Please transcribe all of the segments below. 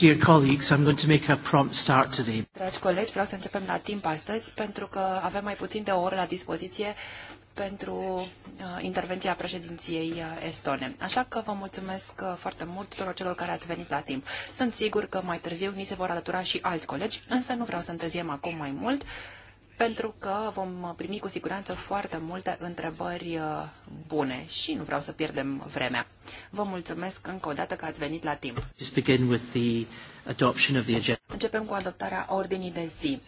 Dear colleagues, I'm going to make a prompt start today. Dragi colegi, vreau să începem la timp astăzi pentru că avem mai puțin de o oră la dispoziție pentru uh, intervenția președinției uh, estone. Așa că vă mulțumesc uh, foarte mult tuturor celor care ați venit la timp. Sunt sigur că mai târziu ni se vor alătura și alți colegi, însă nu vreau să întârziem acum mai mult. Uh, pentru că vom primi cu siguranță foarte multe întrebări uh, bune și nu vreau să pierdem vremea. Vă mulțumesc încă o dată că ați venit la timp. Începem cu adoptarea ordinii de zi.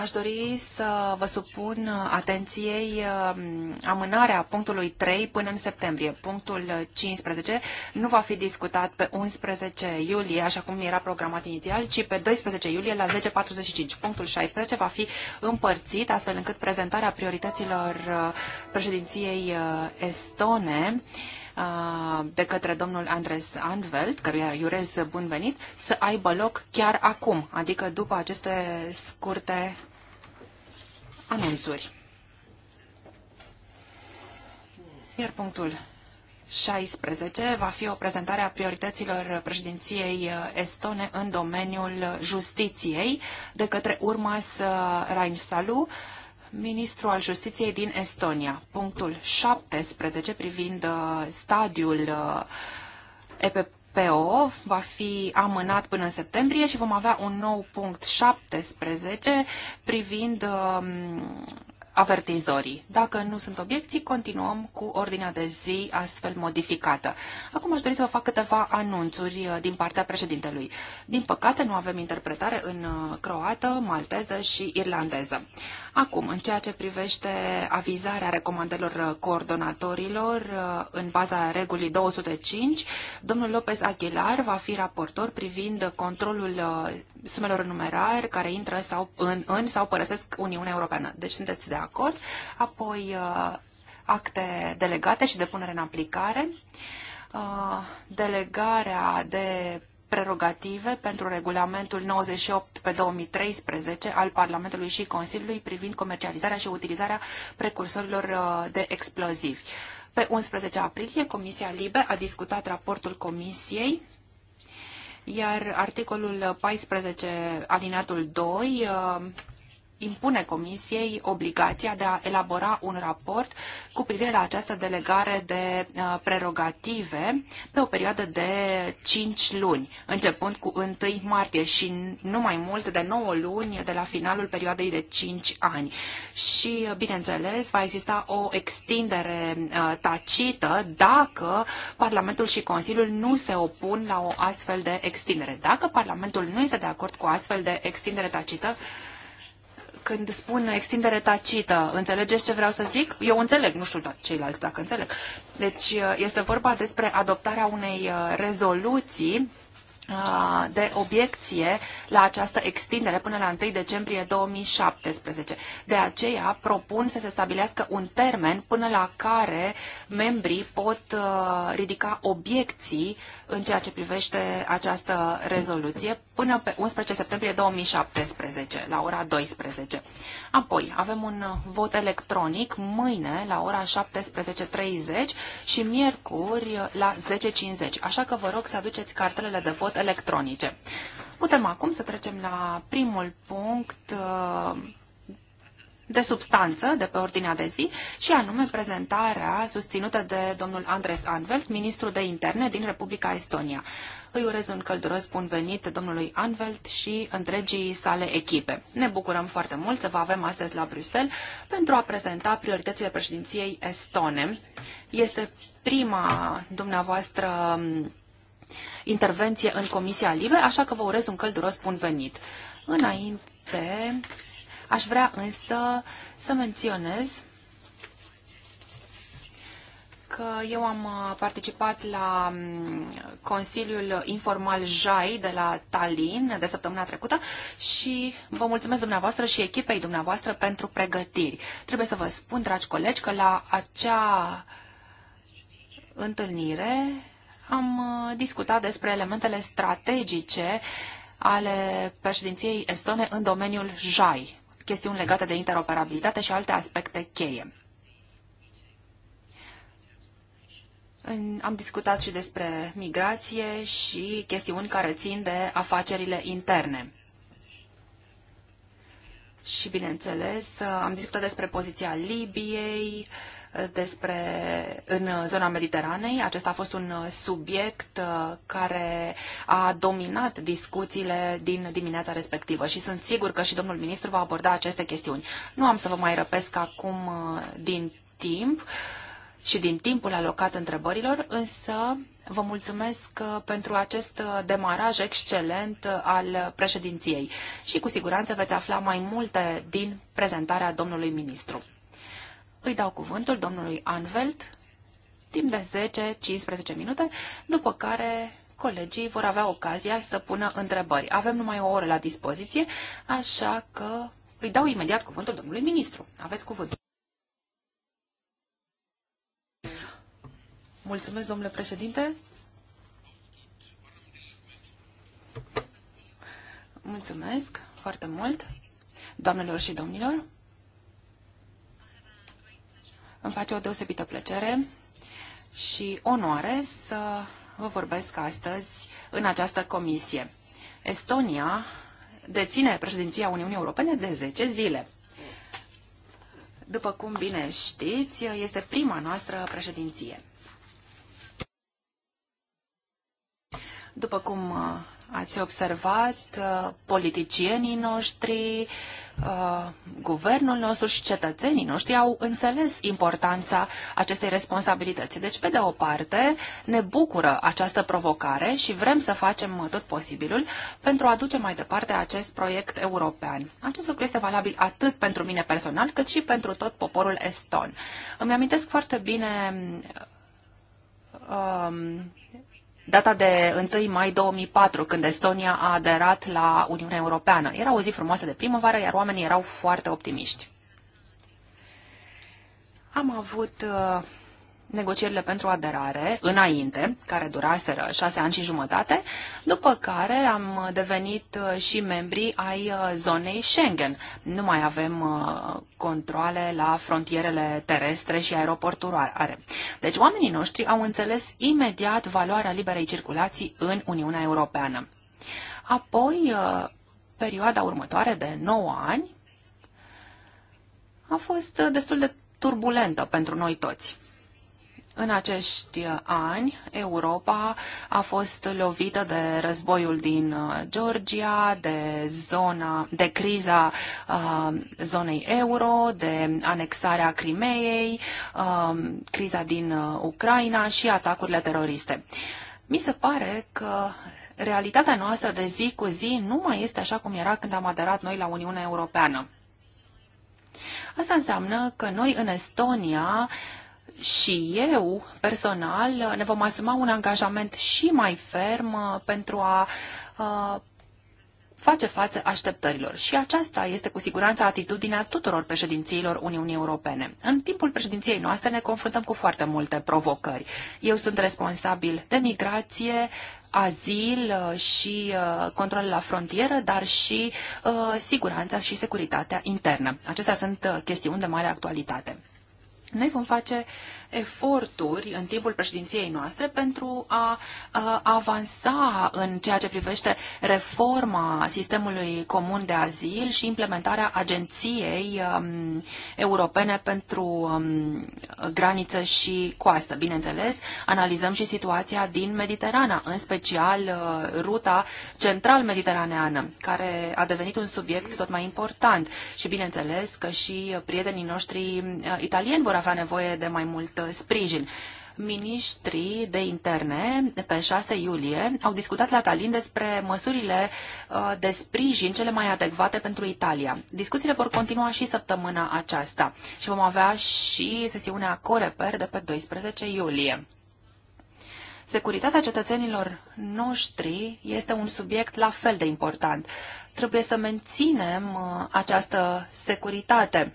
Aș dori să vă supun atenției um, amânarea punctului 3 până în septembrie. Punctul 15 nu va fi discutat pe 11 iulie, așa cum era programat inițial, ci pe 12 iulie la 10.45. Punctul 16 va fi împărțit, astfel încât prezentarea priorităților uh, președinției uh, estone de către domnul Andres Anvelt, căruia îi urez bun venit, să aibă loc chiar acum, adică după aceste scurte anunțuri. Iar punctul 16 va fi o prezentare a priorităților președinției estone în domeniul justiției de către Urmas Rainsalu, ministru al justiției din Estonia. Punctul 17 privind uh, stadiul uh, EPPO va fi amânat până în septembrie și vom avea un nou punct 17 privind um, avertizorii. Dacă nu sunt obiecții, continuăm cu ordinea de zi astfel modificată. Acum aș dori să vă fac câteva anunțuri uh, din partea președintelui. Din păcate, nu avem interpretare în uh, croată, malteză și irlandeză. Acum, în ceea ce privește avizarea recomandelor uh, coordonatorilor în baza regulii 205, domnul Lopez Aguilar va fi raportor privind controlul sumelor numerare care intră sau în, în sau părăsesc Uniunea Europeană. Deci sunteți de acord, apoi uh, acte delegate și de punere în aplicare, uh, delegarea de prerogative pentru regulamentul 98 pe 2013 al Parlamentului și Consiliului privind comercializarea și utilizarea precursorilor uh, de explozivi. Pe 11 aprilie, Comisia Libe a discutat raportul Comisiei iar articolul 14, alineatul 2, impune Comisiei obligația de a elabora un raport cu privire la această delegare de uh, prerogative pe o perioadă de 5 luni, începând cu 1 martie și nu mai mult de 9 luni de la finalul perioadei de 5 ani. Și, uh, bineînțeles, va exista o extindere uh, tacită dacă Parlamentul și Consiliul nu se opun la o astfel de extindere. Dacă Parlamentul nu este de acord cu astfel de extindere tacită, când spun extindere tacită. Înțelegeți ce vreau să zic? Eu înțeleg, nu știu dar ceilalți dacă înțeleg. Deci uh, este vorba despre adoptarea unei uh, rezoluții uh, de obiecție la această extindere până la 1 decembrie 2017. De aceea propun să se stabilească un termen până la care membrii pot ridica obiecții în ceea ce privește această rezoluție până pe 11 septembrie 2017, la ora 12. Apoi avem un vot electronic mâine la ora 17.30 și miercuri la 10.50, așa că vă rog să aduceți cartelele de vot electronice. Putem acum să trecem la primul punct de substanță de pe ordinea de zi și anume prezentarea susținută de domnul Andres Anvelt, ministru de interne din Republica Estonia. Îi urez un călduros bun venit domnului Anvelt și întregii sale echipe. Ne bucurăm foarte mult să vă avem astăzi la Bruxelles pentru a prezenta prioritățile președinției estone. Este prima dumneavoastră mm, intervenție în Comisia Libe, așa că vă urez un călduros bun venit. Înainte Aș vrea însă să menționez că eu am uh, participat la mm, Consiliul Informal JAI de la Tallinn de săptămâna trecută și vă mulțumesc dumneavoastră și echipei dumneavoastră pentru pregătiri. Trebuie să vă spun, dragi colegi, că la acea întâlnire am uh, discutat despre elementele strategice ale președinției estone în domeniul JAI chestiuni legate de interoperabilitate și alte aspecte cheie. Am discutat și despre migrație și chestiuni care țin de afacerile interne. Și, bineînțeles, am discutat despre poziția Libiei, uh, despre în zona Mediteranei. Acesta a fost un subiect uh, care a dominat discuțiile din dimineața respectivă și sunt sigur că și domnul ministru va aborda aceste chestiuni. Nu am să vă mai răpesc acum uh, din timp și din timpul alocat întrebărilor, însă vă mulțumesc uh, pentru acest demaraj excelent al președinției și cu siguranță veți afla mai multe din prezentarea domnului ministru îi dau cuvântul domnului Anvelt timp de 10-15 minute, după care colegii vor avea ocazia să pună întrebări. Avem numai o oră la dispoziție, așa că îi dau imediat cuvântul domnului ministru. Aveți cuvântul. Mulțumesc, domnule președinte. Mulțumesc foarte mult, doamnelor și domnilor. Îmi face o deosebită plăcere și onoare să vă vorbesc astăzi în această comisie. Estonia deține președinția Uniunii Europene de 10 zile. După cum bine știți, este prima noastră președinție. După cum Ați observat uh, politicienii noștri, uh, guvernul nostru și cetățenii noștri au înțeles importanța acestei responsabilități. Deci, pe de o parte, ne bucură această provocare și vrem să facem tot posibilul pentru a duce mai departe acest proiect european. Acest lucru este valabil atât pentru mine personal, cât și pentru tot poporul eston. Îmi amintesc foarte bine um, data de 1 mai 2004, când Estonia a aderat la Uniunea Europeană. Era o zi frumoasă de primăvară, iar oamenii erau foarte optimiști. Am avut uh, negocierile pentru aderare înainte, care duraseră șase ani și jumătate, după care am devenit uh, și membri ai uh, zonei Schengen. Nu mai avem uh, controle la frontierele terestre și aeroporturare. Deci oamenii noștri au înțeles imediat valoarea liberei circulații în Uniunea Europeană. Apoi, perioada următoare de 9 ani a fost destul de turbulentă pentru noi toți. În acești uh, ani, Europa a fost lovită de războiul din uh, Georgia, de zona, de criza uh, zonei euro, de anexarea Crimeei, uh, criza din uh, Ucraina și atacurile teroriste. Mi se pare că realitatea noastră de zi cu zi nu mai este așa cum era când am aderat noi la Uniunea Europeană. Asta înseamnă că noi în Estonia și eu, personal, ne vom asuma un angajament și mai ferm uh, pentru a uh, face față așteptărilor. Și aceasta este cu siguranță atitudinea tuturor președințiilor Uniunii Europene. În timpul președinției noastre ne confruntăm cu foarte multe provocări. Eu sunt responsabil de migrație, azil uh, și control la frontieră, dar și siguranța și securitatea internă. Acestea sunt chestiuni de mare actualitate. Noi vom face eforturi în timpul președinției noastre pentru a, a avansa în ceea ce privește reforma sistemului comun de azil și implementarea agenției um, europene pentru um, graniță și coastă. Bineînțeles, analizăm și situația din Mediterana, în special uh, ruta central-mediteraneană, care a devenit un subiect tot mai important. Și bineînțeles că și prietenii noștri uh, italieni vor avea nevoie de mai mult sprijin. Ministrii de interne, pe 6 iulie, au discutat la Tallinn despre măsurile uh, de sprijin cele mai adecvate pentru Italia. Discuțiile vor continua și săptămâna aceasta și vom avea și sesiunea Coreper de pe 12 iulie. Securitatea cetățenilor noștri este un subiect la fel de important. Trebuie să menținem uh, această securitate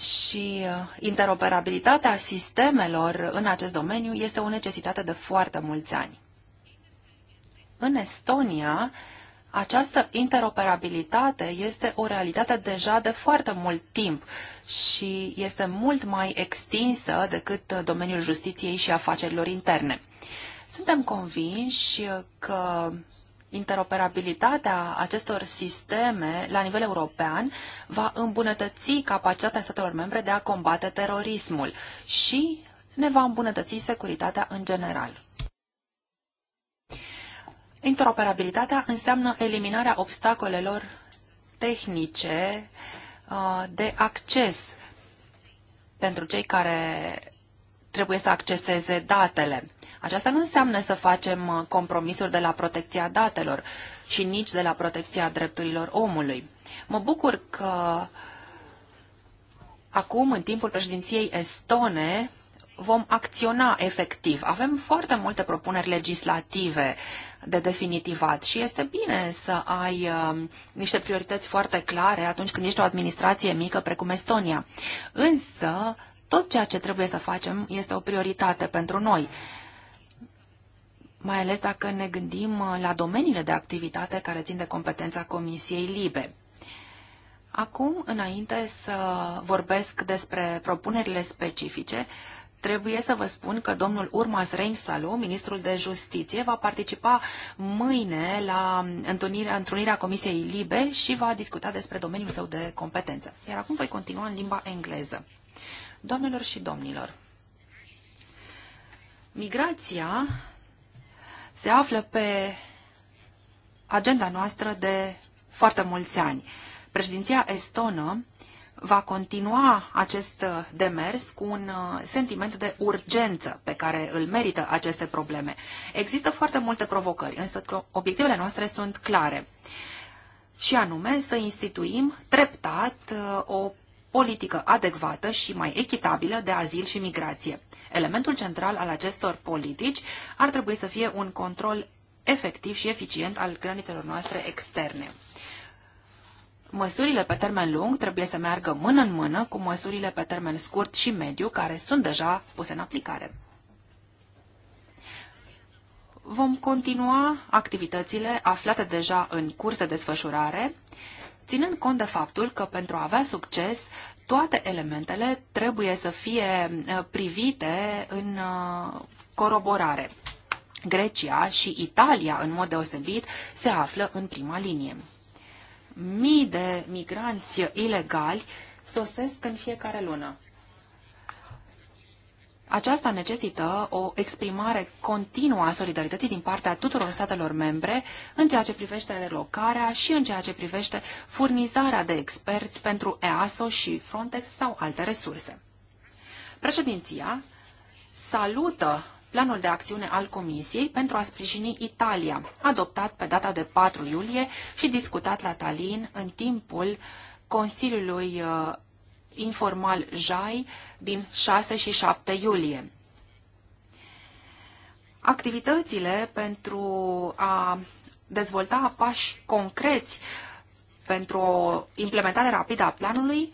și uh, interoperabilitatea sistemelor în acest domeniu este o necesitate de foarte mulți ani. În Estonia, această interoperabilitate este o realitate deja de foarte mult timp și este mult mai extinsă decât uh, domeniul justiției și afacerilor interne. Suntem convinși că interoperabilitatea acestor sisteme la nivel european va îmbunătăți capacitatea statelor membre de a combate terorismul și ne va îmbunătăți securitatea în general. Interoperabilitatea înseamnă eliminarea obstacolelor tehnice uh, de acces pentru cei care trebuie să acceseze datele. Aceasta nu înseamnă să facem uh, compromisuri de la protecția datelor și nici de la protecția drepturilor omului. Mă bucur că acum, în timpul președinției estone, vom acționa efectiv. Avem foarte multe propuneri legislative de definitivat și este bine să ai uh, niște priorități foarte clare atunci când ești o administrație mică precum Estonia. Însă tot ceea ce trebuie să facem este o prioritate pentru noi, mai ales dacă ne gândim uh, la domeniile de activitate care țin de competența Comisiei Libe. Acum, înainte să vorbesc despre propunerile specifice, trebuie să vă spun că domnul Urmas Reinsalu, ministrul de justiție, va participa mâine la întâlnirea, întrunirea Comisiei Libe și va discuta despre domeniul său de competență. Iar acum voi continua în limba engleză. Doamnelor și domnilor, migrația se află pe agenda noastră de foarte mulți ani. Președinția estonă va continua acest demers cu un uh, sentiment de urgență pe care îl merită aceste probleme. Există foarte multe provocări, însă obiectivele noastre sunt clare. Și anume să instituim treptat uh, o politică adecvată și mai echitabilă de azil și migrație. Elementul central al acestor politici ar trebui să fie un control efectiv și eficient al granițelor noastre externe. Măsurile pe termen lung trebuie să meargă mână în mână cu măsurile pe termen scurt și mediu care sunt deja puse în aplicare. Vom continua activitățile aflate deja în curs de desfășurare ținând cont de faptul că pentru a avea succes, toate elementele trebuie să fie uh, privite în uh, coroborare. Grecia și Italia, în mod deosebit, se află în prima linie. Mii de migranți ilegali sosesc în fiecare lună. Aceasta necesită o exprimare continuă a solidarității din partea tuturor statelor membre în ceea ce privește relocarea și în ceea ce privește furnizarea de experți pentru EASO și Frontex sau alte resurse. Președinția salută planul de acțiune al Comisiei pentru a sprijini Italia, adoptat pe data de 4 iulie și discutat la Tallinn în timpul Consiliului uh, informal JAI din 6 și 7 iulie. Activitățile pentru a dezvolta pași concreți pentru o implementare rapidă a planului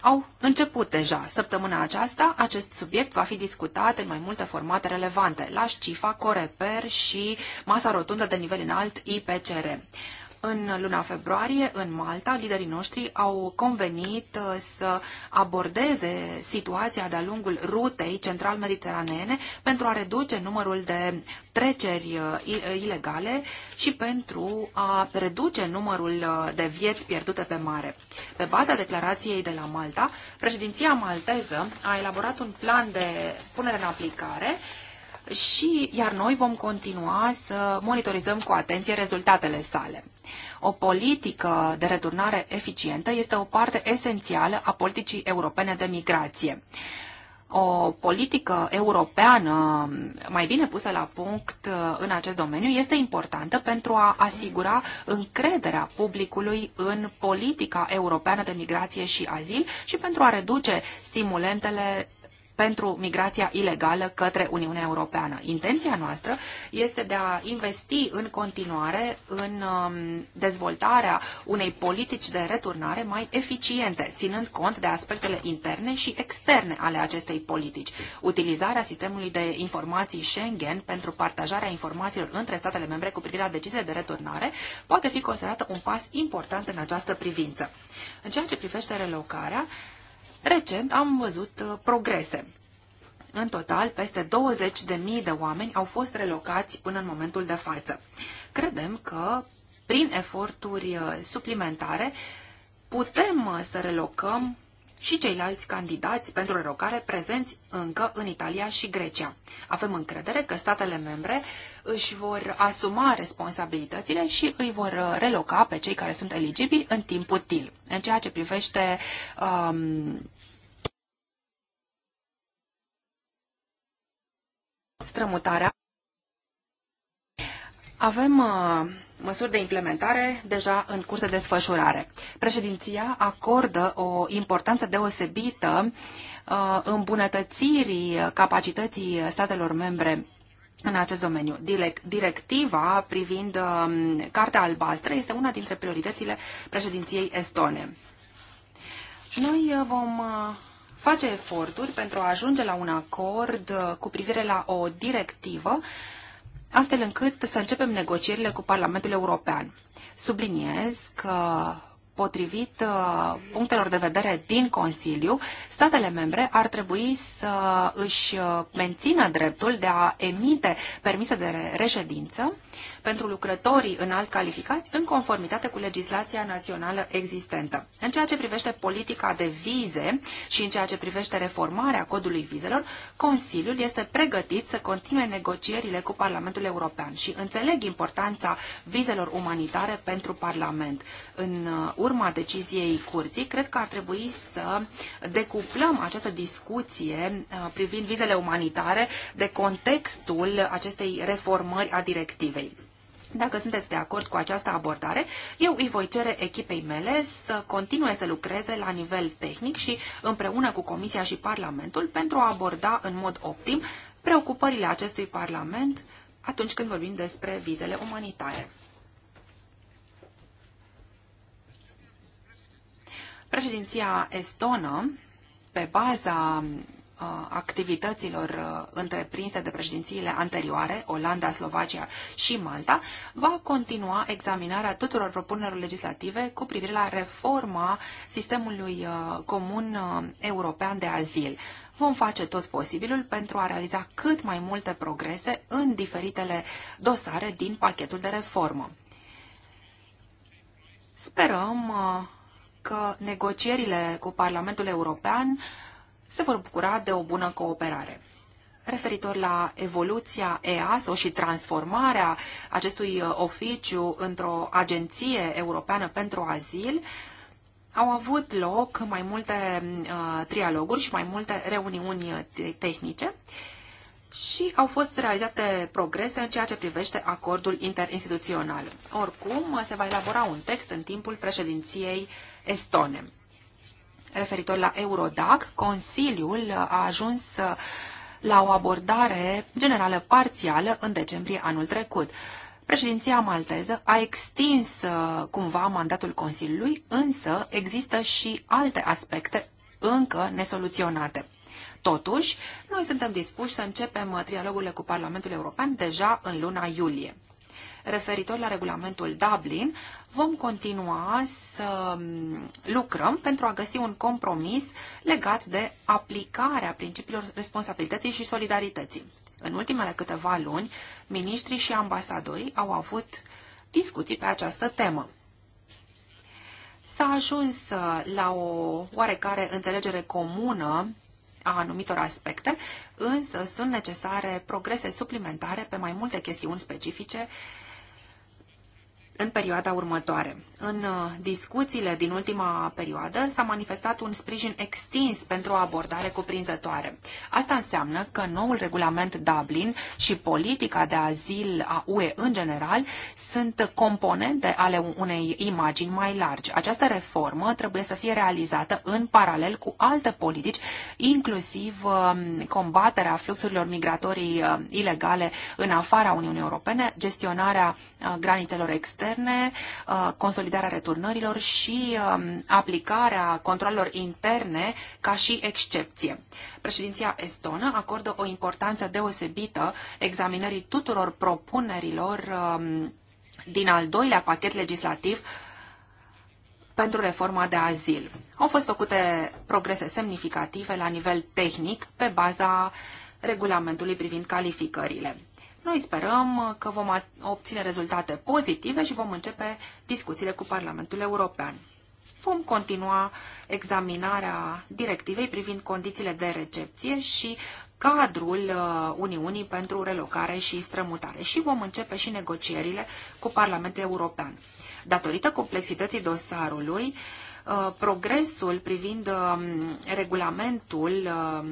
au început deja. Săptămâna aceasta, acest subiect va fi discutat în mai multe formate relevante, la Șcifa, Coreper și Masa Rotundă de Nivel Înalt IPCR. În luna februarie, în Malta, liderii noștri au convenit uh, să abordeze situația de-a lungul rutei central-mediteranene pentru a reduce numărul de treceri uh, uh, ilegale și pentru a reduce numărul de vieți pierdute pe mare. Pe baza declarației de la Malta, președinția malteză a elaborat un plan de punere în aplicare și iar noi vom continua să monitorizăm cu atenție rezultatele sale. O politică de returnare eficientă este o parte esențială a politicii europene de migrație o politică europeană mai bine pusă la punct uh, în acest domeniu este importantă pentru a asigura încrederea publicului în politica europeană de migrație și azil și pentru a reduce stimulentele pentru migrația ilegală către Uniunea Europeană. Intenția noastră este de a investi în continuare în um, dezvoltarea unei politici de returnare mai eficiente, ținând cont de aspectele interne și externe ale acestei politici. Utilizarea sistemului de informații Schengen pentru partajarea informațiilor între statele membre cu privire la deciziile de returnare poate fi considerată un pas important în această privință. În ceea ce privește relocarea, recent am văzut uh, progrese. În total, peste 20.000 de oameni au fost relocați până în momentul de față. Credem că, prin eforturi uh, suplimentare, putem uh, să relocăm și ceilalți candidați pentru relocare prezenți încă în Italia și Grecia. Avem încredere că statele membre își vor asuma responsabilitățile și îi vor reloca pe cei care sunt eligibili în timp util. În ceea ce privește um, strămutarea, avem uh, măsuri de implementare deja în curs de desfășurare. Președinția acordă o importanță deosebită uh, îmbunătățirii capacității statelor membre în acest domeniu. Directiva privind uh, Cartea Albastră este una dintre prioritățile președinției estone. Noi uh, vom uh, face eforturi pentru a ajunge la un acord uh, cu privire la o directivă uh, astfel încât să începem negocierile cu Parlamentul European. Subliniez că potrivit uh, punctelor de vedere din Consiliu, statele membre ar trebui să își uh, mențină dreptul de a emite permise de reședință pentru lucrătorii înalt calificați în conformitate cu legislația națională existentă. În ceea ce privește politica de vize și în ceea ce privește reformarea codului vizelor, Consiliul este pregătit să continue negocierile cu Parlamentul European și înțeleg importanța vizelor umanitare pentru Parlament. În uh, urma deciziei curții, cred că ar trebui să decuplăm această discuție uh, privind vizele umanitare de contextul acestei reformări a directivei. Dacă sunteți de acord cu această abordare, eu îi voi cere echipei mele să continue să lucreze la nivel tehnic și împreună cu Comisia și Parlamentul pentru a aborda în mod optim preocupările acestui Parlament atunci când vorbim despre vizele umanitare. Președinția estonă, pe baza Uh, activităților uh, întreprinse de președințiile anterioare, Olanda, Slovacia și Malta, va continua examinarea tuturor propunerilor legislative cu privire la reforma sistemului uh, comun european de azil. Vom face tot posibilul pentru a realiza cât mai multe progrese în diferitele dosare din pachetul de reformă. Sperăm că negocierile cu Parlamentul European uh, se vor bucura de o bună cooperare. Referitor la evoluția EASO și transformarea acestui uh, oficiu într-o agenție europeană pentru azil, au avut loc mai multe uh, trialoguri și mai multe reuniuni uh, tehnice și au fost realizate progrese în ceea ce privește acordul interinstituțional. Oricum, se va elabora un text în timpul președinției estone referitor la Eurodac, Consiliul a ajuns uh, la o abordare generală parțială în decembrie anul trecut. Președinția malteză a extins uh, cumva mandatul Consiliului, însă există și alte aspecte încă nesoluționate. Totuși, noi suntem dispuși să începem trialogurile cu Parlamentul European deja în luna iulie referitor la regulamentul Dublin, vom continua să mm, lucrăm pentru a găsi un compromis legat de aplicarea principiilor responsabilității și solidarității. În ultimele câteva luni, miniștrii și ambasadorii au avut discuții pe această temă. S-a ajuns uh, la o oarecare înțelegere comună a anumitor aspecte, însă sunt necesare progrese suplimentare pe mai multe chestiuni specifice în perioada următoare. În uh, discuțiile din ultima perioadă s-a manifestat un sprijin extins pentru o abordare cuprinzătoare. Asta înseamnă că noul regulament Dublin și politica de azil a UE în general sunt componente ale unei imagini mai largi. Această reformă trebuie să fie realizată în paralel cu alte politici, inclusiv um, combaterea fluxurilor migratorii uh, ilegale în afara Uniunii Europene, gestionarea Uh, granițelor externe, uh, consolidarea returnărilor și um, aplicarea controlelor interne ca și excepție. Președinția estonă acordă o importanță deosebită examinării tuturor propunerilor um, din al doilea pachet legislativ pentru reforma de azil. Au fost făcute progrese semnificative la nivel tehnic pe baza regulamentului privind calificările. Noi sperăm că vom obține rezultate pozitive și vom începe discuțiile cu Parlamentul European. Vom continua examinarea directivei privind condițiile de recepție și cadrul uh, Uniunii pentru relocare și strămutare și vom începe și negocierile cu Parlamentul European. Datorită complexității dosarului, uh, progresul privind um, regulamentul um,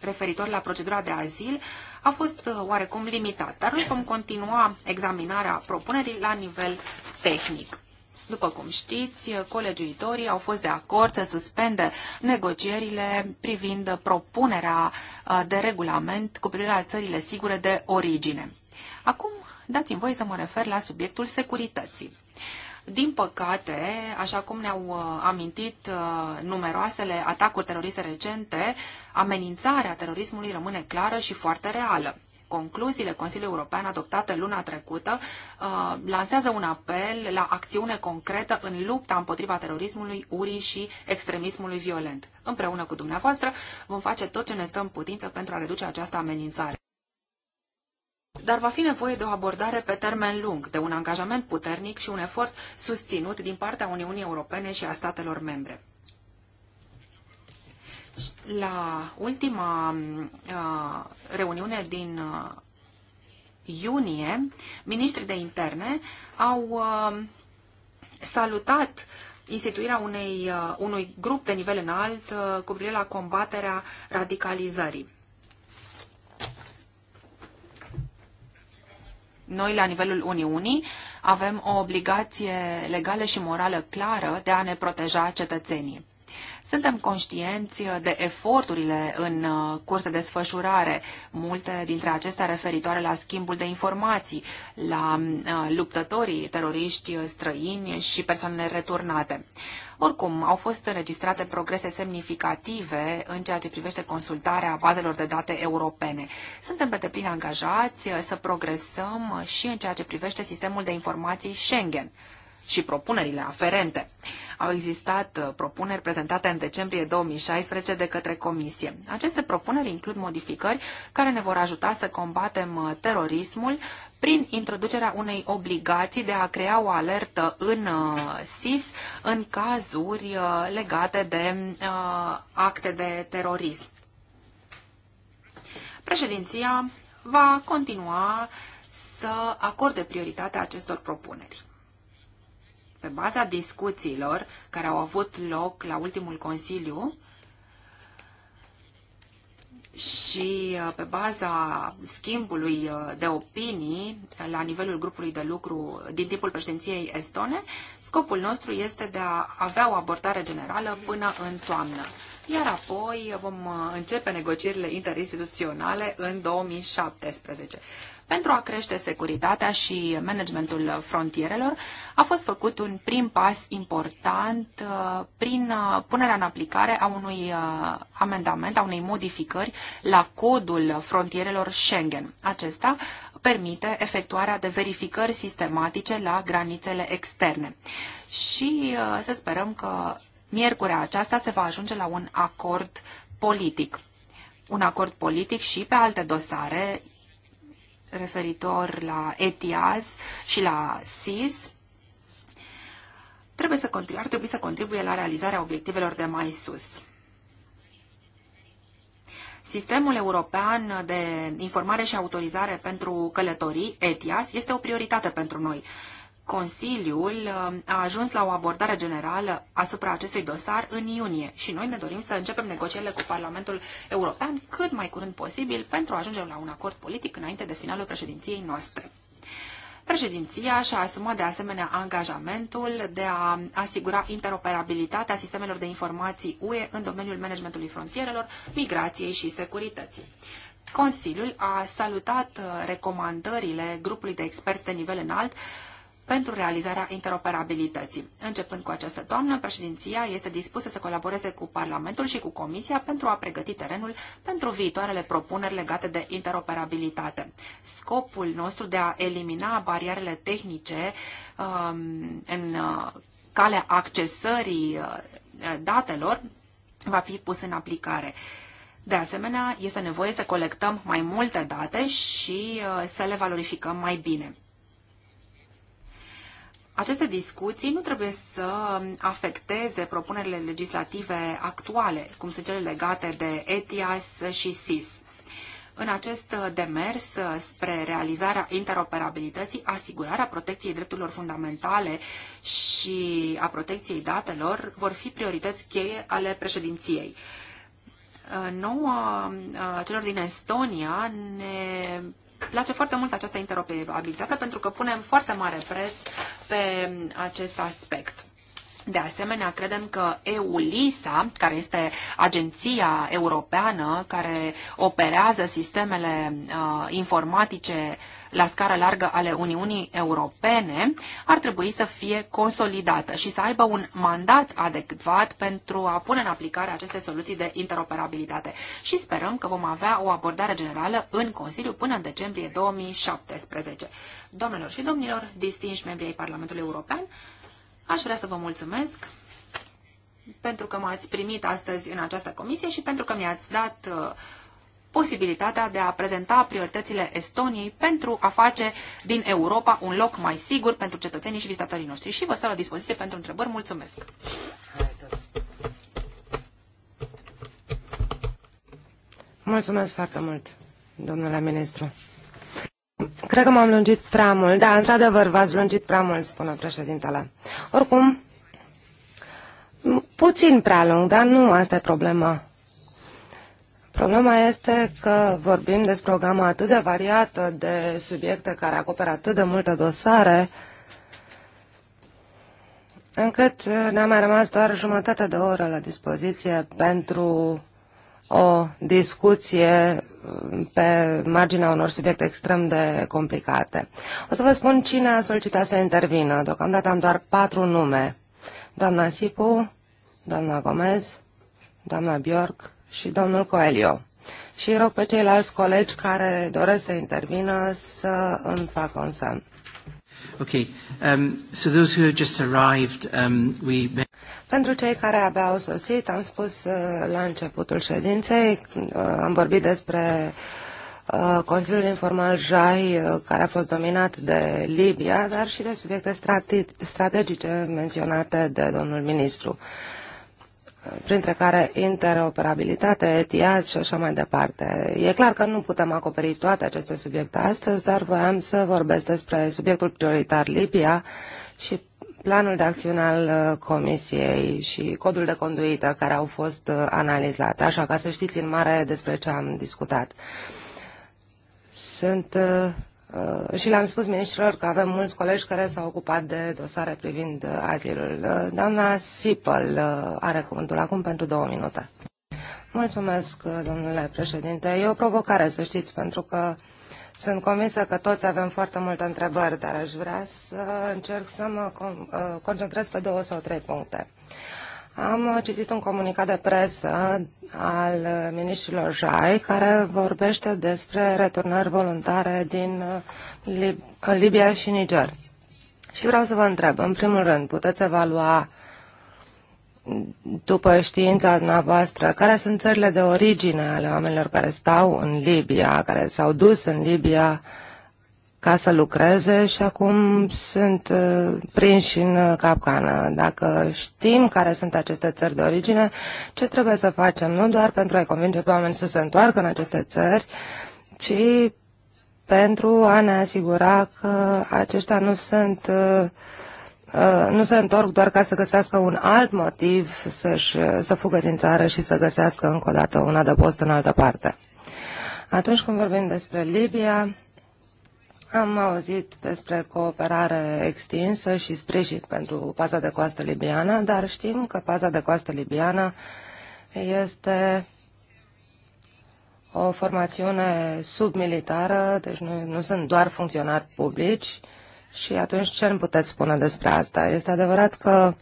referitor la procedura de azil a fost uh, oarecum limitat, dar noi vom continua examinarea propunerii la nivel tehnic. După cum știți, colegiuitorii au fost de acord să suspende negocierile privind propunerea uh, de regulament cu privire la țările sigure de origine. Acum, dați-mi voi să mă refer la subiectul securității. Din păcate, așa cum ne-au uh, amintit uh, numeroasele atacuri teroriste recente, amenințarea terorismului rămâne clară și foarte reală. Concluziile Consiliului European adoptate luna trecută uh, lansează un apel la acțiune concretă în lupta împotriva terorismului, urii și extremismului violent. Împreună cu dumneavoastră vom face tot ce ne stă în putință pentru a reduce această amenințare dar va fi nevoie de o abordare pe termen lung, de un angajament puternic și un efort susținut din partea Uniunii Europene și a statelor membre. La ultima uh, reuniune din uh, iunie, ministrii de interne au uh, salutat instituirea unei, uh, unui grup de nivel înalt uh, cu privire la combaterea radicalizării. Noi, la nivelul Uniunii, avem o obligație legală și morală clară de a ne proteja cetățenii. Suntem conștienți uh, de eforturile în uh, curs de desfășurare, multe dintre acestea referitoare la schimbul de informații, la uh, luptătorii teroriști străini și persoanele returnate. Oricum, au fost înregistrate progrese semnificative în ceea ce privește consultarea bazelor de date europene. Suntem pe deplin angajați să progresăm și în ceea ce privește sistemul de informații Schengen și propunerile aferente. Au existat uh, propuneri prezentate în decembrie 2016 de către Comisie. Aceste propuneri includ modificări care ne vor ajuta să combatem uh, terorismul prin introducerea unei obligații de a crea o alertă în uh, SIS în cazuri legate de acte de terorism. Președinția va continua să acorde prioritatea acestor propuneri. Pe baza discuțiilor care au avut loc la ultimul Consiliu și uh, pe baza schimbului uh, de opinii la nivelul grupului de lucru din timpul președinției estone, scopul nostru este de a avea o abordare generală până în toamnă iar apoi vom uh, începe negocierile interinstituționale în 2017 pentru a crește securitatea și managementul frontierelor, a fost făcut un prim pas important uh, prin uh, punerea în aplicare a unui uh, amendament, a unei modificări la codul frontierelor Schengen. Acesta permite efectuarea de verificări sistematice la granițele externe. Și să sperăm că miercurea aceasta se va ajunge la un acord politic. Un acord politic și pe alte dosare referitor la ETIAS și la SIS trebuie să contribuie, ar trebui să contribuie la realizarea obiectivelor de mai sus. Sistemul European de Informare și Autorizare pentru Călătorii, ETIAS, este o prioritate pentru noi Consiliul uh, a ajuns la o abordare generală asupra acestui dosar în iunie și noi ne dorim să începem negocierile cu Parlamentul European cât mai curând posibil pentru a ajunge la un acord politic înainte de finalul președinției noastre. Președinția și-a asumat de asemenea angajamentul de a asigura interoperabilitatea sistemelor de informații UE în domeniul managementului frontierelor, migrației și securității. Consiliul a salutat uh, recomandările grupului de experți de nivel înalt pentru realizarea interoperabilității. Începând cu această toamnă, președinția este dispusă să colaboreze cu Parlamentul și cu Comisia pentru a pregăti terenul pentru viitoarele propuneri legate de interoperabilitate. Scopul nostru de a elimina barierele tehnice um, în uh, calea accesării uh, datelor va fi pus în aplicare. De asemenea, este nevoie să colectăm mai multe date și uh, să le valorificăm mai bine. Aceste discuții nu trebuie să afecteze propunerile legislative actuale, cum sunt cele legate de ETIAS și SIS. În acest demers spre realizarea interoperabilității, asigurarea protecției drepturilor fundamentale și a protecției datelor vor fi priorități cheie ale președinției. Noua celor din Estonia, ne place foarte mult această interoperabilitate pentru că punem foarte mare preț pe acest aspect. De asemenea, credem că EULISA, care este agenția europeană care operează sistemele uh, informatice la scară largă ale Uniunii Europene ar trebui să fie consolidată și să aibă un mandat adecvat pentru a pune în aplicare aceste soluții de interoperabilitate. Și sperăm că vom avea o abordare generală în Consiliu până în decembrie 2017. Domnilor și domnilor, distinși membri ai Parlamentului European, aș vrea să vă mulțumesc pentru că m-ați primit astăzi în această comisie și pentru că mi-ați dat uh, posibilitatea de a prezenta prioritățile Estoniei pentru a face din Europa un loc mai sigur pentru cetățenii și vizitatorii noștri. Și vă stau la dispoziție pentru întrebări. Mulțumesc! Mulțumesc foarte mult, domnule ministru. Cred că m-am lungit prea mult. Da, într-adevăr, v-ați lungit prea mult, spune președintele. Oricum, puțin prea lung, dar nu asta e problema. Problema este că vorbim despre o gamă atât de variată de subiecte care acoperă atât de multe dosare, încât ne-a mai rămas doar jumătate de oră la dispoziție pentru o discuție pe marginea unor subiecte extrem de complicate. O să vă spun cine a solicitat să intervină. Deocamdată am doar patru nume. Doamna Sipu, doamna Gomez, doamna Bjork și domnul Coelio. Și rog pe ceilalți colegi care doresc să intervină să îmi facă un semn. Okay. Um, so those who have just arrived, um, we... Pentru cei care abia au sosit, am spus uh, la începutul ședinței, uh, am vorbit despre uh, Consiliul Informal JAI, care a fost dominat de Libia, dar și de subiecte strategice menționate de domnul ministru. Uh, printre care interoperabilitate, ETIAS și așa mai departe. E clar că nu putem acoperi toate aceste subiecte astăzi, dar voiam să vorbesc despre subiectul prioritar Libia și planul de acțiune al uh, Comisiei și codul de conduită care au fost uh, analizate, așa ca să știți în mare despre ce am discutat. Sunt uh, Uh, și le-am spus ministrilor că avem mulți colegi care s-au ocupat de dosare privind uh, azilul. Uh, doamna Sipăl are cuvântul acum pentru două minute. Mulțumesc, domnule președinte. E o provocare, să știți, pentru că sunt convinsă că toți avem foarte multe întrebări, dar aș vrea să încerc să mă concentrez pe două sau trei puncte. Am citit un comunicat de presă al ministrilor Jai care vorbește despre returnări voluntare din uh, Lib uh, Libia și Niger. Și vreau să vă întreb, în primul rând, puteți evalua după știința noastră, care sunt țările de origine ale oamenilor care stau în Libia, care s-au dus în Libia uh, ca să lucreze și acum sunt uh, prinși în uh, capcană. Dacă știm care sunt aceste țări de origine, ce trebuie să facem? Nu doar pentru a-i convinge pe oameni să se întoarcă în aceste țări, ci pentru a ne asigura că aceștia nu sunt uh, nu se întorc doar ca să găsească un alt motiv să să fugă din țară și să găsească încă o dată un adăpost în altă parte. Atunci când vorbim despre Libia, am auzit despre cooperare extinsă și sprijin pentru paza de coastă libiană, dar știm că paza de coastă libiană este o formațiune submilitară, deci nu, nu sunt doar funcționari publici și atunci ce îmi puteți spune despre asta? Este adevărat că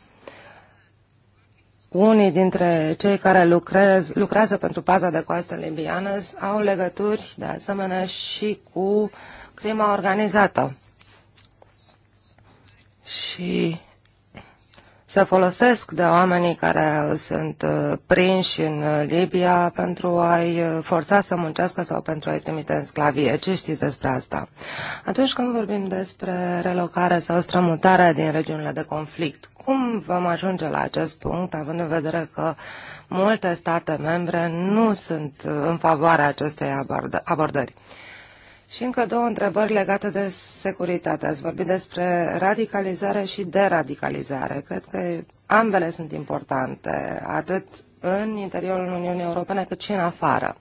unii dintre cei care lucrez, lucrează pentru paza de coastă libiană au legături de asemenea și cu uh, crima organizată și se folosesc de oamenii care sunt uh, prinși în uh, Libia pentru a-i uh, forța să muncească sau pentru a-i trimite în sclavie. Ce știți despre asta? Atunci când vorbim despre relocare sau strămutare din regiunile de conflict, cum vom ajunge la acest punct, având în vedere că multe state membre nu sunt în favoarea acestei abordări? Și încă două întrebări legate de securitate. Ați vorbit despre radicalizare și deradicalizare. Cred că ambele sunt importante, atât în interiorul Uniunii Europene, cât și în afară.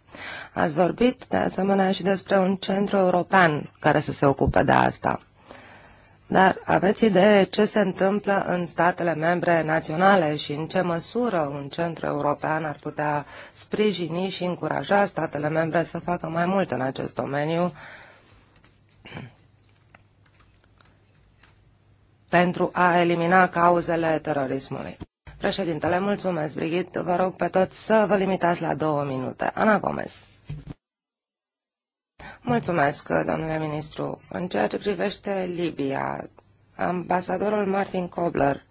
Ați vorbit, de asemenea, și despre un centru european care să se ocupe de asta. Dar aveți idee ce se întâmplă în statele membre naționale și în ce măsură un centru european ar putea sprijini și încuraja statele membre să facă mai mult în acest domeniu pentru a elimina cauzele terorismului. Președintele, mulțumesc, Brigit. Vă rog pe toți să vă limitați la două minute. Ana Gomez. Mulțumesc, domnule ministru. În ceea ce privește Libia, ambasadorul Martin Kobler,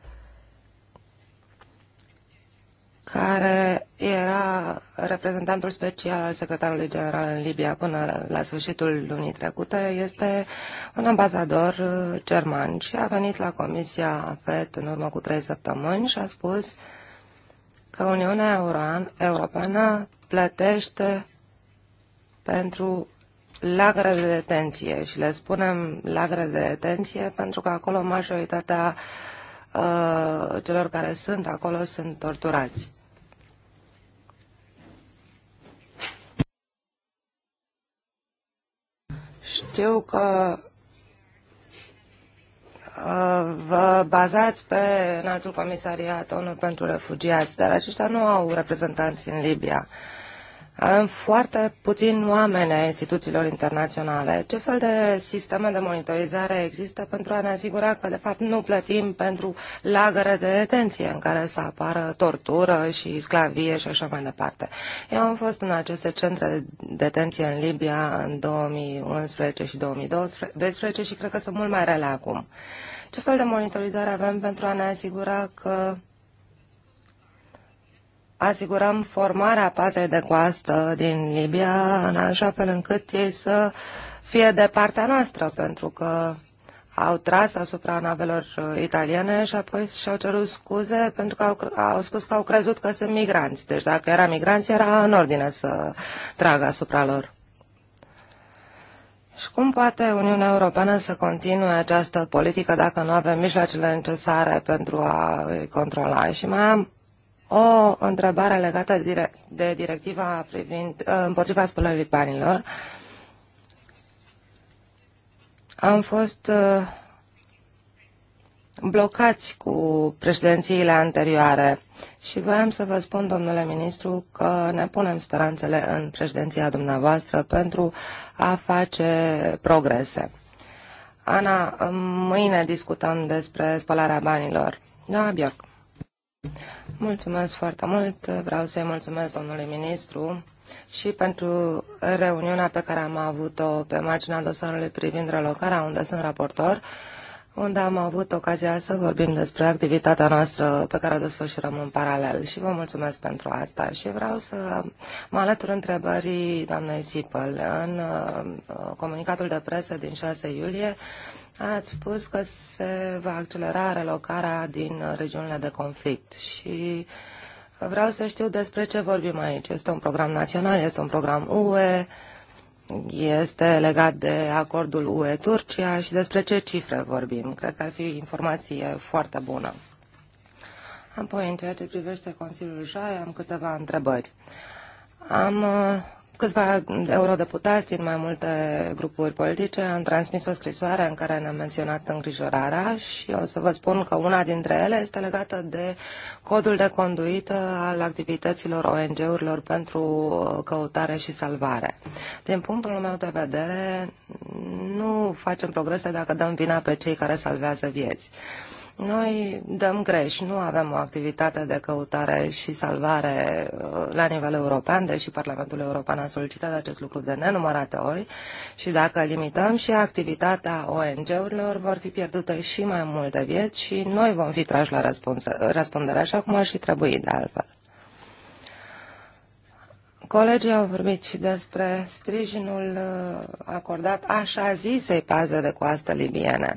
care era reprezentantul special al secretarului general în Libia până la sfârșitul lunii trecute, este un ambasador uh, german și a venit la Comisia FED în urmă cu trei săptămâni și a spus că Uniunea Europeană plătește pentru lagăre de detenție și le spunem lagăre de detenție pentru că acolo majoritatea uh, celor care sunt acolo sunt torturați. Știu că uh, vă bazați pe înaltul comisariat ONU pentru refugiați, dar aceștia nu au reprezentanți în Libia. Uh, avem foarte puțini oameni a instituțiilor internaționale. Ce fel de sisteme de monitorizare există pentru a ne asigura că, de fapt, nu plătim pentru lagăre de detenție în care să apară tortură și sclavie și așa mai departe? Eu am fost în aceste centre de detenție în Libia în 2011 și 2012 și cred că sunt mult mai rele acum. Ce fel de monitorizare avem pentru a ne asigura că asigurăm formarea pazei de coastă din Libia în așa fel încât ei să fie de partea noastră, pentru că au tras asupra navelor uh, italiene și apoi și-au cerut scuze pentru că au, au spus că au crezut că sunt migranți. Deci dacă era migranți, era în ordine să tragă asupra lor. Și cum poate Uniunea Europeană să continue această politică dacă nu avem mijloacele necesare pentru a controla? Și mai am o întrebare legată de directiva privind, ă, împotriva spălării banilor. Am fost ă, blocați cu președințiile anterioare și voiam să vă spun, domnule ministru, că ne punem speranțele în președinția dumneavoastră pentru a face progrese. Ana, mâine discutăm despre spălarea banilor. Da, Bjork. Mulțumesc foarte mult. Vreau să-i mulțumesc domnului ministru și pentru reuniunea pe care am avut-o pe marginea dosarului privind relocarea, unde sunt raportor, unde am avut ocazia să vorbim despre activitatea noastră pe care o desfășurăm în paralel. Și vă mulțumesc pentru asta. Și vreau să mă alătur întrebării doamnei Sipăl. În uh, comunicatul de presă din 6 iulie, Ați spus că se va accelera relocarea din regiunile de conflict și vreau să știu despre ce vorbim aici. Este un program național, este un program UE, este legat de acordul UE-Turcia și despre ce cifre vorbim. Cred că ar fi informație foarte bună. Apoi, în ceea ce privește Consiliul JAI, am câteva întrebări. Am câțiva eurodeputați din mai multe grupuri politice am transmis o scrisoare în care ne-am menționat îngrijorarea și o să vă spun că una dintre ele este legată de codul de conduită al activităților ONG-urilor pentru căutare și salvare. Din punctul meu de vedere, nu facem progrese dacă dăm vina pe cei care salvează vieți. Uh, noi dăm greș, nu avem o activitate de căutare și salvare uh, la nivel european, deși Parlamentul European a solicitat acest lucru de nenumărate ori și dacă limităm și activitatea ONG-urilor, vor fi pierdute și mai multe vieți și noi vom fi trași la răspundere, așa cum ar și trebui de altfel. Colegii au vorbit și despre sprijinul uh, acordat așa zisei paze de coastă libiene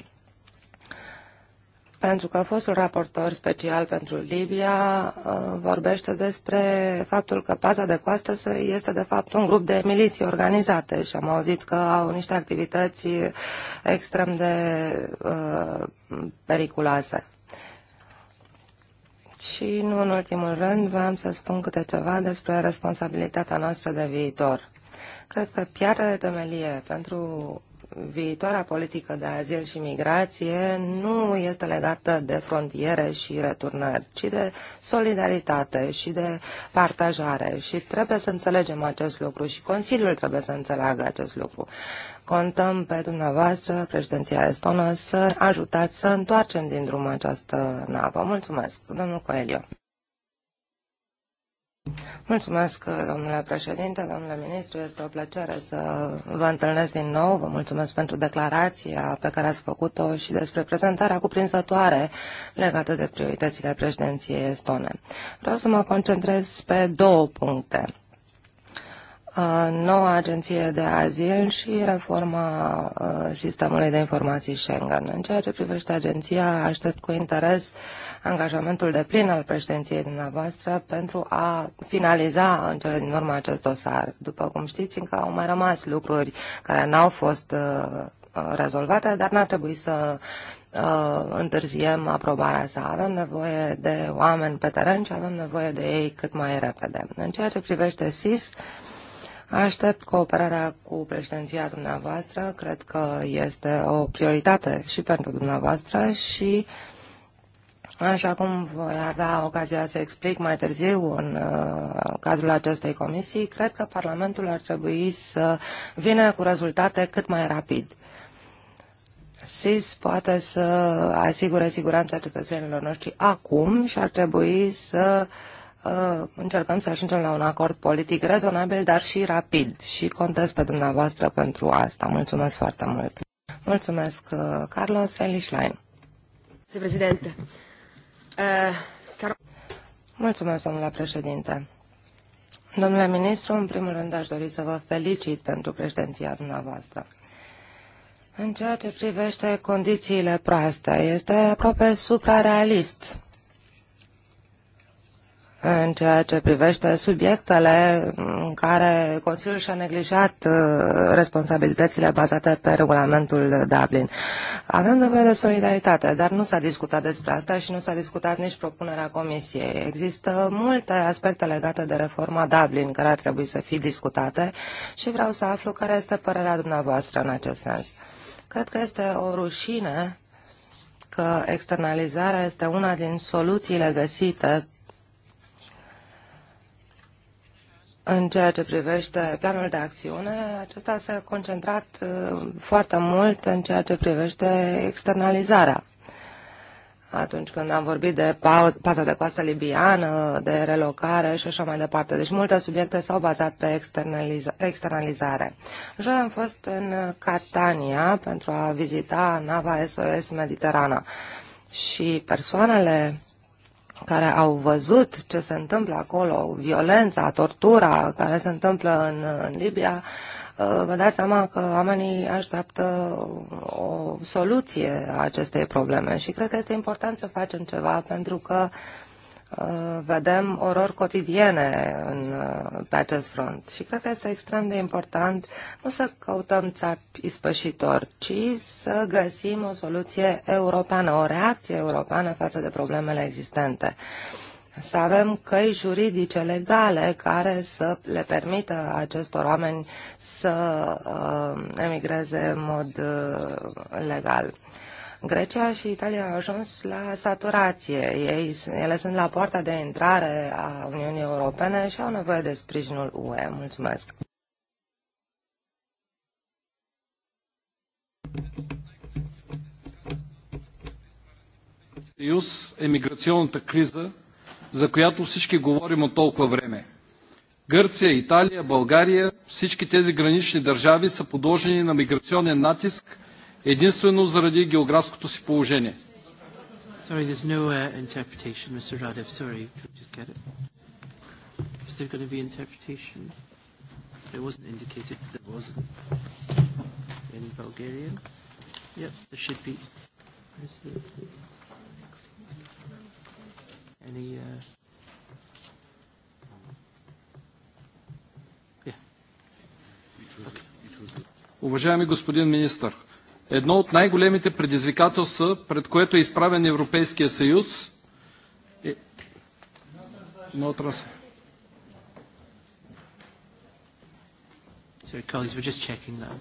pentru că fostul raportor special pentru Libia uh, vorbește despre faptul că paza de coastă este de fapt un grup de miliții organizate și am auzit că au niște activități extrem de uh, periculoase. Și nu în ultimul rând vreau să spun câte ceva despre responsabilitatea noastră de viitor. Cred că piatra de temelie pentru viitoarea politică de azil și migrație nu este legată de frontiere și returnări, ci de solidaritate și de partajare. Și trebuie să înțelegem acest lucru și Consiliul trebuie să înțeleagă acest lucru. Contăm pe dumneavoastră, președinția estonă, să ajutați să întoarcem din drum această navă. Mulțumesc, domnul Coelio. Mulțumesc, domnule președinte, domnule ministru. Este o plăcere să vă întâlnesc din nou. Vă mulțumesc pentru declarația pe care ați făcut-o și despre prezentarea cuprinzătoare legată de prioritățile președinției estone. Vreau să mă concentrez pe două puncte. Noua agenție de azil și reforma sistemului de informații Schengen. În ceea ce privește agenția, aștept cu interes uh, angajamentul de plin al președinției dumneavoastră pentru a finaliza în cele din urmă acest dosar. După cum știți, încă au mai rămas lucruri care n-au fost uh, uh, rezolvate, dar n-ar trebui să uh, întârziem aprobarea sa. Avem nevoie de oameni pe teren și avem nevoie de ei cât mai repede. În ceea ce privește SIS, aștept cooperarea cu președinția dumneavoastră. Cred că este o prioritate și pentru dumneavoastră și uh, Așa cum voi avea ocazia să explic mai târziu în uh, cadrul acestei comisii, cred că Parlamentul ar trebui să vină cu rezultate cât mai rapid. SIS poate să asigure siguranța cetățenilor noștri acum și ar trebui să uh, încercăm să ajungem la un acord politic rezonabil, dar și rapid. Și contez pe dumneavoastră pentru asta. Mulțumesc foarte mult. Mulțumesc, uh, Carlos Felișlein. Președinte, Mulțumesc, domnule președinte. Domnule ministru, în primul rând aș dori să vă felicit pentru președinția dumneavoastră. În ceea ce privește condițiile proaste, este aproape suprarealist în ceea ce privește subiectele în care Consiliul și-a neglijat uh, responsabilitățile bazate pe regulamentul Dublin. Avem nevoie de solidaritate, dar nu s-a discutat despre asta și nu s-a discutat nici propunerea Comisiei. Există multe aspecte legate de reforma Dublin care ar trebui să fie discutate și vreau să aflu care este părerea dumneavoastră în acest sens. Cred că este o rușine că externalizarea este una din soluțiile găsite În ceea ce privește planul de acțiune, acesta s-a concentrat uh, foarte mult în ceea ce privește externalizarea. Atunci când am vorbit de paza de coastă libiană, de relocare și așa mai departe. Deci multe subiecte s-au bazat pe externaliza externalizare. Joi am fost în Catania pentru a vizita nava SOS Mediterana și persoanele care au văzut ce se întâmplă acolo, violența, tortura care se întâmplă în, în Libia, uh, vă dați seama că oamenii așteaptă o soluție a acestei probleme și cred că este important să facem ceva pentru că Uh, vedem orori cotidiene în, uh, pe acest front. Și cred că este extrem de important nu să căutăm țapi ispășitor, ci să găsim o soluție europeană, o reacție europeană față de problemele existente. Să avem căi juridice legale care să le permită acestor oameni să uh, emigreze în mod uh, legal. Uh, Grecia și Italia au ajuns la saturație. Ei, ele sunt la poarta de intrare a Uniunii Europene și au nevoie de sprijinul UE. Mulțumesc! съюз е миграционната криза, за която всички говорим от толкова време. Гърция, Италия, България, всички тези гранични държави са подложени на миграционен натиск единствено заради географското си положение. Sorry, there's no uh, interpretation, Mr. Radev. Sorry, could just get it. Is there going to be interpretation? It wasn't indicated that there wasn't. In Bulgarian? Yep, there should be. Is there any... Uh, Уважаеми господин министр, едно от най-големите предизвикателства, пред което е изправен Европейския съюз, е... No Sorry, colleagues, we're just checking now.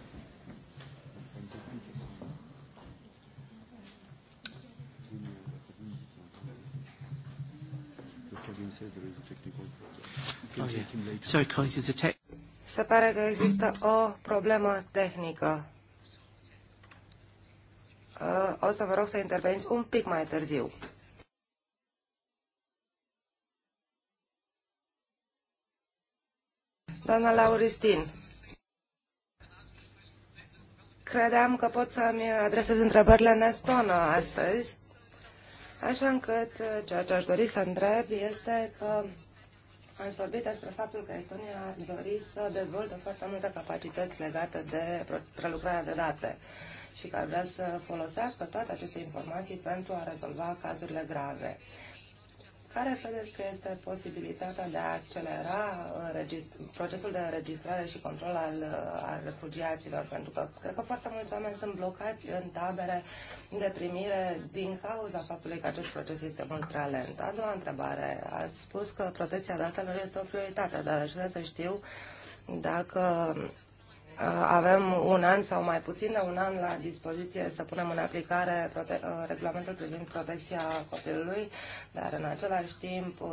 Se pare că există o problemă tehnică. Uh, o să vă rog să interveniți un pic mai târziu. Doamna Lauristin, credeam că pot să-mi adresez întrebările în estonă astăzi, așa încât uh, ceea ce aș dori să întreb este că am vorbit despre faptul că Estonia ar dori să dezvolte foarte multe capacități legate de prelucrarea de date și care vrea să folosească toate aceste informații pentru a rezolva cazurile grave. Care credeți că este posibilitatea de a accelera uh, procesul de înregistrare și control al, uh, al refugiaților? Pentru că cred că foarte mulți oameni sunt blocați în tabere de primire din cauza faptului că acest proces este mult prea lent. A doua întrebare. Ați spus că protecția datelor este o prioritate, dar aș vrea să știu dacă Uh, avem un an sau mai puțin de un an la dispoziție să punem în aplicare uh, regulamentul privind protecția copilului, dar în același timp uh,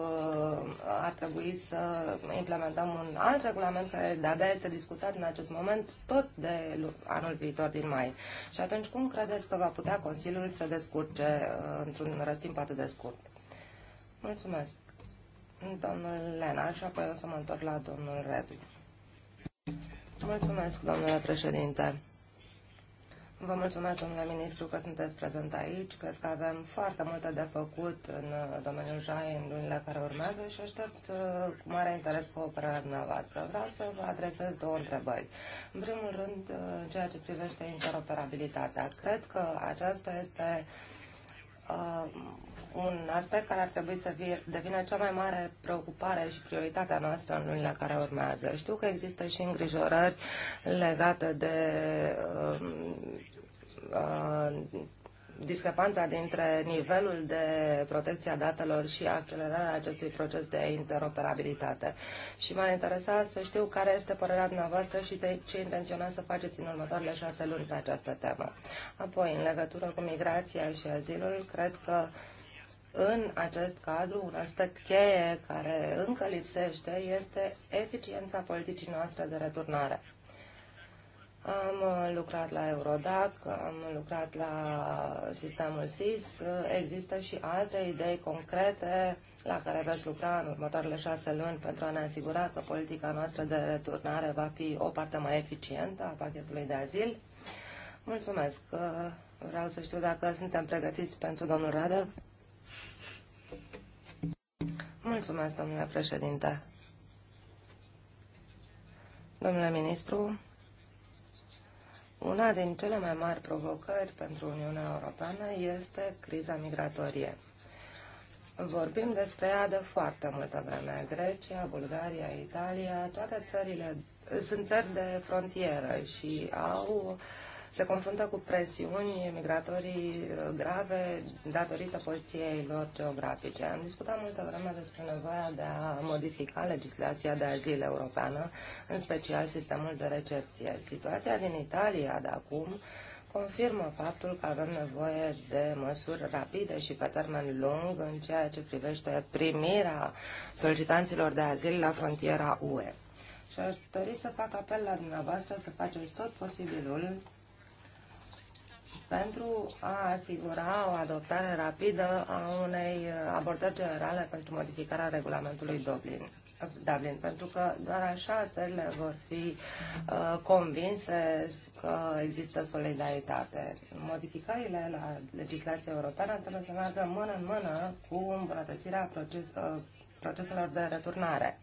ar trebui să implementăm un alt regulament care de-abia este discutat în acest moment, tot de anul viitor din mai. Și atunci cum credeți că va putea Consiliul să descurce într-un răstimp atât de scurt? Mulțumesc, domnul Lenar, și apoi o să mă întorc la domnul Redu. Mulțumesc, domnule președinte. Vă mulțumesc, domnule ministru, că sunteți prezent aici. Cred că avem foarte multe de făcut în uh, domeniul JAI în lunile care urmează și aștept uh, cu mare interes cooperarea dumneavoastră. Vreau să vă adresez două întrebări. În primul rând, uh, în ceea ce privește interoperabilitatea. Cred că aceasta este uh, un aspect care ar trebui să devină cea mai mare preocupare și prioritatea noastră în lunile care urmează. Știu că există și îngrijorări legate de uh, uh, discrepanța dintre nivelul de protecție a datelor și accelerarea acestui proces de interoperabilitate. Și m-ar interesa să știu care este părerea dumneavoastră și de ce intenționați să faceți în următoarele șase luni pe această temă. Apoi, în legătură cu migrația și azilul, cred că uh, în acest cadru, un aspect cheie care încă lipsește este eficiența politicii noastre de returnare. Am uh, lucrat la Eurodac, am lucrat la sistemul SIS, uh, există și alte idei concrete la care veți lucra în următoarele șase luni pentru a ne asigura că politica noastră de returnare va fi o parte mai eficientă a pachetului de azil. Mulțumesc! Uh, vreau să știu dacă suntem pregătiți pentru domnul Radev. Mulțumesc, domnule președinte. Domnule ministru, una din cele mai mari provocări pentru Uniunea Europeană este criza migratorie. Vorbim despre ea de foarte multă vreme. Grecia, Bulgaria, Italia, toate țările sunt țări de frontieră și au uh, se confruntă cu presiuni migratorii uh, grave datorită poziției lor geografice. Am discutat multă vreme despre nevoia de a modifica legislația de azil europeană, în special sistemul de recepție. Situația din Italia de acum confirmă faptul că avem nevoie de măsuri rapide și pe termen lung în ceea ce privește primirea solicitanților de azil la frontiera UE. Și aș dori să fac apel la dumneavoastră să faceți tot posibilul pentru a asigura o adoptare rapidă a unei abordări generale pentru modificarea regulamentului Dublin. Dublin, pentru că doar așa țările vor fi uh, convinse că există solidaritate. Modificările la legislația europeană trebuie să meargă mână în mână cu îmbunătățirea proces, uh, proceselor de returnare.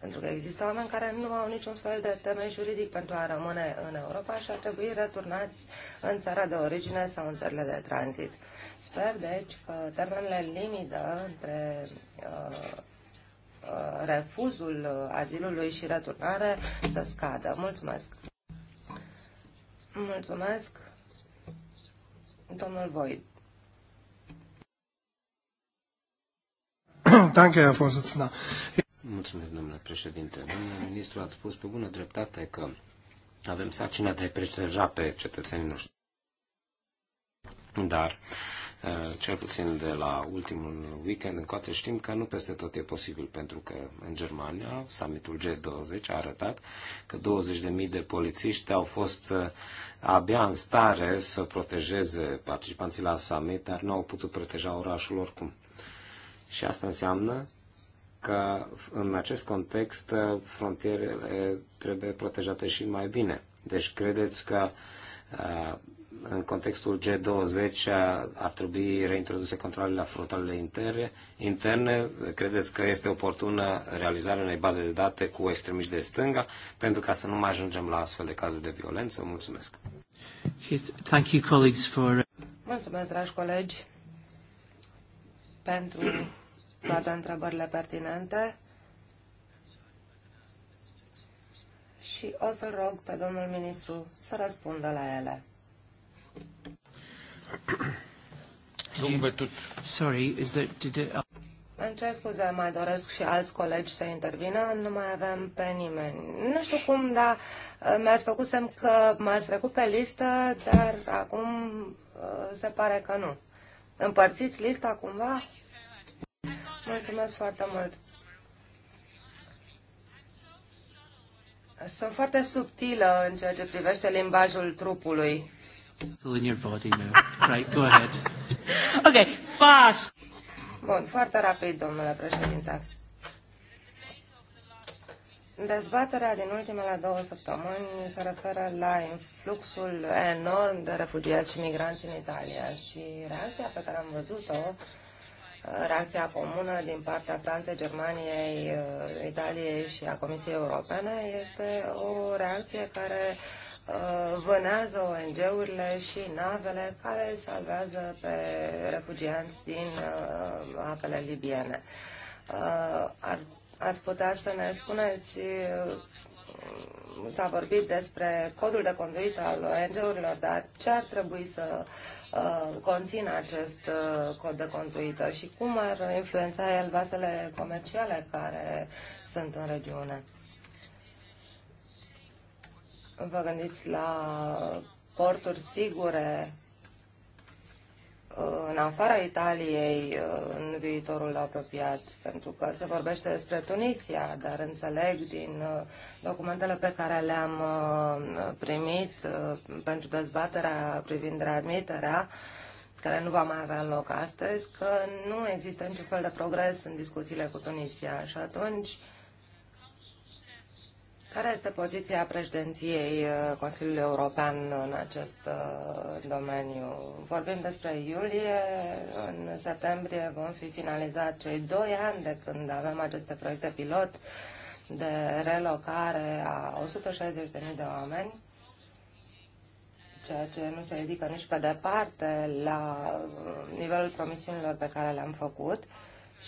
Pentru că există oameni care nu au niciun fel de temei juridic pentru a rămâne în Europa și ar trebui returnați în țara de origine sau în țările de tranzit. Sper, deci, că termenele limită între uh, uh, refuzul azilului și returnare să scadă. Mulțumesc! Mulțumesc, domnul Voit. Danke, Herr Vorsitzender. Mulțumesc, domnule președinte. Domnule ministru, ați spus pe bună dreptate că avem sarcina de a proteja pe cetățenii noștri. Dar, eh, cel puțin de la ultimul weekend încoace, știm că nu peste tot e posibil, pentru că în Germania, summitul G20 a arătat că 20.000 de polițiști au fost eh, abia în stare să protejeze participanții la summit, dar nu au putut proteja orașul oricum. Și asta înseamnă că în acest context uh, frontierele trebuie protejate și mai bine. Deci credeți că uh, în contextul G20 uh, ar trebui reintroduse controlele la frontalele interne, interne. Credeți că este oportună realizarea unei baze de date cu extremiști de stânga pentru ca să nu mai ajungem la astfel de cazuri de violență? Mulțumesc! Thank you, colleagues, for... Mulțumesc, dragi colegi, pentru toate întrebările pertinente și o să-l rog pe domnul ministru să răspundă la ele. Sorry, is did uh, Îmi cer scuze, mai doresc și alți colegi să intervină, nu mai avem pe nimeni. Nu știu cum, dar uh, mi-ați făcut semn că m-ați trecut pe listă, dar acum uh, se pare că nu. Împărțiți lista cumva? Mulțumesc foarte mult! Sunt foarte subtilă în ceea ce privește limbajul trupului. In your body now. Right, go ahead. okay fast! Bun, foarte rapid, domnule președinte. Dezbaterea din ultimele două săptămâni se referă la influxul enorm de refugiați și migranți în Italia și reacția pe care am văzut-o reacția comună din partea Franței, Germaniei, uh, Italiei și a Comisiei Europene este o reacție care uh, vânează ONG-urile și navele care salvează pe refugianți din uh, apele libiene. Ar, ați putea să ne spuneți s-a vorbit despre codul de conduită al ONG-urilor, dar ce ar trebui să uh, Uh, conțin acest uh, cod de conduită și cum ar influența el vasele comerciale care sunt în regiune. Vă gândiți la porturi sigure Uh, în afara Italiei uh, în viitorul apropiat, pentru că se vorbește despre Tunisia, dar înțeleg din uh, documentele pe care le-am primit pentru dezbaterea privind readmiterea, care nu va mai avea loc astăzi, că nu există niciun fel de progres în discuțiile cu Tunisia și atunci care este poziția președinției uh, Consiliului European în acest uh, domeniu? Vorbim despre iulie, în septembrie vom fi finalizat cei doi ani de când avem aceste proiecte pilot de relocare a 160.000 de oameni, ceea ce nu se ridică nici pe departe la uh, nivelul promisiunilor pe care le-am făcut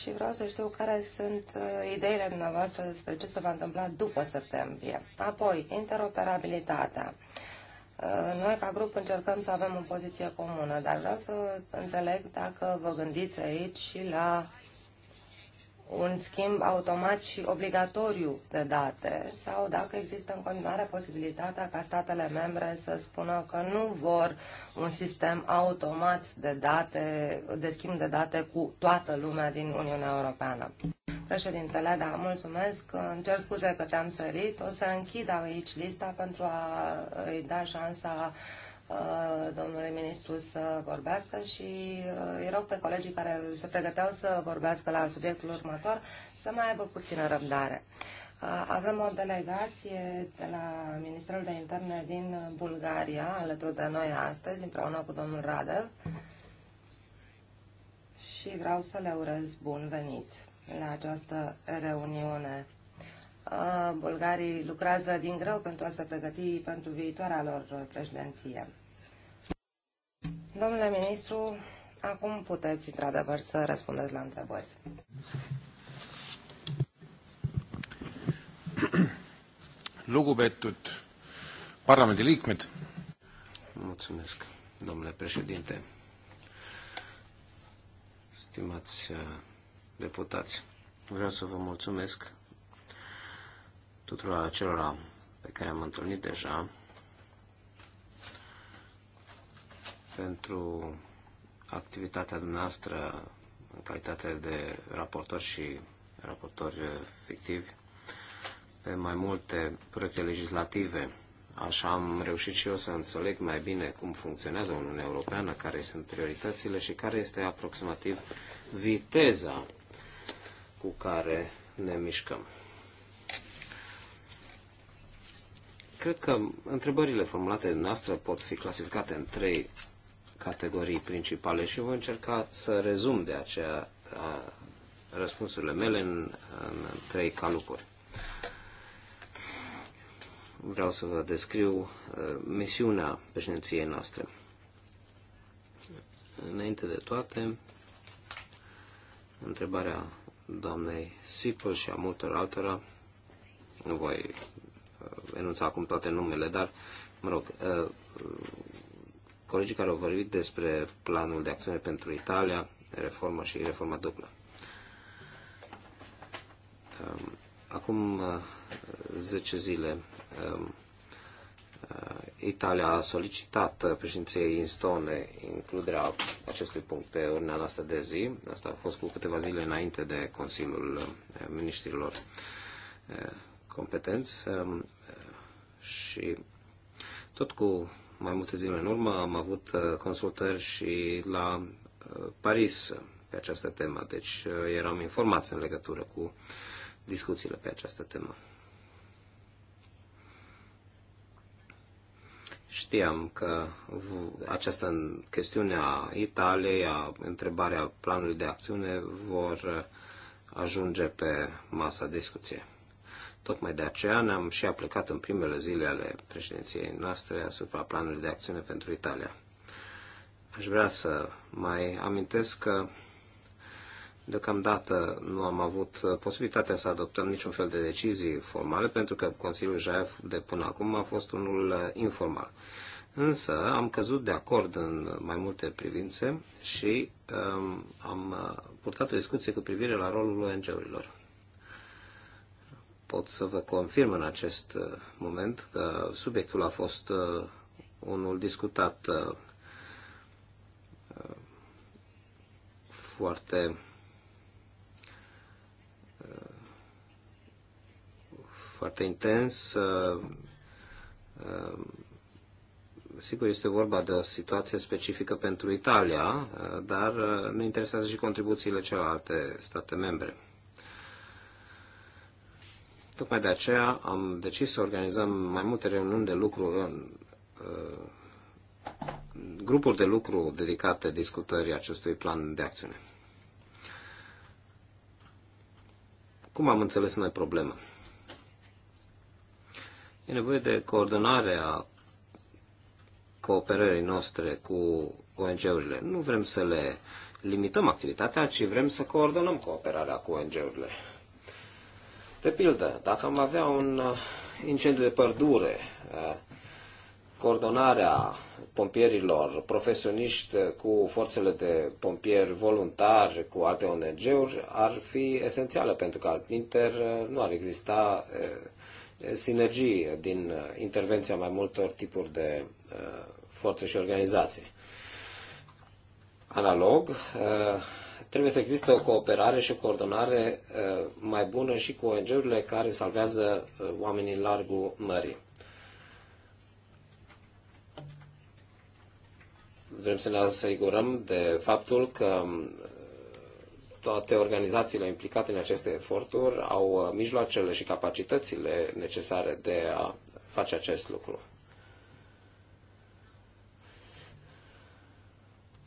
și vreau să știu care sunt uh, ideile dumneavoastră despre ce se va întâmpla după septembrie. Apoi, interoperabilitatea. Uh, noi, ca grup, încercăm să avem o poziție comună, dar vreau să înțeleg dacă vă gândiți aici și la un schimb automat și obligatoriu de date sau dacă există în continuare posibilitatea ca statele membre să spună că nu vor un sistem automat de date, de schimb de date cu toată lumea din Uniunea Europeană. Președintele, da, mulțumesc. Îmi cer scuze că te-am sărit. O să închid aici lista pentru a îi da șansa Uh, domnului ministru să vorbească și uh, îi rog pe colegii care se pregăteau să vorbească la subiectul următor să mai aibă puțină răbdare. Uh, avem o delegație de la Ministerul de Interne din Bulgaria alături de noi astăzi, împreună cu domnul Radev și vreau să le urez bun venit la această reuniune bulgarii lucrează din greu pentru a se pregăti pentru viitoarea lor președinție. Domnule ministru, acum puteți într-adevăr să răspundeți la întrebări. Lugubetut Parlamentul Icmet. Mulțumesc, domnule președinte. Stimați uh, deputați, vreau să vă mulțumesc tuturor acelor pe care am întâlnit deja pentru activitatea dumneavoastră în calitate de raportor și raportori fictivi pe mai multe proiecte legislative. Așa am reușit și eu să înțeleg mai bine cum funcționează Uniunea Europeană, care sunt prioritățile și care este aproximativ viteza cu care ne mișcăm. Cred că întrebările formulate de noastră pot fi clasificate în trei categorii principale și voi încerca să rezum de aceea a, răspunsurile mele în, în trei calupuri. Vreau să vă descriu misiunea președinției noastre. Înainte de toate, întrebarea doamnei Sipul și a multor altora, nu voi Uh, enunța acum toate numele, dar, mă rog, uh, colegii care au vorbit despre planul de acțiune pentru Italia, reforma și reforma dublă. Um, acum 10 uh, zile um, Italia a solicitat președinției Instone includerea acestui punct pe urnea noastră de zi. Asta a fost cu câteva zile înainte de Consiliul Ministrilor competenți. Um, și tot cu mai multe zile în urmă am avut uh, consultări și la uh, Paris pe această temă, deci uh, eram informați în legătură cu discuțiile pe această temă. Știam că această chestiune a Italiei, a întrebarea planului de acțiune vor ajunge pe masa discuției. Tocmai de aceea ne-am și aplicat în primele zile ale președinției noastre asupra planului de acțiune pentru Italia. Aș vrea să mai amintesc că Deocamdată nu am avut posibilitatea să adoptăm niciun fel de decizii formale, pentru că Consiliul JAF de până acum a fost unul informal. Însă am căzut de acord în mai multe privințe și um, am purtat o discuție cu privire la rolul ONG-urilor pot să vă confirm în acest uh, moment că subiectul a fost uh, unul discutat uh, foarte foarte intens. Sigur, este vorba de o situație specifică pentru Italia, dar ne interesează și contribuțiile celelalte state membre. Tocmai de aceea am decis să organizăm mai multe reuniuni de lucru în uh, grupuri de lucru dedicate discutării acestui plan de acțiune. Cum am înțeles noi problema? E nevoie de coordonare a cooperării noastre cu ONG-urile. Nu vrem să le limităm activitatea, ci vrem să coordonăm cooperarea cu ONG-urile. De pildă, dacă am avea un uh, incendiu de pădure, uh, coordonarea pompierilor profesioniști cu forțele de pompieri voluntari, cu alte ONG-uri, ar fi esențială, pentru că altinter uh, nu ar exista sinergii din intervenția mai multor tipuri de forțe și organizații. Analog, Trebuie să existe o cooperare și o coordonare uh, mai bună și cu ONG-urile care salvează uh, oamenii în largul mării. Vrem să ne asigurăm de faptul că uh, toate organizațiile implicate în aceste eforturi au mijloacele și capacitățile necesare de a face acest lucru.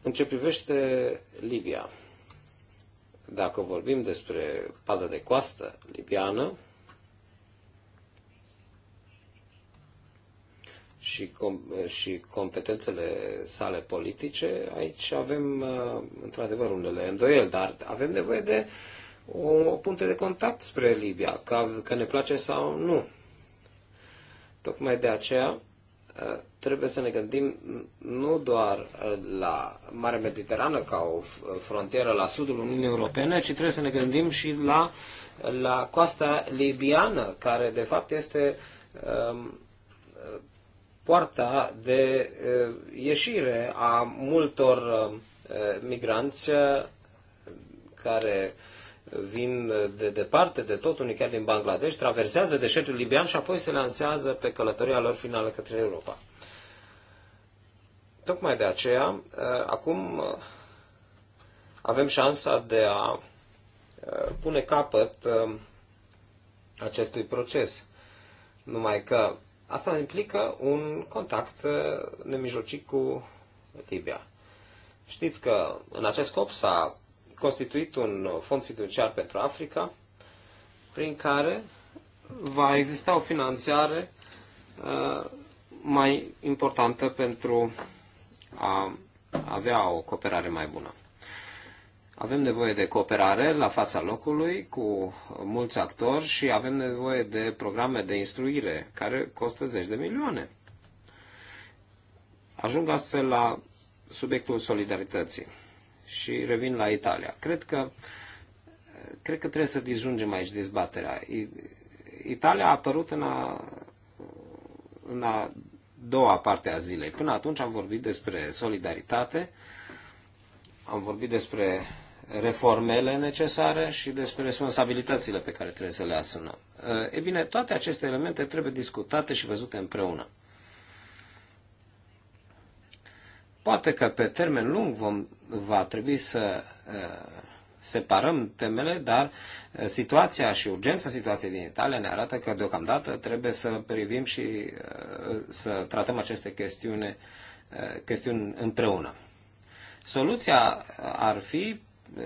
În ce privește Libia, dacă vorbim despre paza de coastă libiană și, com- și competențele sale politice, aici avem uh, într-adevăr unele îndoieli, dar avem nevoie de o, o punte de contact spre Libia, că, că ne place sau nu. Tocmai de aceea trebuie să ne gândim nu doar la Marea Mediterană ca o frontieră la sudul Uniunii Europene, ci trebuie să ne gândim și la, la coasta libiană, care de fapt este um, poarta de uh, ieșire a multor uh, migranți uh, care uh, vin de departe de tot, unii chiar din Bangladesh, traversează deșertul libian și apoi se lansează pe călătoria lor finală către Europa. Tocmai de aceea, uh, acum uh, avem șansa de a uh, pune capăt acestui proces. Numai că asta implică un contact nemijlocit cu Libia. Știți că în acest scop s-a constituit un fond fiduciar pentru Africa, prin care va exista o finanțare uh, mai importantă pentru a avea o cooperare mai bună. Avem nevoie de cooperare la fața locului cu mulți actori și avem nevoie de programe de instruire care costă zeci de milioane. Ajung astfel la subiectul solidarității și revin la Italia. Cred că, cred că trebuie să disjungem aici dezbaterea. Italia a apărut în a, în a doua parte a zilei. Până atunci am vorbit despre solidaritate, am vorbit despre reformele necesare și despre responsabilitățile pe care trebuie să le asumăm. E bine, toate aceste elemente trebuie discutate și văzute împreună. Poate că pe termen lung vom, va trebui să uh, separăm temele, dar uh, situația și urgența situației din Italia ne arată că deocamdată trebuie să privim și uh, să tratăm aceste chestiune, chestiuni împreună. Soluția ar fi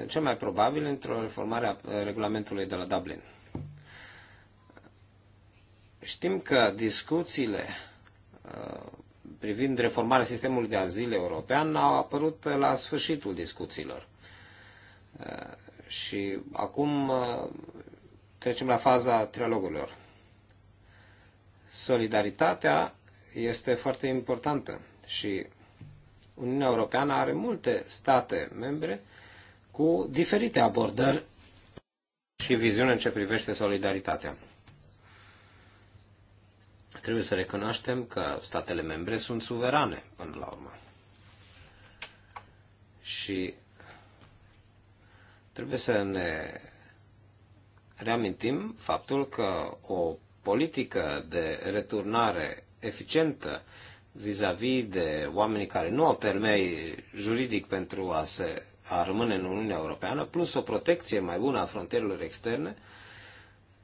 cel mai probabil într-o reformare a regulamentului de la Dublin. Știm că discuțiile privind reformarea sistemului de azil european au apărut la sfârșitul discuțiilor. Uh, și acum uh, trecem la faza trialogurilor. Solidaritatea este foarte importantă și Uniunea Europeană are multe state membre cu diferite abordări și viziune în ce privește solidaritatea. Trebuie să recunoaștem că statele membre sunt suverane până la urmă. Și trebuie să ne reamintim faptul că o politică de returnare eficientă vis-a-vis -vis de oamenii care nu au termei juridic pentru a, se, a rămâne în Uniunea Europeană, plus o protecție mai bună a frontierelor externe,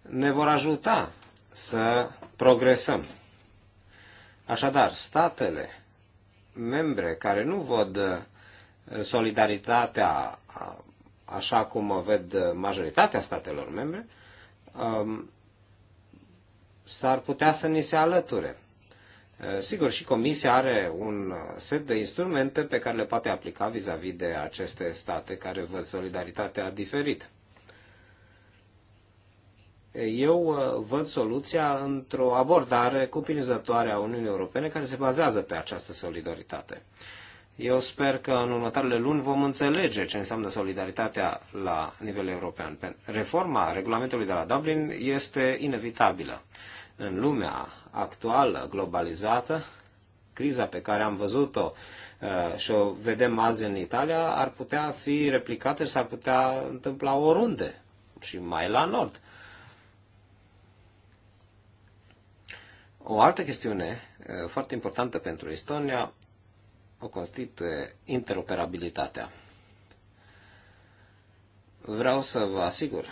ne vor ajuta să progresăm. Așadar, statele membre care nu văd uh, solidaritatea așa cum o ved uh, majoritatea statelor membre, um, s-ar putea să ni se alăture. Uh, sigur, și Comisia are un set de instrumente pe care le poate aplica vis-a-vis -vis de aceste state care văd solidaritatea diferită eu uh, văd soluția într-o abordare cuprinzătoare a Uniunii Europene care se bazează pe această solidaritate. Eu sper că în următoarele luni vom înțelege ce înseamnă solidaritatea la nivel european. Reforma regulamentului de la Dublin este inevitabilă. În lumea actuală, globalizată, criza pe care am văzut-o uh, și o vedem azi în Italia ar putea fi replicată și s-ar putea întâmpla oriunde și mai la nord. O altă chestiune foarte importantă pentru Estonia o constituie interoperabilitatea. Vreau să vă asigur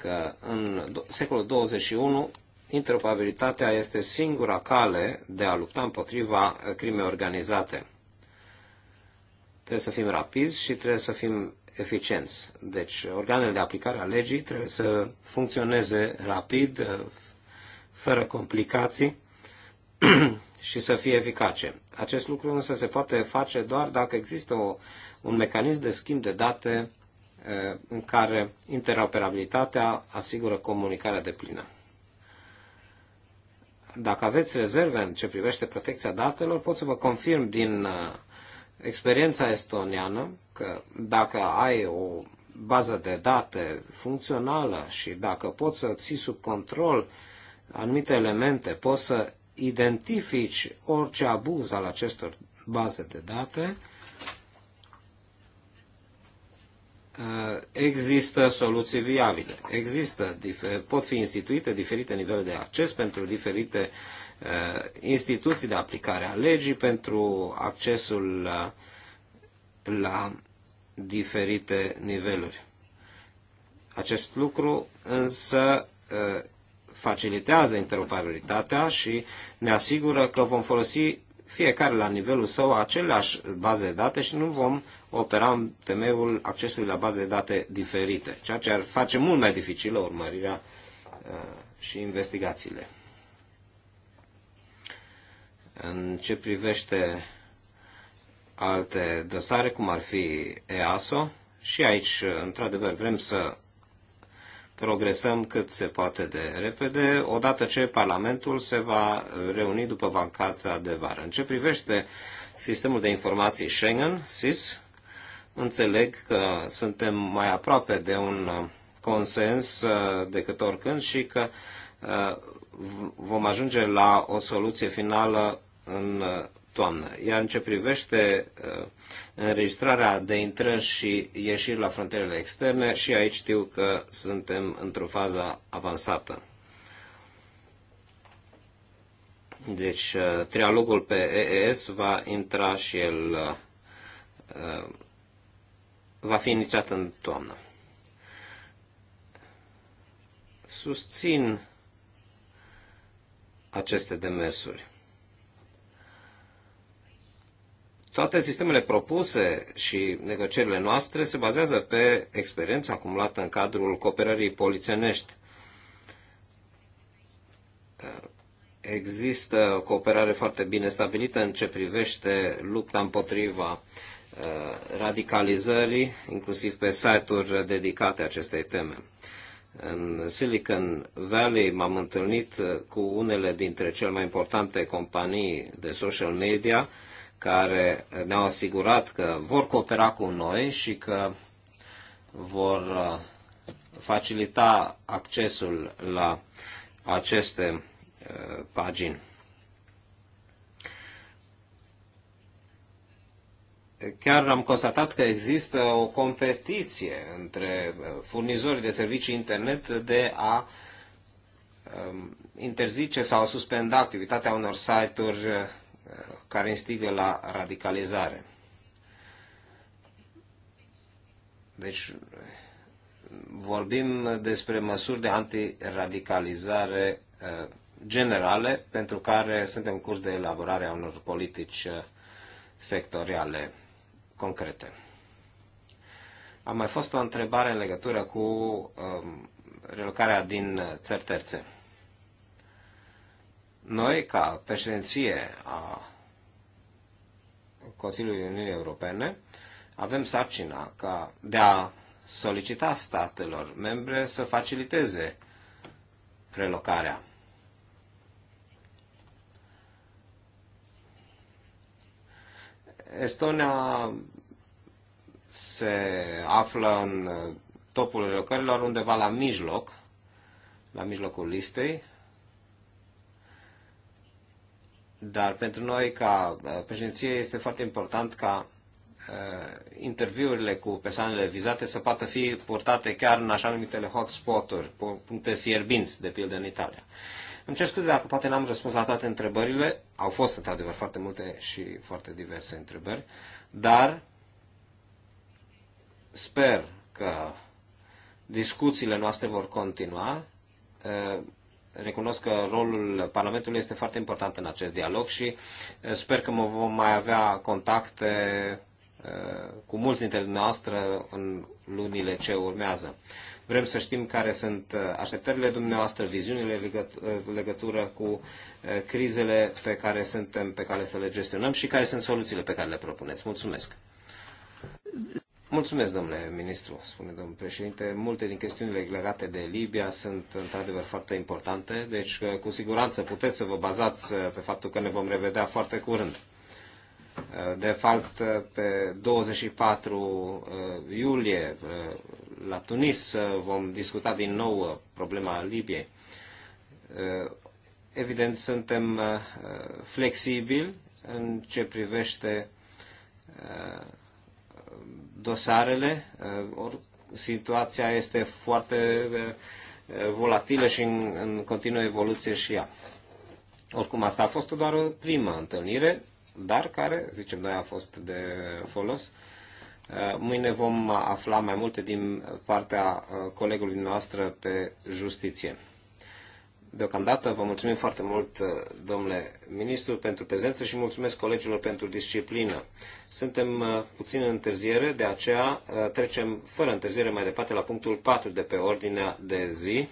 că în secolul 21 interoperabilitatea este singura cale de a lupta împotriva crimei organizate. Trebuie să fim rapizi și trebuie să fim eficienți. Deci, organele de aplicare a legii trebuie să funcționeze rapid, fără complicații și să fie eficace. Acest lucru însă se poate face doar dacă există o, un mecanism de schimb de date uh, în care interoperabilitatea asigură comunicarea de plină. Dacă aveți rezerve în ce privește protecția datelor, pot să vă confirm din uh, experiența estoniană că dacă ai o bază de date funcțională și dacă poți să ții sub control anumite elemente, poți să identifici orice abuz al acestor baze de date, uh, există soluții viabile. Există, pot fi instituite diferite nivele de acces pentru diferite uh, instituții de aplicare a legii, pentru accesul la, la diferite niveluri. Acest lucru însă uh, facilitează interoperabilitatea și ne asigură că vom folosi fiecare la nivelul său aceleași baze de date și nu vom opera în temeiul accesului la baze de date diferite, ceea ce ar face mult mai dificilă urmărirea uh, și investigațiile. În ce privește alte dosare, cum ar fi EASO, și aici, uh, într-adevăr, vrem să progresăm cât se poate de repede, odată ce Parlamentul se va reuni după vacanța de vară. În ce privește sistemul de informații Schengen, SIS, înțeleg că suntem mai aproape de un uh, consens uh, decât oricând și că uh, vom ajunge la o soluție finală în toamnă. Iar în ce privește uh, înregistrarea de intrări și ieșiri la frontierele externe, și aici știu că suntem într-o fază avansată. Deci, uh, trialogul pe EES va intra și el uh, va fi inițiat în toamnă. Susțin aceste demersuri. Toate sistemele propuse și negocierile noastre se bazează pe experiența acumulată în cadrul cooperării polițienești. Există o cooperare foarte bine stabilită în ce privește lupta împotriva uh, radicalizării, inclusiv pe site-uri dedicate acestei teme. În Silicon Valley m-am întâlnit uh, cu unele dintre cele mai importante companii de social media, care ne-au asigurat că vor coopera cu noi și că vor uh, facilita accesul la aceste uh, pagini. Chiar am constatat că există o competiție între uh, furnizorii de servicii internet de a um, interzice sau suspenda activitatea unor site-uri care instigă la radicalizare. Deci vorbim despre măsuri de antiradicalizare uh, generale pentru care suntem în curs de elaborare a unor politici uh, sectoriale concrete. A mai fost o întrebare în legătură cu um, relocarea din țări terțe. Noi, ca președinție a Consiliului Uniunii Europene, avem sarcina ca de a solicita statelor membre să faciliteze relocarea. Estonia se află în topul relocărilor undeva la mijloc, la mijlocul listei, Dar pentru noi, ca uh, președinție, este foarte important ca uh, interviurile cu persoanele vizate să poată fi portate chiar în așa numitele hotspot-uri, puncte fierbinți, de pildă în Italia. Îmi cer scuze dacă poate n-am răspuns la toate întrebările, au fost într-adevăr foarte multe și foarte diverse întrebări, dar sper că discuțiile noastre vor continua. Uh, recunosc că rolul Parlamentului este foarte important în acest dialog și eh, sper că mă vom mai avea contacte eh, cu mulți dintre dumneavoastră în lunile ce urmează. Vrem să știm care sunt eh, așteptările dumneavoastră, viziunile legătură cu crizele pe care suntem pe care să le gestionăm și care sunt soluțiile pe care le propuneți. Mulțumesc! Mulțumesc, domnule ministru, spune domnul președinte. Multe din chestiunile legate de Libia sunt într-adevăr foarte importante, deci uh, cu siguranță puteți să vă bazați uh, pe faptul că ne vom revedea foarte curând. Uh, de fapt, pe 24 iulie la Tunis vom discuta din nou problema Libiei. Evident, suntem flexibili în ce privește dosarele. Uh, situația este foarte uh, volatilă și în, continuă evoluție și ea. Oricum, asta a fost doar o primă întâlnire, dar care, zicem noi, a fost de folos. Uh, mâine vom afla mai multe din partea colegului noastră pe justiție deocamdată vă mulțumim foarte mult, uh, domnule ministru, pentru prezență și mulțumesc colegilor pentru disciplină. Suntem uh, puțin în întârziere, de aceea uh, trecem fără întârziere mai departe la punctul 4 de pe ordinea de zi,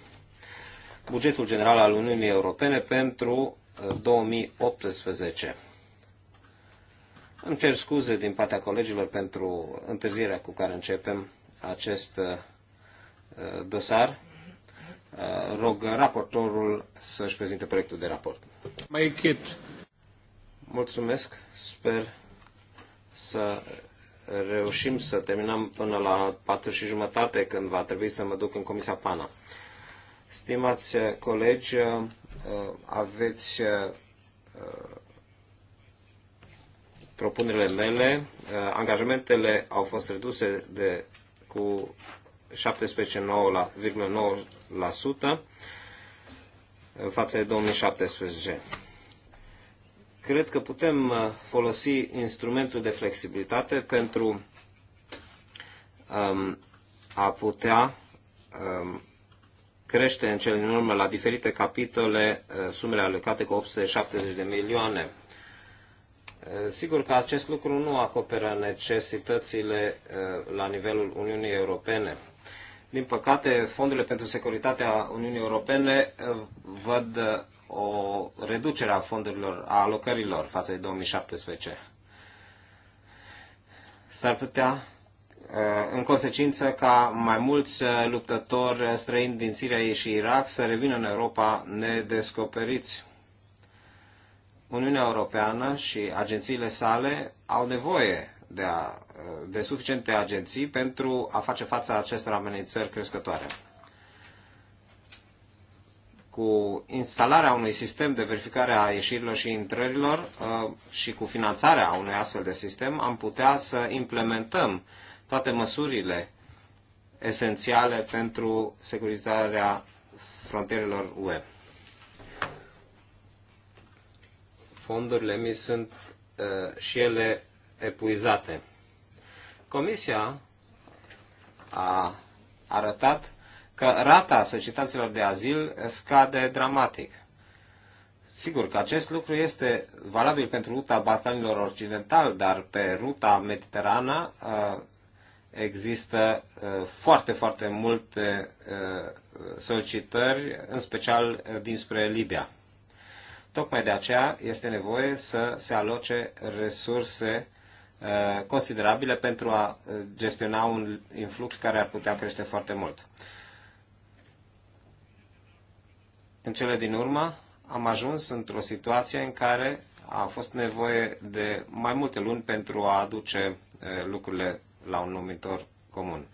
bugetul general al Uniunii Europene pentru 2018. Îmi cer scuze din partea colegilor pentru întârzierea cu care începem acest dosar Uh, rog raportorul să-și prezinte proiectul de raport. Make it. Mulțumesc, sper să reușim să terminăm până la patru și jumătate când va trebui să mă duc în Comisia PANA. Stimați uh, colegi, uh, aveți propunerile mele. Angajamentele au fost reduse de, cu 17,9% față de 2017. Cred că putem uh, folosi instrumentul de flexibilitate pentru um, a putea um, crește în cel din urmă la diferite capitole uh, sumele alocate cu 870 de milioane. Uh, sigur că acest lucru nu acoperă necesitățile la nivelul Uniunii Europene. Din păcate, fondurile pentru securitatea Uniunii Europene eh, văd eh, o reducere a fondurilor, a alocărilor față de 2017. S-ar putea, eh, în consecință, ca mai mulți luptători străini din Siria și Irak să revină în Europa nedescoperiți. Uniunea Europeană și agențiile sale au nevoie de, a, de suficiente agenții pentru a face față acestor amenințări crescătoare. Cu instalarea unui sistem de verificare a ieșirilor și intrărilor uh, și cu finanțarea unui astfel de sistem, am putea să implementăm toate măsurile esențiale pentru securizarea frontierelor UE. Fondurile mi sunt uh, și ele epuizate. Comisia a arătat că rata solicitanților de azil scade dramatic. Sigur că acest lucru este valabil pentru ruta Balcanilor Occidental, dar pe ruta mediterana uh, există uh, foarte, foarte multe uh, solicitări, în special dinspre Libia. Tocmai de aceea este nevoie să se aloce resurse Uh, considerabile pentru a uh, gestiona un influx care ar putea crește foarte mult. În cele din urmă, am ajuns într-o situație în care a fost nevoie de mai multe luni pentru a aduce uh, lucrurile la un numitor comun.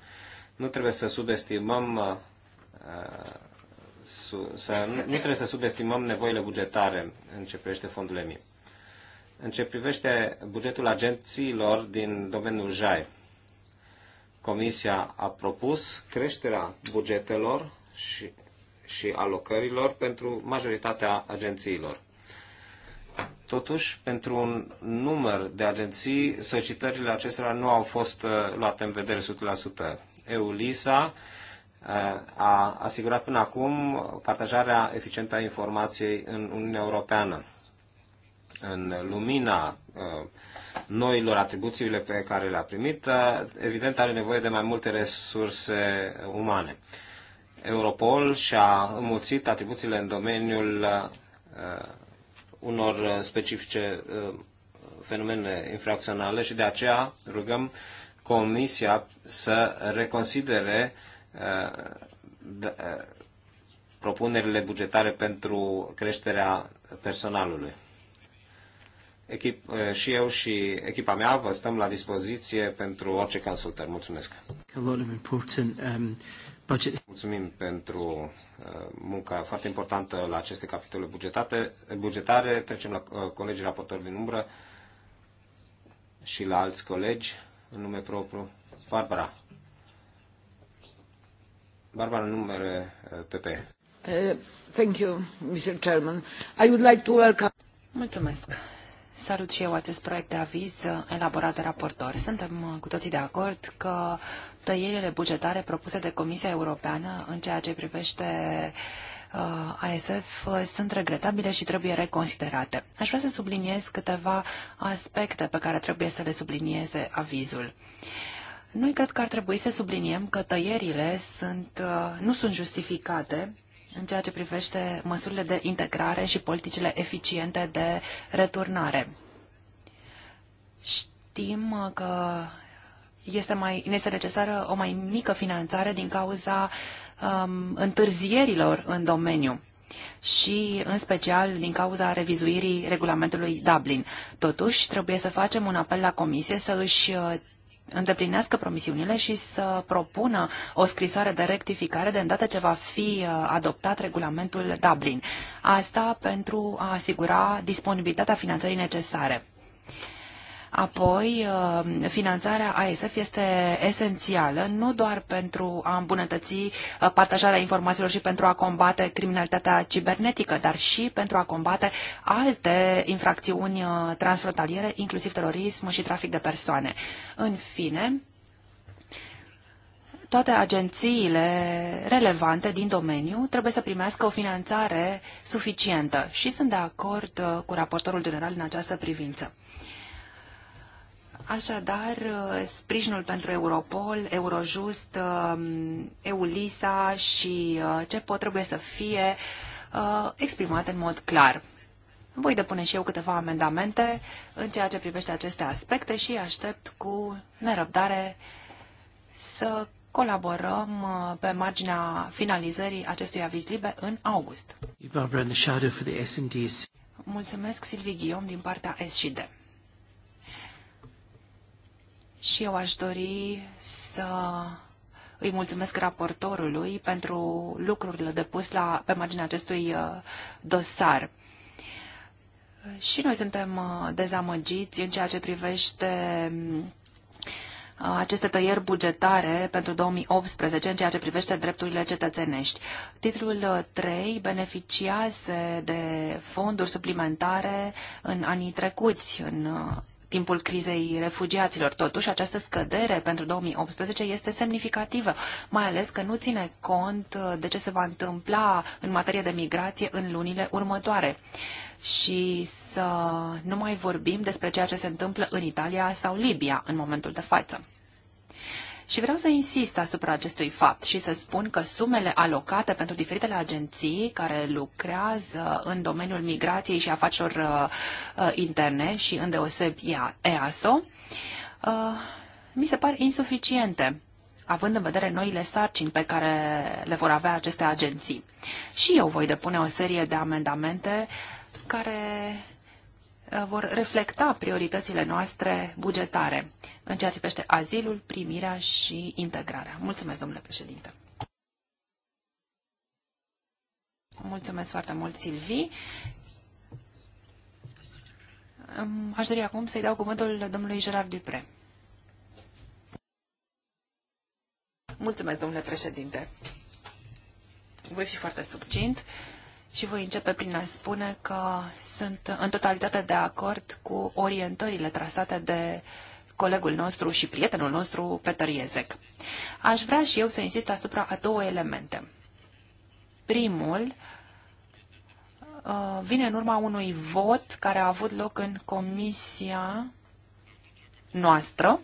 Nu trebuie să subestimăm să, nu trebuie să subestimăm nevoile bugetare în ce privește fondurile EMI. În ce privește bugetul agențiilor din domeniul JAI, Comisia a propus creșterea bugetelor și, și alocărilor pentru majoritatea agențiilor. Totuși, pentru un număr de agenții, solicitările acestora nu au fost uh, luate în vedere 100%. EULISA uh, a asigurat până acum partajarea eficientă a informației în Uniunea Europeană în lumina uh, noilor atribuțiile pe care le-a primit, uh, evident are nevoie de mai multe resurse umane. Europol și-a înmulțit atribuțiile în domeniul uh, unor specifice fenomene infracționale și de aceea rugăm Comisia să reconsidere propunerile bugetare pentru creșterea personalului echip, eh, și eu și echipa mea vă stăm la dispoziție pentru orice consultări. Mulțumesc! Um, Mulțumim pentru eh, munca foarte importantă la aceste capitole bugetate, bugetare. Trecem la eh, colegii raportori din umbră și la alți colegi în nume propriu. Barbara. Barbara, numere PP. Uh, thank you, Mr. Chairman. I would like to welcome... Mulțumesc. Salut și eu acest proiect de aviz uh, elaborat de raportor. Suntem uh, cu toții de acord că tăierile bugetare propuse de Comisia Europeană în ceea ce privește uh, ASF sunt regretabile și trebuie reconsiderate. Aș vrea să subliniez câteva aspecte pe care trebuie să le sublinieze avizul. Noi cred că ar trebui să subliniem că tăierile sunt, nu sunt justificate în ceea ce privește măsurile de integrare și politicile eficiente de returnare. Știm că este, mai, este necesară o mai mică finanțare din cauza um, întârzierilor în domeniu și în special din cauza revizuirii regulamentului Dublin. Totuși, trebuie să facem un apel la Comisie să își uh, îndeplinească promisiunile și să propună o scrisoare de rectificare de îndată ce va fi uh, adoptat regulamentul Dublin. Asta pentru a asigura disponibilitatea finanțării necesare. Apoi, uh, finanțarea ASF este esențială, nu doar pentru a îmbunătăți uh, partajarea informațiilor și pentru a combate criminalitatea cibernetică, dar și pentru a combate alte infracțiuni uh, transfrontaliere, inclusiv terorism și trafic de persoane. În fine, toate agențiile relevante din domeniu trebuie să primească o finanțare suficientă și sunt de acord cu raportorul general în această privință. Așadar, uh, sprijinul pentru Europol, Eurojust, um, EULISA și uh, ce pot trebuie să fie uh, exprimate în mod clar. Voi depune și eu câteva amendamente în ceea ce privește aceste aspecte și aștept cu nerăbdare să colaborăm pe marginea finalizării acestui aviz liber în august. Mulțumesc, Silvi Ghiom, din partea S&D. Și eu aș dori să îi mulțumesc raportorului pentru lucrurile depus la, pe marginea acestui uh, dosar. Și noi suntem uh, dezamăgiți în ceea ce privește uh, aceste tăieri bugetare pentru 2018 în ceea ce privește drepturile cetățenești. Titlul 3 beneficiase de fonduri suplimentare în anii trecuți, în timpul crizei refugiaților. Totuși, această scădere pentru 2018 este semnificativă, mai ales că nu ține cont uh, de ce se va întâmpla în materie de migrație în lunile următoare și să nu mai vorbim despre ceea ce se întâmplă în Italia sau Libia în momentul de față. Și vreau să insist asupra acestui fapt și să spun că sumele alocate pentru diferitele agenții care lucrează în domeniul migrației și afacerilor uh, uh, interne și îndeoseb EASO, uh, mi se par insuficiente având în vedere noile sarcini pe care le vor avea aceste agenții. Și eu voi depune o serie de amendamente care Uh, vor reflecta prioritățile noastre bugetare în ceea ce privește azilul, primirea și integrarea. Mulțumesc, domnule președinte! Mulțumesc foarte mult, Silvi. Aș dori acum să-i dau cuvântul domnului Gerard Dupre. Mulțumesc, domnule președinte. Voi fi foarte succint și voi începe prin a spune că sunt în totalitate de acord cu orientările trasate de colegul nostru și prietenul nostru, Peter Iezec. Aș vrea și eu să insist asupra a două elemente. Primul uh, vine în urma unui vot care a avut loc în comisia noastră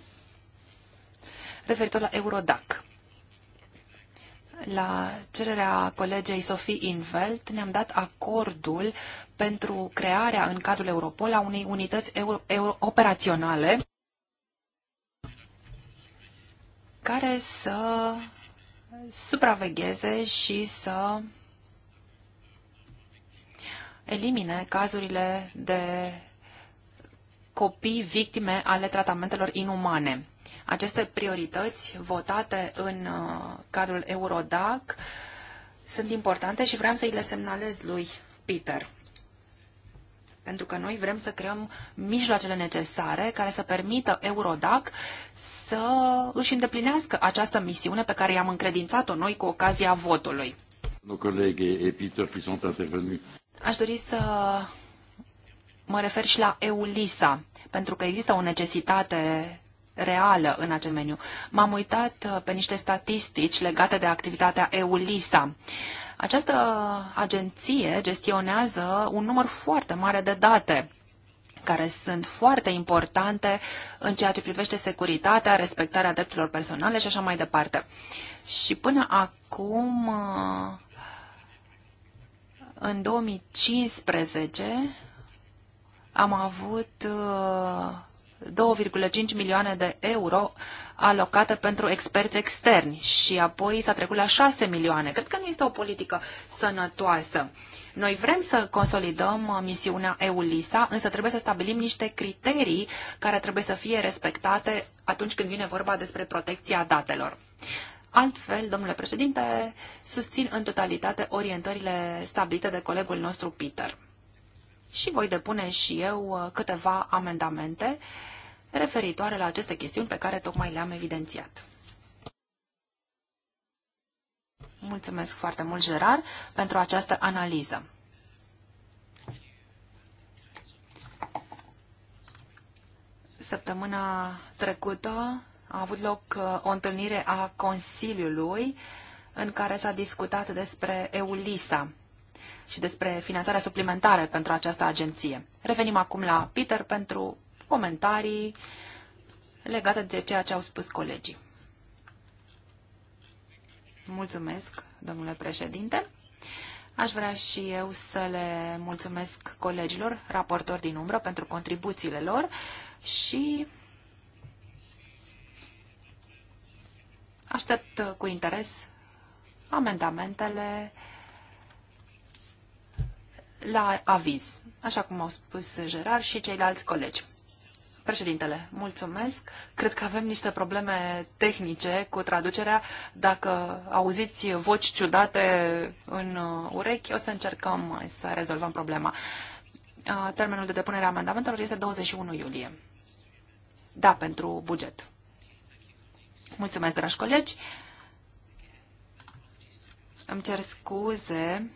referitor la Eurodac la cererea colegei Sophie Invelt, ne-am dat acordul pentru crearea în cadrul Europol a unei unități euro, euro, operaționale care să supravegheze și să elimine cazurile de copii victime ale tratamentelor inumane. Aceste priorități votate în uh, cadrul Eurodac sunt importante și vreau să i le semnalez lui Peter. Pentru că noi vrem să creăm mijloacele necesare care să permită Eurodac să își îndeplinească această misiune pe care i-am încredințat-o noi cu ocazia votului. Aș dori să mă refer și la EULISA, pentru că există o necesitate reală în acest meniu. M-am uitat uh, pe niște statistici legate de activitatea EULISA. Această agenție gestionează un număr foarte mare de date care sunt foarte importante în ceea ce privește securitatea, respectarea drepturilor personale și așa mai departe. Și până acum, uh, în 2015, am avut uh, 2,5 milioane de euro alocate pentru experți externi și apoi s-a trecut la 6 milioane. Cred că nu este o politică sănătoasă. Noi vrem să consolidăm uh, misiunea EULISA, însă trebuie să stabilim niște criterii care trebuie să fie respectate atunci când vine vorba despre protecția datelor. Altfel, domnule președinte, susțin în totalitate orientările stabilite de colegul nostru Peter și voi depune și eu uh, câteva amendamente referitoare la aceste chestiuni pe care tocmai le-am evidențiat. Mulțumesc foarte mult, Gerard, pentru această analiză. Săptămâna trecută a avut loc uh, o întâlnire a Consiliului în care s-a discutat despre EULISA și despre finanțarea suplimentară pentru această agenție. Revenim acum la Peter pentru comentarii legate de ceea ce au spus colegii. Mulțumesc, domnule președinte. Aș vrea și eu să le mulțumesc colegilor, raportori din umbră, pentru contribuțiile lor și aștept cu interes amendamentele la aviz, așa cum au spus Gerard și ceilalți colegi. Președintele, mulțumesc. Cred că avem niște probleme tehnice cu traducerea. Dacă auziți voci ciudate în uh, urechi, o să încercăm să rezolvăm problema. Uh, termenul de depunere a amendamentelor este 21 iulie. Da, pentru buget. Mulțumesc, dragi colegi. Îmi cer scuze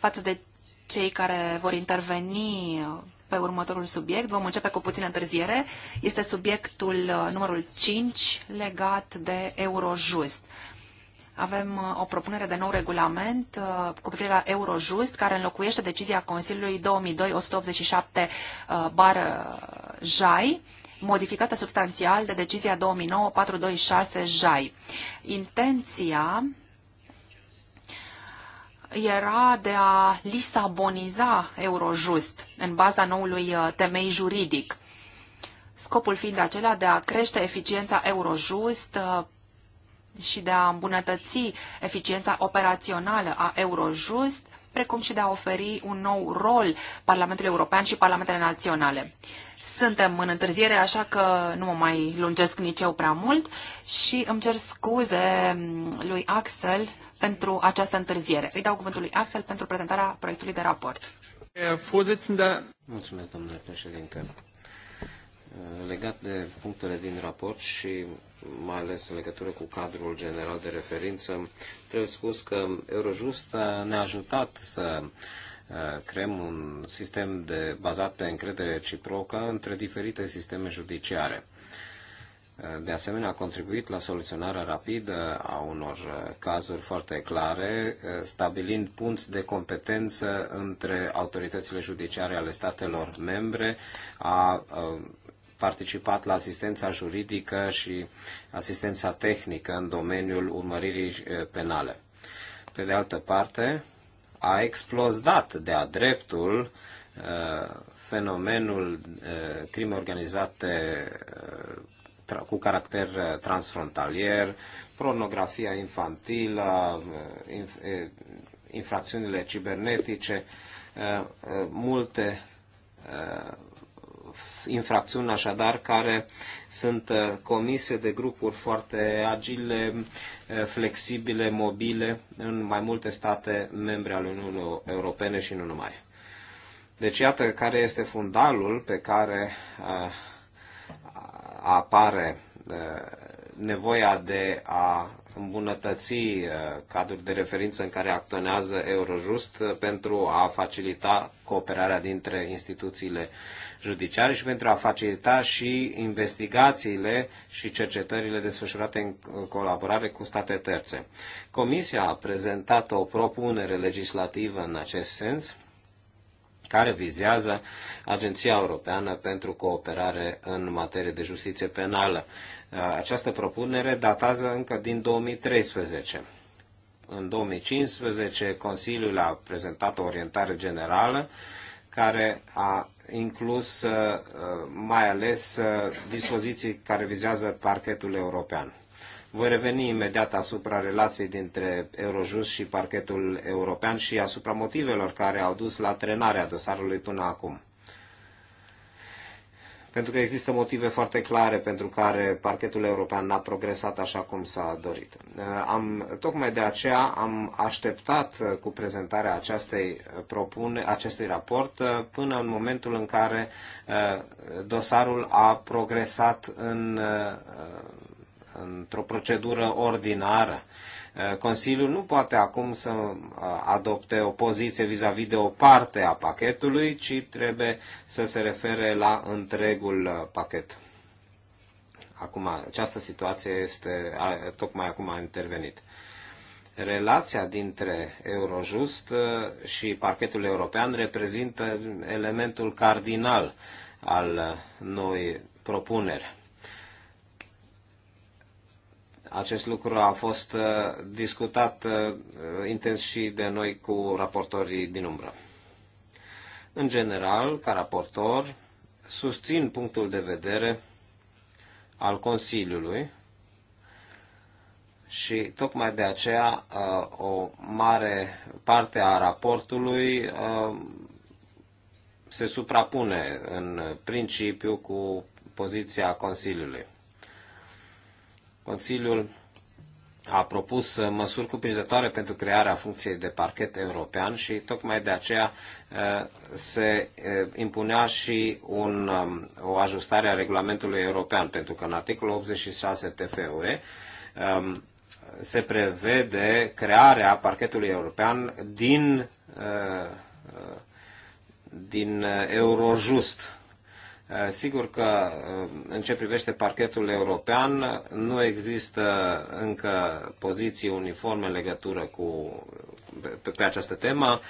față de cei care vor interveni pe următorul subiect. Vom începe cu puțină întârziere. Este subiectul uh, numărul 5 legat de Eurojust. Avem uh, o propunere de nou regulament uh, cu privire la Eurojust, care înlocuiește decizia Consiliului 2002-187 bar JAI, modificată substanțial de decizia 2009-426 JAI. Intenția era de a lisaboniza Eurojust în baza noului uh, temei juridic. Scopul fiind acela de a crește eficiența Eurojust uh, și de a îmbunătăți eficiența operațională a Eurojust, precum și de a oferi un nou rol Parlamentului European și Parlamentele Naționale. Suntem în întârziere, așa că nu mă mai lungesc nici eu prea mult și îmi cer scuze mm, lui Axel pentru această întârziere. Îi dau cuvântul lui Axel pentru prezentarea proiectului de raport. Mulțumesc, domnule președinte. Legat de punctele din raport și mai ales în legătură cu cadrul general de referință, trebuie spus că Eurojust ne-a ajutat să uh, creăm un sistem de, bazat pe încredere reciprocă între diferite sisteme judiciare de asemenea a contribuit la soluționarea rapidă a unor uh, cazuri foarte clare, uh, stabilind punți de competență între autoritățile judiciare ale statelor membre, a uh, participat la asistența juridică și asistența tehnică în domeniul urmăririi penale. Pe de altă parte, a explodat de-a dreptul fenomenul crimei organizate cu caracter uh, transfrontalier, pornografia infantilă, uh, infracțiunile cibernetice, uh, multe infracțiuni așadar care sunt comise de grupuri foarte agile, flexibile, mobile în mai multe state membre ale Uniunii Europene și nu numai. Deci iată care este fundalul pe care apare eh, nevoia de a îmbunătăți eh, cadrul de referință în care acționează Eurojust eh, pentru a facilita cooperarea dintre instituțiile judiciare și pentru a facilita și investigațiile și cercetările desfășurate în colaborare cu state terțe. Comisia a prezentat o propunere legislativă în acest sens care vizează Agenția Europeană pentru Cooperare în materie de justiție penală. Această propunere datează încă din 2013. În 2015, Consiliul a prezentat o orientare generală care a inclus uh, mai ales uh, dispoziții care vizează parchetul european. Voi reveni imediat asupra relației dintre Eurojust și parchetul european și asupra motivelor care au dus la trenarea dosarului până acum. Pentru că există motive foarte clare pentru care parchetul european n-a progresat așa cum s-a dorit. Eh, am, tocmai de aceea am așteptat eh, cu prezentarea acestei eh, propune, acestui raport până în momentul în care dosarul a progresat în într-o procedură ordinară. Uh, Consiliul nu poate acum să uh, adopte o poziție vis-a-vis de o parte a pachetului, ci trebuie să se refere la întregul uh, pachet. Acum, această situație este, tocmai acum a intervenit. Relația dintre Eurojust și parchetul european reprezintă elementul cardinal al noi propuneri acest lucru a fost uh, discutat uh, intens și de noi cu raportorii din umbră. În general, ca raportor, susțin punctul de vedere al Consiliului și tocmai de aceea uh, o mare parte a raportului se suprapune în principiu cu poziția Consiliului. Consiliul a propus uh, măsuri cuprinzătoare pentru crearea funcției de parchet european și tocmai de aceea uh, se uh, impunea și un, um, o ajustare a regulamentului european, pentru că în articolul 86 TFUE um, se prevede crearea parchetului european din, din Eurojust Eh, sigur că eh, în ce privește parchetul european nu există încă poziții uniforme în legătură cu, pe, pe această temă.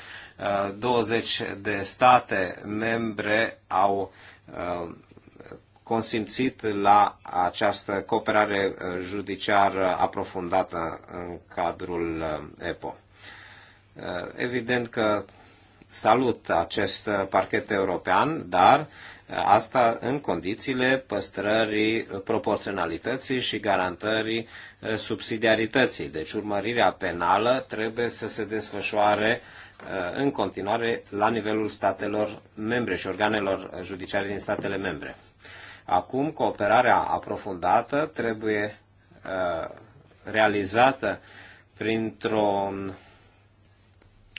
20 eh, de state membre au consimțit la această cooperare judiciară aprofundată în cadrul EPO. Evident că salut acest parchet european, dar Asta în condițiile păstrării proporționalității și garantării subsidiarității. Deci urmărirea penală trebuie să se desfășoare în continuare la nivelul statelor membre și organelor judiciare din statele membre. Acum, cooperarea aprofundată trebuie realizată printr-un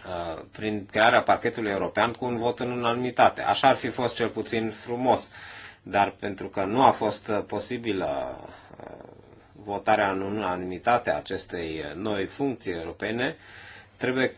Uh, prin crearea parchetului european cu un vot în unanimitate. Așa ar fi fost cel puțin frumos, dar pentru că nu a fost uh, posibilă uh, votarea în unanimitate a acestei noi funcții europene, trebuie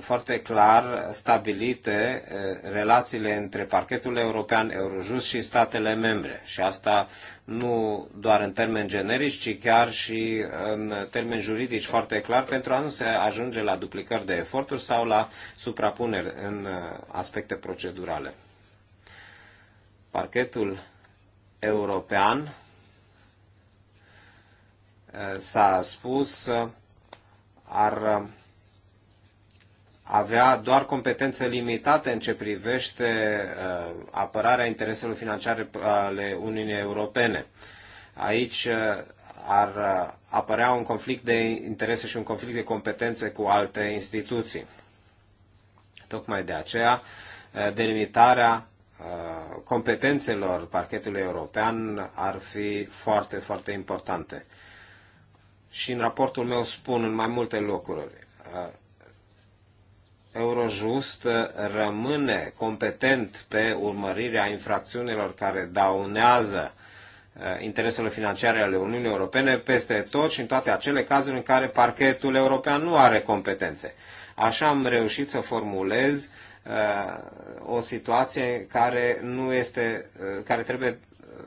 foarte clar stabilite eh, relațiile între parchetul european, Eurojust și statele membre. Și asta nu doar în termeni generici, ci chiar și în termeni juridici foarte clar, pentru a nu se ajunge la duplicări de eforturi sau la suprapuneri în eh, aspecte procedurale. Parchetul european eh, s-a spus ar avea doar competențe limitate în ce privește uh, apărarea intereselor financiare ale Uniunii Europene. Aici uh, ar uh, apărea un conflict de interese și un conflict de competențe cu alte instituții. Tocmai de aceea, delimitarea competențelor parchetului european ar fi foarte, foarte importante. Și în raportul meu spun în mai multe locuri Eurojust rămâne competent pe urmărirea infracțiunilor care daunează uh, interesele financiare ale Uniunii Europene peste tot și în toate acele cazuri în care parchetul european nu are competențe. Așa am reușit să formulez uh, o situație care nu este, uh, care trebuie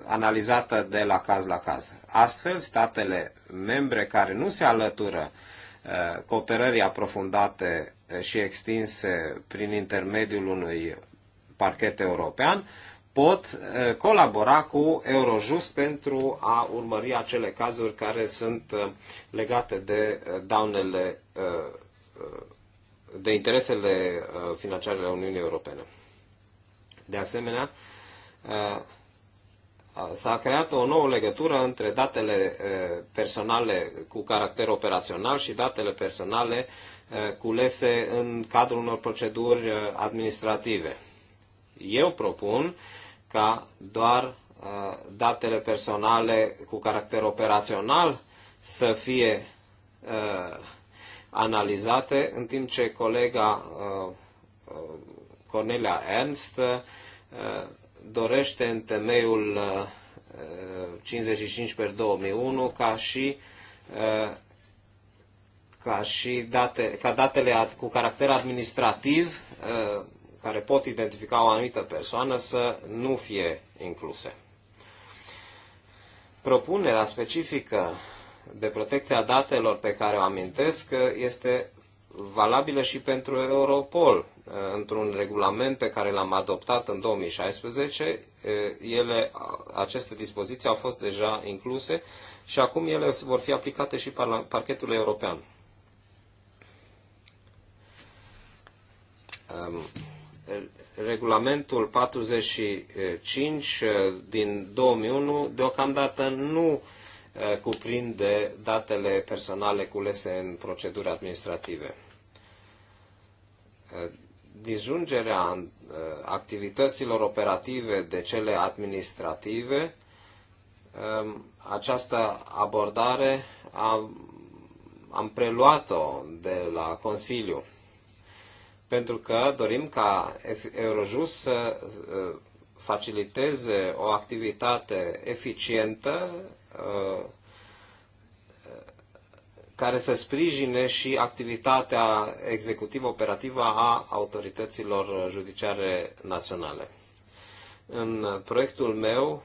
analizată de la caz la caz. Astfel, statele membre care nu se alătură cooperării aprofundate și extinse prin intermediul unui parchet european, pot uh, colabora cu Eurojust pentru a urmări acele cazuri care sunt uh, legate de uh, daunele, de interesele financiare ale Uniunii Europene. De asemenea, s-a creat o nouă legătură între datele personale cu caracter operațional și datele personale culese în cadrul unor proceduri administrative. Eu propun ca doar datele personale cu caracter operațional să fie analizate, în timp ce colega Cornelia Ernst dorește în temeiul 55 uh, per 2001 ca și uh, ca și date, ca datele cu caracter administrativ uh, care pot identifica o anumită persoană să nu fie incluse. Propunerea specifică de protecție a datelor pe care o amintesc este valabilă și pentru Europol, Uh, într-un regulament pe care l-am adoptat în 2016, uh, ele, uh, aceste dispoziții au fost deja incluse și acum ele vor fi aplicate și parchetului european. Um, regulamentul 45 din 2001 deocamdată nu cuprinde datele personale culese în proceduri administrative dizungerea uh, activităților operative de cele administrative, um, această abordare am, am preluat-o de la Consiliu, pentru că dorim ca Eurojust să uh, faciliteze o activitate eficientă, uh, care să sprijine și activitatea executivă operativă a autorităților judiciare naționale. În proiectul meu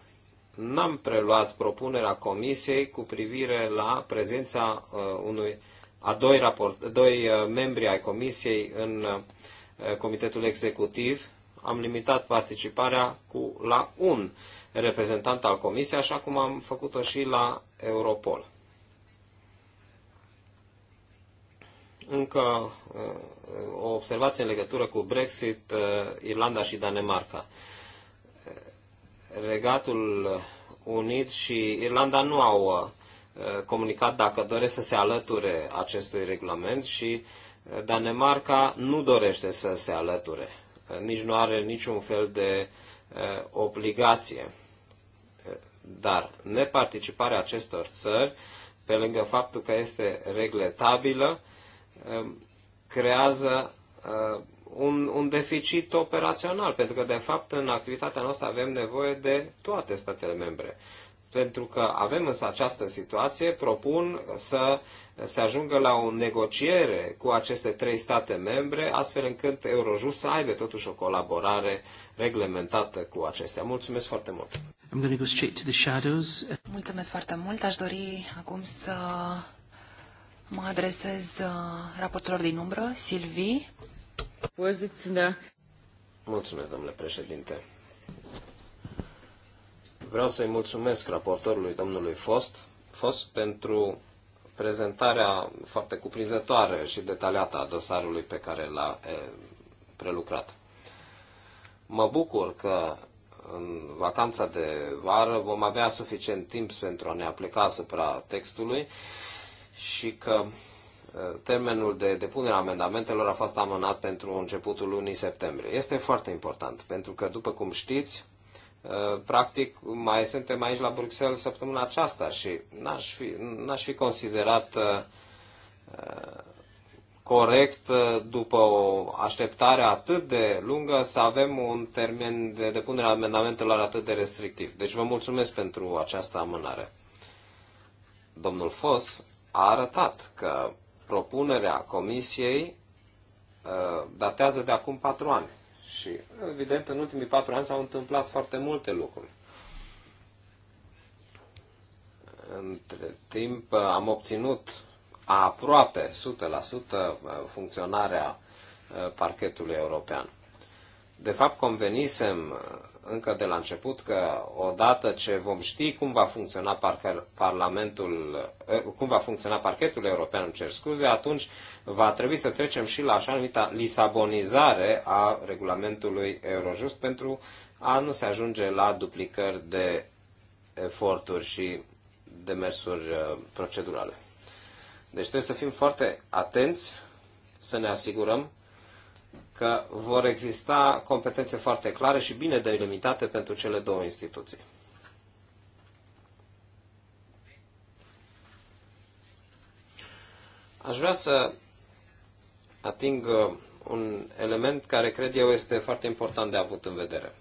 n-am preluat propunerea Comisiei cu privire la prezența uh, unui a doi, raport, doi uh, membri ai Comisiei în uh, Comitetul Executiv. Am limitat participarea cu, la un reprezentant al Comisiei, așa cum am făcut-o și la Europol. încă uh, o observație în legătură cu Brexit, uh, Irlanda și Danemarca. Regatul Unit și Irlanda nu au uh, comunicat dacă doresc să se alăture acestui regulament și Danemarca nu dorește să se alăture. Nici nu are niciun fel de obligație. Dar neparticiparea acestor țări, pe lângă faptul că este regletabilă, Um, creează uh, un, un deficit operațional, pentru că, de fapt, în activitatea noastră avem nevoie de toate statele membre. Pentru că avem însă această situație, propun să se ajungă la o negociere cu aceste trei state membre, astfel încât Eurojust să aibă totuși o colaborare reglementată cu acestea. Mulțumesc foarte mult! I'm going to go straight to the shadows. Mulțumesc foarte mult! Aș dori acum să Mă adresez uh, raportorilor din umbră, Silvi. Mulțumesc, domnule președinte. Vreau să-i mulțumesc raportorului domnului Fost, Fost pentru prezentarea foarte cuprinzătoare și detaliată a dosarului pe care l-a prelucrat. Mă bucur că în vacanța de vară vom avea suficient timp pentru a ne aplica asupra textului și că termenul de depunere a amendamentelor a fost amânat pentru începutul lunii septembrie. Este foarte important, pentru că, după cum știți, practic mai suntem aici la Bruxelles săptămâna aceasta și n-aș fi, n-aș fi considerat corect după o așteptare atât de lungă să avem un termen de depunere a amendamentelor atât de restrictiv. Deci vă mulțumesc pentru această amânare. Domnul Fos a arătat că propunerea Comisiei uh, datează de acum patru ani. Și, evident, în ultimii patru ani s-au întâmplat foarte multe lucruri. Între timp uh, am obținut aproape 100% uh, funcționarea parchetului european. De fapt, convenisem încă de la început că odată ce vom ști cum va funcționa parlamentul, eh, cum va funcționa parchetul european, îmi cer scuze, atunci va trebui să trecem și la așa numita lisabonizare a regulamentului Eurojust pentru a nu se ajunge la duplicări de eforturi și de mersuri eh, procedurale. Deci trebuie să fim foarte atenți să ne asigurăm că vor exista competențe foarte clare și bine delimitate pentru cele două instituții. Aș vrea să ating uh, un element care cred eu este foarte important de avut în vedere.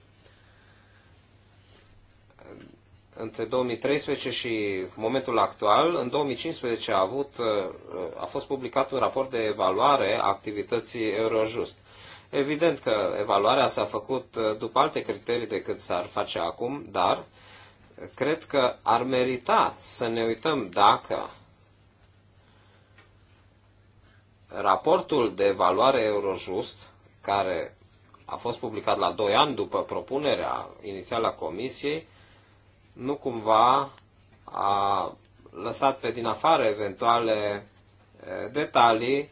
între 2013 și momentul actual, în 2015 a, avut, uh, a fost publicat un raport de evaluare a activității Eurojust. Evident că evaluarea s-a făcut uh, după alte criterii decât s-ar face acum, dar cred că ar merita să ne uităm dacă raportul de evaluare Eurojust, care a fost publicat la 2 ani după propunerea inițială a Comisiei, nu cumva a lăsat pe din afară eventuale detalii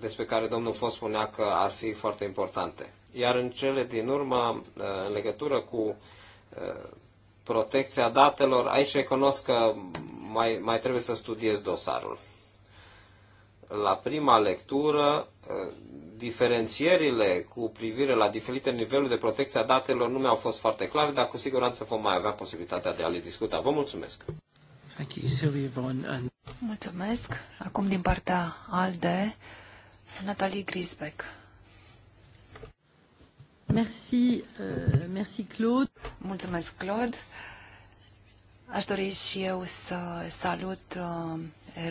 despre care domnul Fost spunea că ar fi foarte importante. Iar în cele din urmă, în legătură cu protecția datelor, aici recunosc că mai, mai trebuie să studiez dosarul. La prima lectură diferențierile cu privire la diferite niveluri de protecție a datelor nu mi-au fost foarte clare, dar cu siguranță vom mai avea posibilitatea de a le discuta. Vă mulțumesc! Mulțumesc! Acum din partea ALDE, Natalie Grisbeck. Merci, uh, merci Claude. Mulțumesc, Claude. Aș dori și eu să salut uh,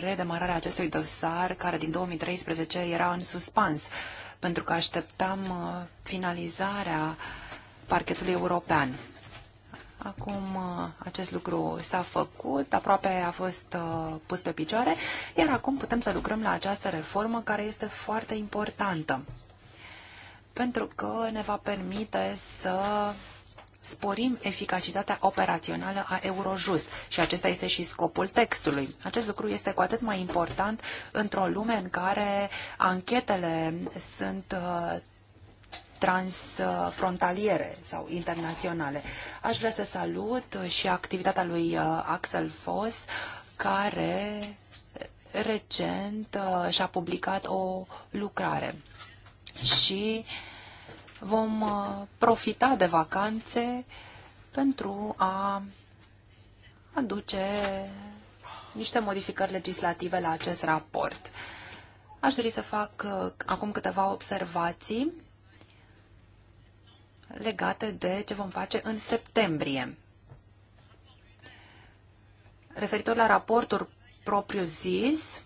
redemararea acestui dosar, care din 2013 era în suspans, pentru că așteptam uh, finalizarea parchetului european. Acum uh, acest lucru s-a făcut, aproape a fost uh, pus pe picioare, iar acum putem să lucrăm la această reformă care este foarte importantă pentru că ne va permite să sporim eficacitatea operațională a Eurojust și acesta este și scopul textului. Acest lucru este cu atât mai important într-o lume în care anchetele sunt uh, transfrontaliere sau internaționale. Aș vrea să salut și activitatea lui uh, Axel Foss, care recent uh, și-a publicat o lucrare și uh, vom uh, profita de vacanțe pentru a aduce niște modificări legislative la acest raport. Aș dori să fac uh, acum câteva observații legate de ce vom face în septembrie. Referitor la raportul propriu-zis,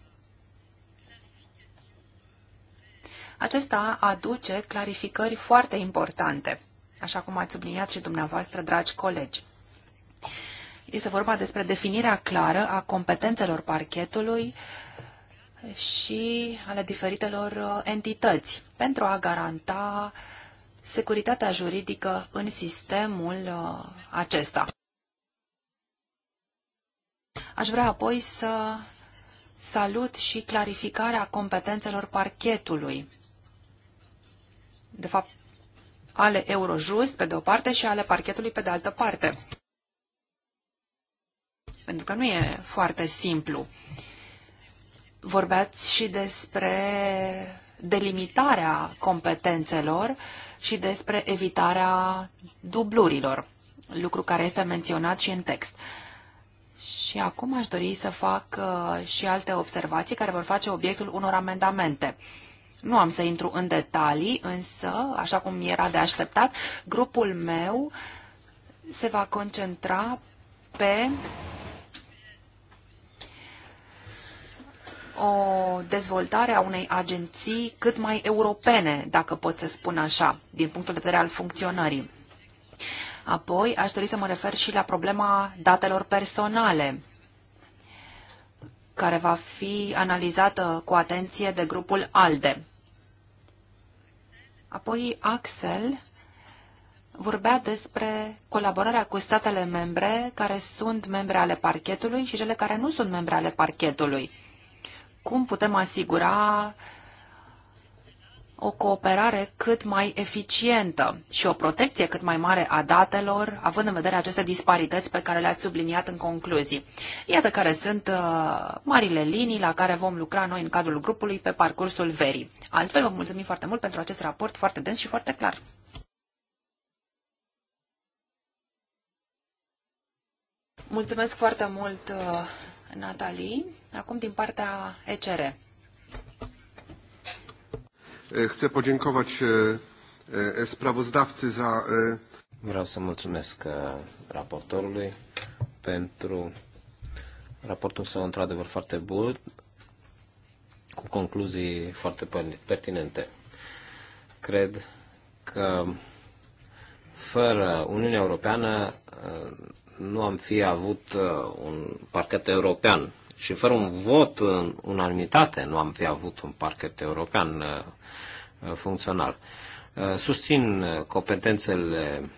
Acesta aduce clarificări foarte importante, așa cum ați subliniat și dumneavoastră, dragi colegi. Este vorba despre definirea clară a competențelor parchetului și ale diferitelor uh, entități pentru a garanta securitatea juridică în sistemul uh, acesta. Aș vrea apoi să salut și clarificarea competențelor parchetului de fapt, ale Eurojust pe de o parte și ale parchetului pe de altă parte. Pentru că nu e foarte simplu. Vorbeați și despre delimitarea competențelor și despre evitarea dublurilor, lucru care este menționat și în text. Și acum aș dori să fac uh, și alte observații care vor face obiectul unor amendamente. Nu am să intru în detalii, însă, așa cum era de așteptat, grupul meu se va concentra pe o dezvoltare a unei agenții cât mai europene, dacă pot să spun așa, din punctul de vedere al funcționării. Apoi, aș dori să mă refer și la problema datelor personale, care va fi analizată cu atenție de grupul ALDE. Apoi Axel vorbea despre colaborarea cu statele membre care sunt membre ale parchetului și cele care nu sunt membre ale parchetului. Cum putem asigura uh, o cooperare cât mai eficientă și o protecție cât mai mare a datelor, având în vedere aceste disparități pe care le-ați subliniat în concluzii. Iată care sunt uh, marile linii la care vom lucra noi în cadrul grupului pe parcursul verii. Altfel, vă mulțumim foarte mult pentru acest raport foarte dens și foarte clar. Mulțumesc foarte mult, uh, Natalie. Acum din partea ECR. Chcę podziękować sprawozdawcy za... Vreau să mulțumesc raportorului pentru raportul său într-adevăr foarte bun, cu concluzii foarte pertinente. Cred că fără Uniunea Europeană nu am fi avut un parchet european și fără un vot în unanimitate nu am fi avut un parchet european uh, uh, funcțional. Uh, susțin competențele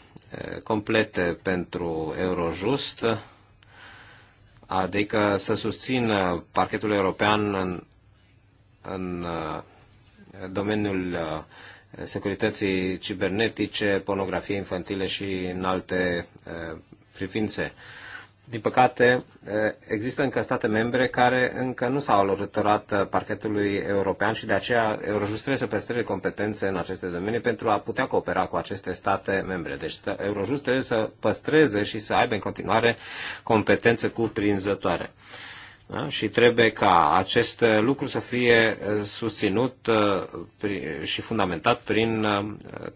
complete pentru Eurojust, adică să susțin parchetul european în, în domeniul securității cibernetice, pornografie infantile și în alte privințe. Din păcate, eh, există încă state membre care încă nu s-au alăturat eh, parchetului european și de aceea Eurojust trebuie să păstreze competențe în aceste domenii pentru a putea coopera cu aceste state membre. Deci Eurojust trebuie să păstreze și să aibă în continuare competențe cuprinzătoare. Da? Și trebuie ca acest eh, lucru să fie susținut și fundamentat prin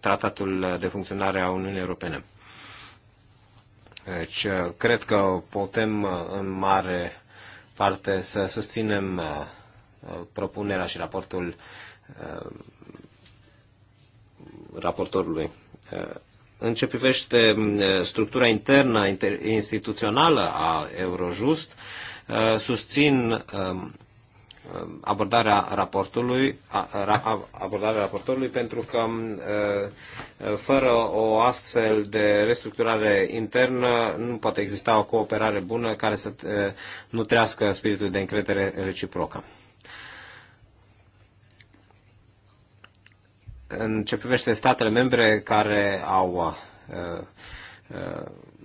tratatul de funcționare a Uniunii Europene. Deci, uh, cred că putem uh, în mare parte să susținem uh, propunerea și raportul raportorului. În ce privește structura internă instituțională a Eurojust, susțin um, abordarea raportului, abordarea raportorului pentru că fără o astfel de restructurare internă nu poate exista o cooperare bună care să nu trească spiritul de încredere reciprocă. În ce privește statele membre care au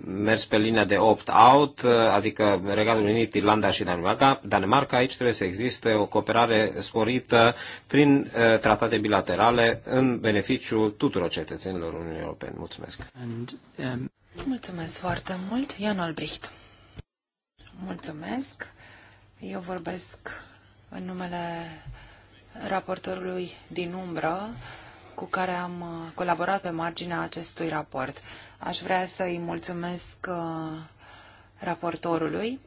mers pe linia de opt-out, adică Regatul Unit, Irlanda și Danemarca, Danemarca, aici trebuie să existe o cooperare sporită prin uh, tratate bilaterale în beneficiul tuturor cetățenilor Uniunii Europene. Mulțumesc! And, um... Mulțumesc foarte mult, Ian Albrecht. Mulțumesc. Eu vorbesc în numele raportorului din umbră cu care am uh, colaborat pe marginea acestui raport. Aș vrea să îi mulțumesc uh, raportorului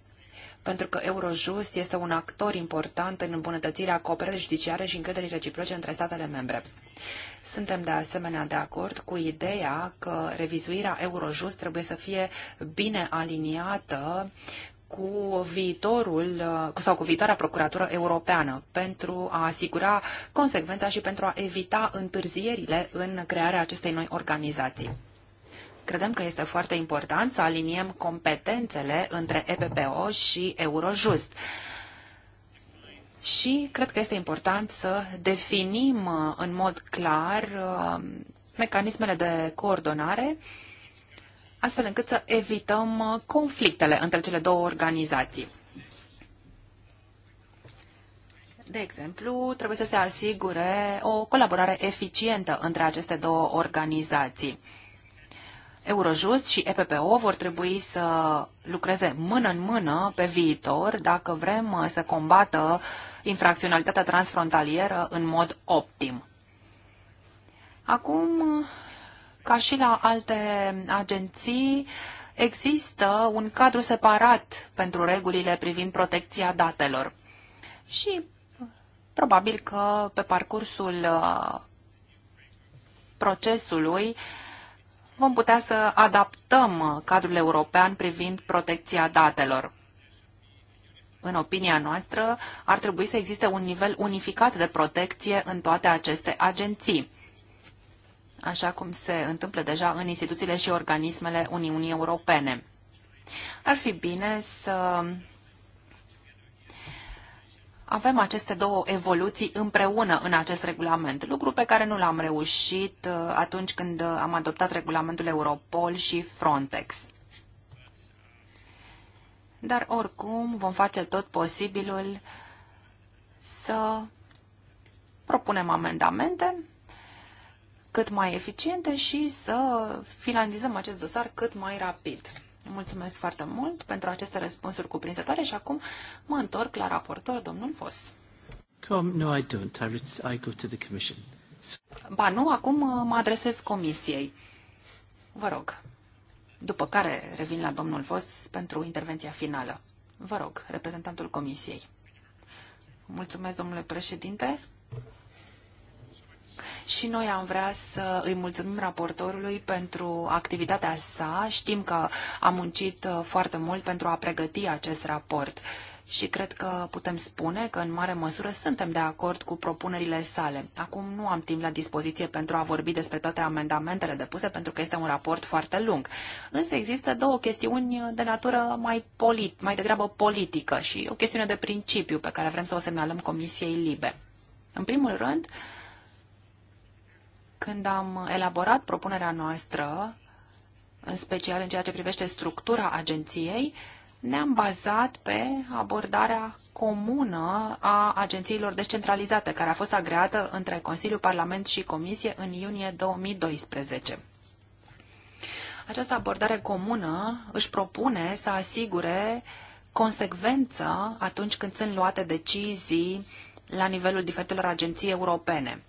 pentru că Eurojust este un actor important în îmbunătățirea cooperării judiciare și încrederii reciproce între statele membre. Suntem de asemenea de acord cu ideea că revizuirea Eurojust trebuie să fie bine aliniată cu viitorul uh, sau cu viitoarea procuratură europeană pentru a asigura consecvența și pentru a evita întârzierile în crearea acestei noi organizații. Credem că este foarte important să aliniem competențele între EPPO și Eurojust. Și cred că este important să definim uh, în mod clar uh, mecanismele de coordonare astfel încât să evităm uh, conflictele între cele două organizații. De exemplu, trebuie să se asigure o colaborare eficientă între aceste două organizații. Eurojust și EPPO vor trebui să lucreze mână în mână pe viitor dacă vrem uh, să combată infracționalitatea transfrontalieră în mod optim. Acum, uh, ca și la alte agenții, există un cadru separat pentru regulile privind protecția datelor. Și uh, probabil că pe parcursul procesului vom putea să adaptăm uh, cadrul european privind protecția datelor. În opinia noastră, ar trebui să existe un nivel unificat de protecție în toate aceste agenții, așa cum se întâmplă deja în instituțiile și organismele Uniunii Europene. Ar fi bine să avem aceste două evoluții împreună în acest regulament, lucru pe care nu l-am reușit uh, atunci când uh, am adoptat regulamentul Europol și Frontex. Dar oricum vom face tot posibilul să propunem amendamente cât mai eficiente și să finalizăm acest dosar cât mai rapid. Mulțumesc foarte mult pentru aceste răspunsuri cuprinzătoare și acum mă întorc la raportor, domnul Vos. no, I don't. I, I go to the commission. Ba nu, acum uh, mă adresez comisiei. Vă rog. După care revin la domnul Vos pentru intervenția finală. Vă rog, reprezentantul comisiei. Mulțumesc, domnule președinte și noi am vrea să îi mulțumim raportorului pentru activitatea sa. Știm că a muncit uh, foarte mult pentru a pregăti acest raport și cred că putem spune că în mare măsură suntem de acord cu propunerile sale. Acum nu am timp la dispoziție pentru a vorbi despre toate amendamentele depuse, pentru că este un raport foarte lung. Însă există două chestiuni de natură mai, polit, mai degrabă politică și o chestiune de principiu pe care vrem să o semnalăm Comisiei Libe. În primul rând, când am elaborat propunerea noastră, în special în ceea ce privește structura agenției, ne-am bazat pe abordarea comună a agențiilor descentralizate, care a fost agreată între Consiliu, Parlament și Comisie în iunie 2012. Această abordare comună își propune să asigure consecvență atunci când sunt luate decizii la nivelul diferitelor agenții europene.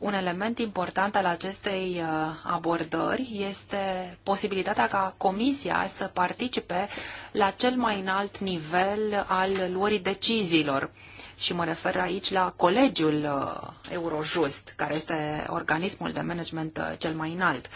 Un element important al acestei uh, abordări este posibilitatea ca Comisia să participe la cel mai înalt nivel al luării deciziilor. Și mă refer aici la Colegiul uh, Eurojust, care este organismul de management uh, cel mai înalt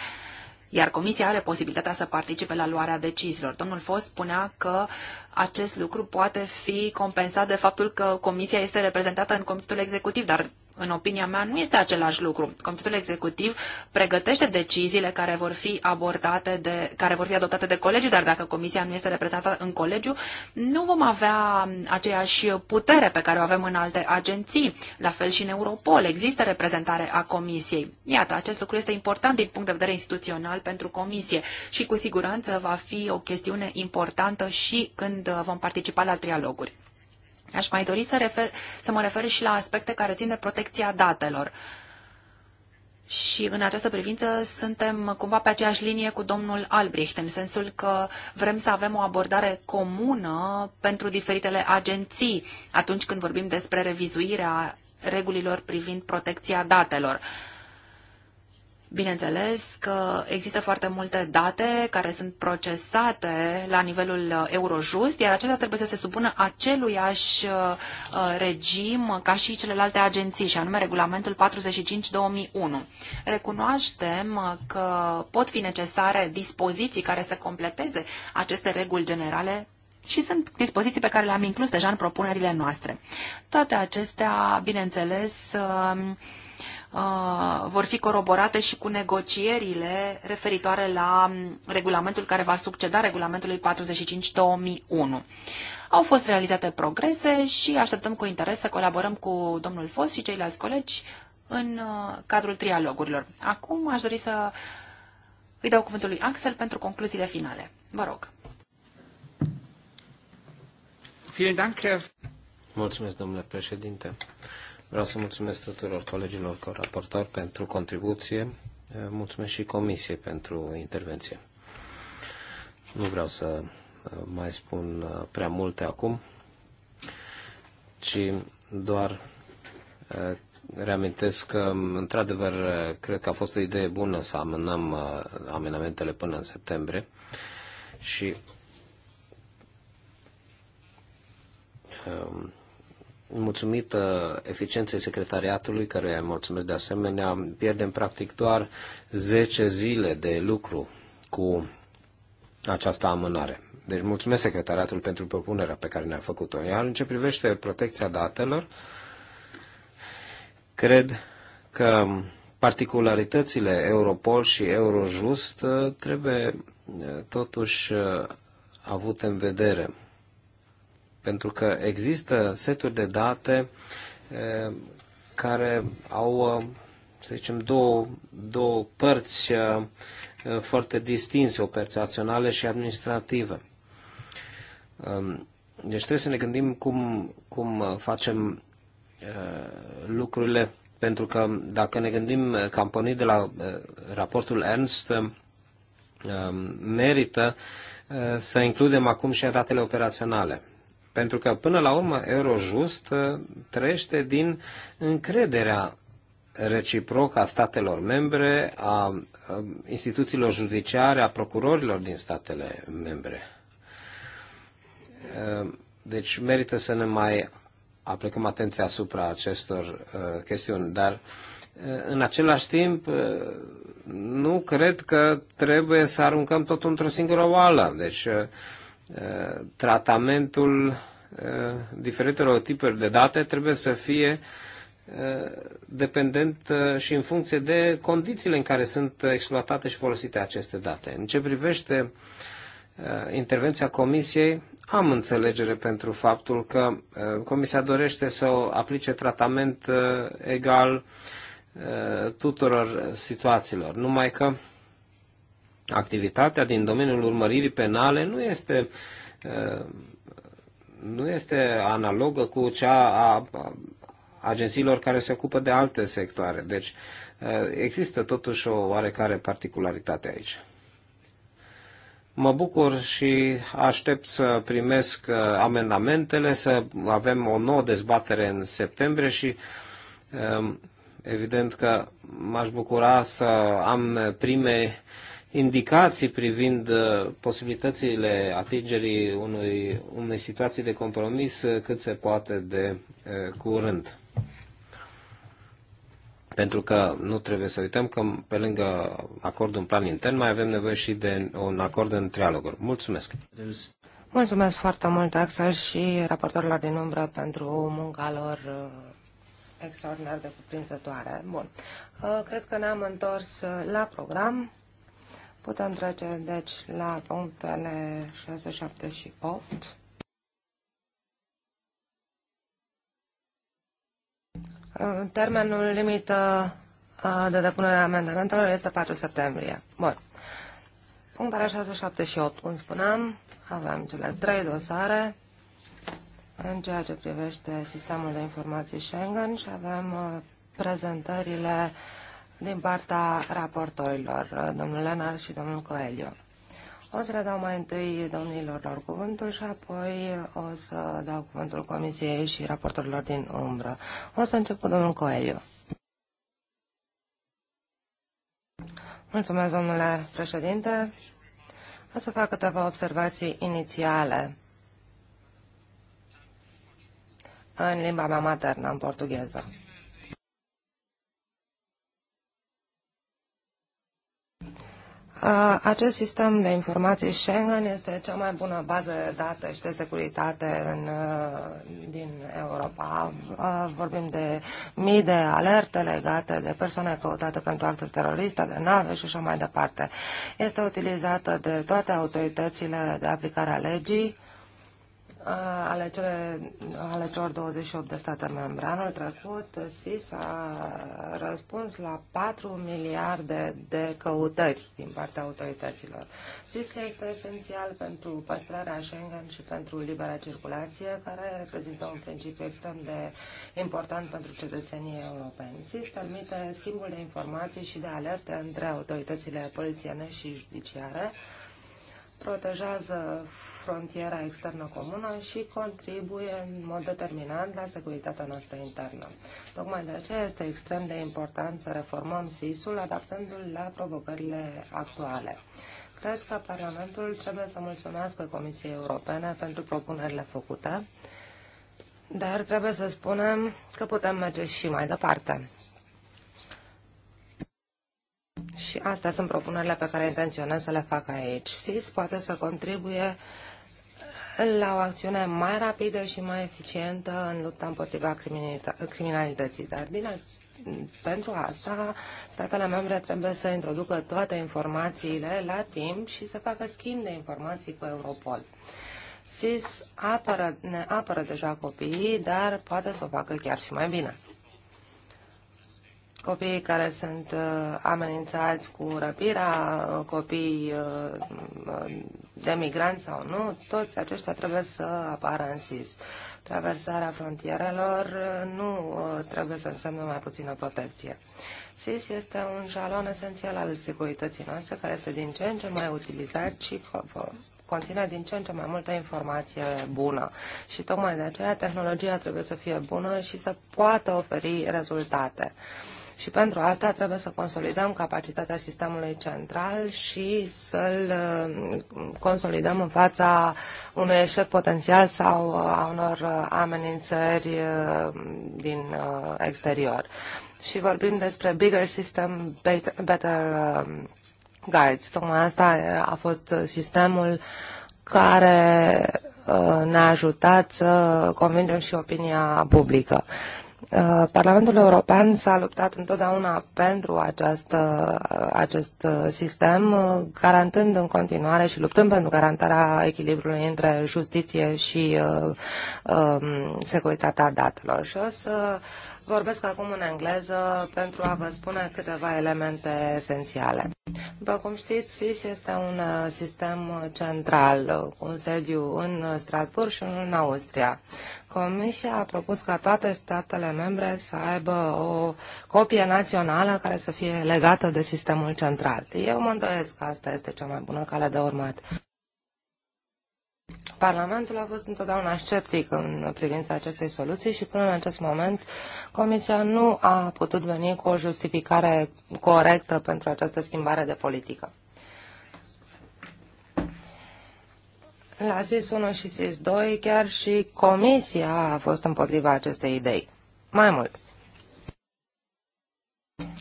iar comisia are posibilitatea să participe la luarea deciziilor. Domnul Fost spunea că acest lucru poate fi compensat de faptul că comisia este reprezentată în comitetul executiv, dar în opinia mea, nu este același lucru. Comitetul executiv pregătește deciziile care vor fi abordate de, care vor fi adoptate de colegiu, dar dacă comisia nu este reprezentată în colegiu, nu vom avea aceeași putere pe care o avem în alte agenții. La fel și în Europol există reprezentare a comisiei. Iată, acest lucru este important din punct de vedere instituțional pentru comisie și cu siguranță va fi o chestiune importantă și când vom participa la trialoguri. Aș mai dori să, refer, să mă refer și la aspecte care țin de protecția datelor. Și în această privință suntem cumva pe aceeași linie cu domnul Albrecht, în sensul că vrem să avem o abordare comună pentru diferitele agenții atunci când vorbim despre revizuirea regulilor privind protecția datelor. Uh, Bineînțeles că există foarte multe date care sunt procesate la nivelul uh, Eurojust, iar acestea trebuie să se supună aceluiași uh, uh, regim ca și celelalte agenții, și anume regulamentul 45-2001. Recunoaștem că pot fi necesare dispoziții care să completeze aceste reguli generale și sunt dispoziții pe care le-am inclus deja în propunerile noastre. Toate acestea, bineînțeles, uh, Uh, vor fi coroborate și cu negocierile referitoare la um, regulamentul care va succeda regulamentului 45-2001. Au fost realizate progrese și așteptăm cu interes să colaborăm cu domnul Fos și ceilalți colegi în uh, cadrul trialogurilor. Acum aș dori să îi dau cuvântul lui Axel pentru concluziile finale. Vă rog. Mulțumesc, domnule președinte. Vreau să mulțumesc tuturor colegilor raportori pentru contribuție. Eh, mulțumesc și Comisiei pentru intervenție. Nu vreau să eh, mai spun eh, prea multe acum, ci doar reamintesc că, într-adevăr, cred că a fost o idee bună să amânăm amenamentele până în septembrie și mulțumită eficienței secretariatului, care îi mulțumesc de asemenea, pierdem practic doar 10 zile de lucru cu această amânare. Deci mulțumesc secretariatul pentru propunerea pe care ne-a făcut-o. Iar în ce privește protecția datelor, cred că particularitățile Europol și Eurojust trebuie eh, totuși eh, avute în vedere. Pentru că există seturi de date eh, care au, eh, să zicem, două, două părți eh, foarte distinse, operaționale și administrative. Ehm, deci trebuie să ne gândim cum, cum facem lucrurile, pentru că dacă ne gândim pornit de la raportul Ernst, merită să includem acum și datele operaționale. Pentru că, până la urmă, Eurojust uh, trăiește din încrederea reciprocă a statelor membre, a instituțiilor judiciare, a procurorilor din statele membre. Uh, deci merită să ne mai aplicăm atenția asupra acestor uh, chestiuni, dar în același timp nu cred că trebuie să aruncăm totul într-o singură oală. Deci tratamentul uh, diferitelor tipuri de date trebuie să fie uh, dependent uh, și în funcție de condițiile în care sunt exploatate și folosite aceste date. În ce privește intervenția Comisiei, am înțelegere pentru faptul că Comisia dorește să aplice tratament egal tuturor situațiilor, numai că activitatea din domeniul urmăririi penale nu este, uh, nu este analogă cu cea a agențiilor care se ocupă de alte sectoare. Deci uh, există totuși o oarecare particularitate aici. Mă bucur și aștept să primesc uh, amendamentele, să avem o nouă dezbatere în septembrie și um, evident că m-aș bucura să am prime indicații privind uh, posibilitățile atingerii unui, unei situații de compromis uh, cât se poate de uh, curând. Pentru că nu trebuie să uităm că pe lângă acordul în plan intern mai avem nevoie și de un acord în trialoguri. Mulțumesc! Mulțumesc foarte mult, Axel, și raportorilor din umbră pentru munca lor extraordinar de cuprinzătoare. Bun. Cred că ne-am întors la program. Putem trece, deci, la punctele 6, 7 și 8. Termenul limită de depunere a amendamentelor este 4 septembrie. Bun. Punctele 6, 7 și 8, cum spuneam, avem cele trei dosare în ceea ce privește sistemul de informații Schengen și avem uh, prezentările uh, din partea raportorilor, domnul Lenar și domnul Coelio. O să le dau mai întâi domnilor lor cuvântul și apoi o să dau cuvântul comisiei și raportorilor din umbră. O să încep cu domnul Coelio. Mulțumesc, domnule președinte. O să fac câteva observații inițiale în limba mea maternă, în portugheză. Acest sistem de informații Schengen este cea mai bună bază de date și de securitate în, din Europa. Vorbim de mii de alerte legate de persoane căutate pentru acte teroriste, de nave și așa mai departe. Este utilizată de toate autoritățile de aplicare a legii Uh, ale, cele, ale celor 28 de state membre. Anul trecut, SIS a răspuns la 4 miliarde de căutări din partea autorităților. SIS este esențial pentru păstrarea Schengen și pentru libera circulație, care reprezintă un principiu extrem de important pentru cetățenii europeni. SIS permite schimbul de informații și de alerte între autoritățile polițiene și judiciare, protejează frontiera externă comună și contribuie în mod determinant la securitatea noastră internă. Tocmai de aceea este extrem de important să reformăm SIS-ul, adaptându-l la provocările actuale. Cred că Parlamentul trebuie să mulțumească Comisiei Europene pentru propunerile făcute, dar trebuie să spunem că putem merge și mai departe. Și astea sunt propunerile pe care intenționez să le fac aici. SIS poate să contribuie la o acțiune mai rapidă și mai eficientă în lupta împotriva criminalității. Dar din pentru asta, statele membre trebuie să introducă toate informațiile la timp și să facă schimb de informații cu Europol. SIS apără, ne apără deja copiii, dar poate să o facă chiar și mai bine copiii care sunt uh, amenințați cu răpirea, uh, copii uh, de migranți sau nu, toți aceștia trebuie să apară în SIS. Traversarea frontierelor nu trebuie să însemne mai puțină protecție. SIS este un jalon esențial al securității noastre, care este din ce în ce mai utilizat și conține din ce în ce mai multă informație bună. Și tocmai de aceea tehnologia trebuie să fie bună și să poată oferi rezultate. Uh, și pentru asta trebuie să consolidăm capacitatea sistemului central și să-l uh, consolidăm în fața unui eșec potențial sau uh, a unor uh, amenințări din exterior. Și vorbim despre bigger system, better guards. Tocmai asta a fost sistemul care ne-a ajutat să convingem și opinia publică. Uh, Uh, Parlamentul European s-a luptat întotdeauna pentru acest uh, acest sistem, uh, garantând în continuare și luptând pentru garantarea echilibrului între justiție și uh, um, securitatea datelor. Și o să uh, Vorbesc acum în engleză pentru a vă spune câteva elemente esențiale. După cum știți, SIS este un uh, sistem central uh, cu un sediu în uh, Strasburg și unul în Austria. Comisia a propus ca toate statele membre să aibă o copie națională care să fie legată de sistemul central. Eu mă îndoiesc că asta este cea mai bună cale de urmat. Parlamentul a fost întotdeauna sceptic în privința acestei soluții și până în acest moment Comisia nu a putut veni cu o justificare corectă pentru această schimbare de politică. La SIS 1 și SIS 2 chiar și Comisia a fost împotriva acestei idei. Mai mult,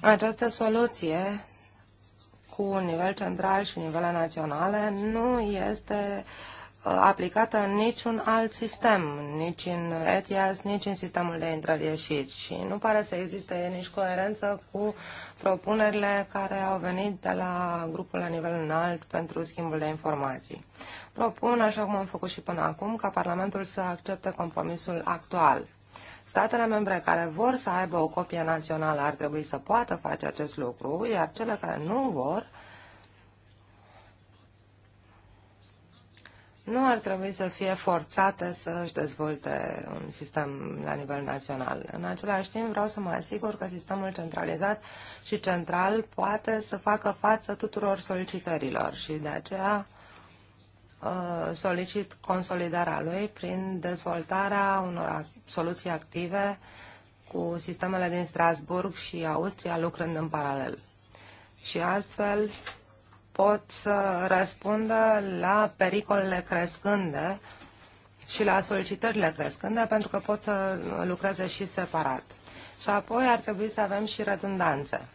această soluție cu nivel central și nivele naționale nu este uh, Uh, aplicată în niciun alt sistem, nici în ETIAS, nici în sistemul de intrări-ieșiri și nu pare să existe nici coerență cu propunerile care au venit de la grupul la nivel înalt pentru schimbul de informații. Propun, așa cum am făcut și până acum, ca Parlamentul să accepte compromisul actual. Statele membre care vor să aibă o copie națională ar trebui să poată face acest lucru, iar cele care nu vor nu ar trebui să fie forțate să își dezvolte un sistem la nivel național. În același timp vreau să mă asigur că sistemul centralizat și central poate să facă față tuturor solicitărilor și de aceea uh, solicit consolidarea lui prin dezvoltarea unor soluții active cu sistemele din Strasburg și Austria lucrând în paralel. Și astfel pot să răspundă la pericolele crescânde și la solicitările crescânde, pentru că pot să lucreze și separat. Și apoi ar trebui să avem și redundanțe.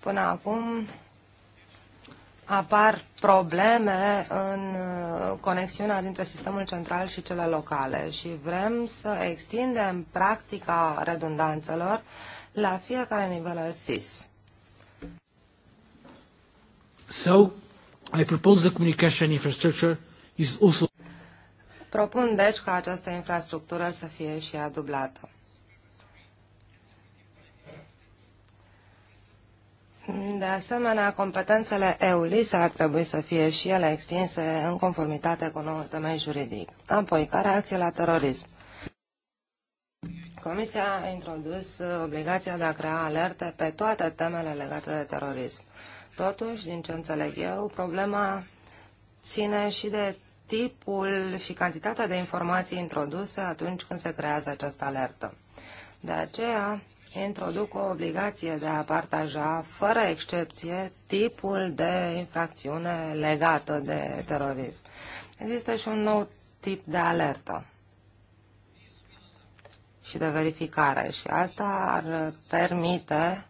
Până acum apar probleme în uh, conexiunea dintre sistemul central și cele locale și vrem să extindem practica redundanțelor la fiecare nivel al SIS. So, I propose the communication infrastructure is also Propun deci ca această infrastructură să fie și ea dublată. De asemenea, competențele EULIS ar trebui să fie și ele extinse în conformitate cu noul temei juridic. Apoi, care acție la terorism? Comisia a introdus uh, obligația de a crea alerte pe toate temele legate de terorism. Totuși, din ce înțeleg eu, problema ține și de tipul și cantitatea de informații introduse atunci când se creează această alertă. De aceea, introduc o obligație de a partaja, fără excepție, tipul de infracțiune legată de terorism. Există și un nou tip de alertă și de verificare și asta ar permite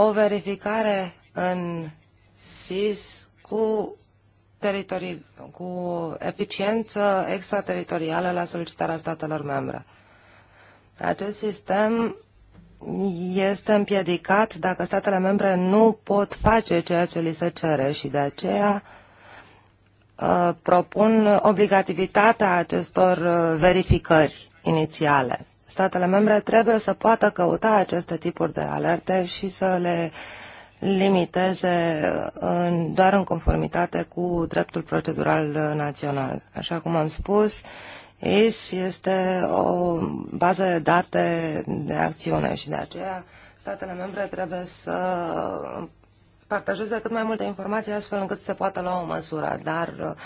o verificare în SIS cu, teritorii, cu eficiență extrateritorială la solicitarea statelor membre. Acest sistem este împiedicat dacă statele membre nu pot face ceea ce li se cere și de aceea uh, propun obligativitatea acestor uh, verificări inițiale statele membre trebuie să poată căuta aceste tipuri de alerte și să le limiteze în, doar în conformitate cu dreptul procedural național. Așa cum am spus, IS este o bază de date de acțiune și de aceea statele membre trebuie să partajeze cât mai multe informații astfel încât se poată lua o măsură, dar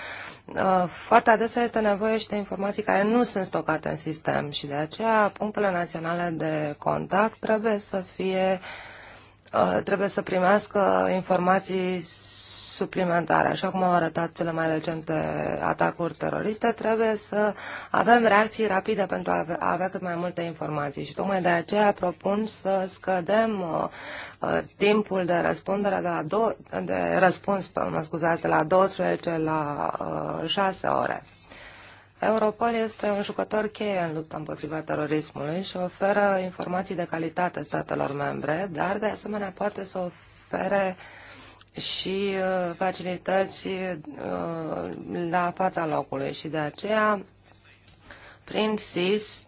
uh, foarte adesea este nevoie și de informații care nu sunt stocate în sistem și de aceea punctele naționale de contact trebuie să fie uh, trebuie să primească informații suplimentare, așa cum au arătat cele mai recente atacuri teroriste, trebuie să avem reacții rapide pentru a avea cât mai multe informații și tocmai de aceea propun să scădem uh, uh, timpul de răspundere de la do- de răspuns, mă scuzați, de la 12 la 6 uh, ore. Europol este un jucător cheie în lupta împotriva terorismului și oferă informații de calitate statelor membre, dar de asemenea poate să ofere uh, și uh, facilități uh, la fața locului și de aceea prin SIS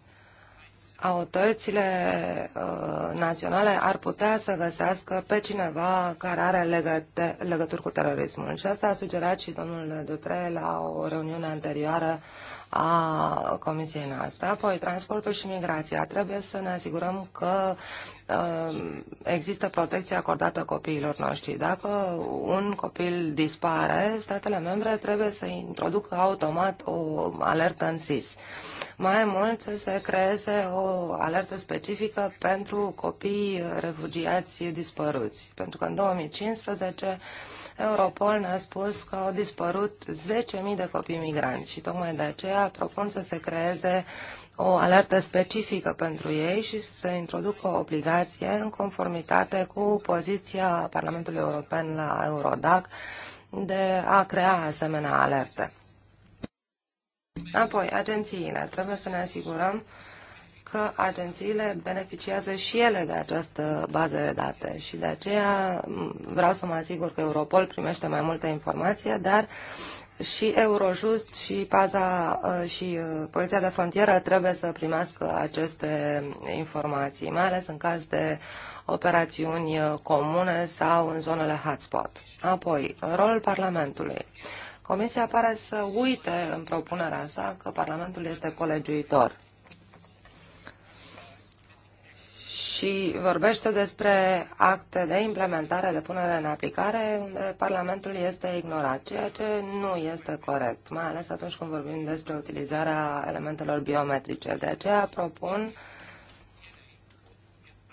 autoritățile uh, naționale ar putea să găsească pe cineva care are legăte, legături cu terorismul. Și asta a sugerat și domnul Dupre la o reuniune anterioară a Comisiei noastre. Apoi, transportul și migrația. Trebuie să ne asigurăm că um, există protecție acordată copiilor noștri. Dacă un copil dispare, statele membre trebuie să introducă automat o alertă în SIS. Mai mult să se creeze o alertă specifică pentru copii refugiați dispăruți. Pentru că în 2015 Europol ne-a spus că au dispărut 10.000 de copii migranți și tocmai de aceea propun să se creeze o alertă specifică pentru ei și să introducă o obligație în conformitate cu poziția Parlamentului European la Eurodac de a crea asemenea alerte. Apoi, agențiile. Trebuie să ne asigurăm că agențiile beneficiază și ele de această bază de date și de aceea vreau să mă asigur că Europol primește mai multă informație, dar și Eurojust și paza uh, și uh, Poliția de Frontieră trebuie să primească aceste informații, mai ales în caz de operațiuni uh, comune sau în zonele hotspot. Apoi, rolul Parlamentului. Comisia pare să uite în propunerea sa că Parlamentul este colegiuitor. și vorbește despre acte de implementare, de punere în aplicare, unde Parlamentul este ignorat, ceea ce nu este corect, mai ales atunci când vorbim despre utilizarea elementelor biometrice. De aceea propun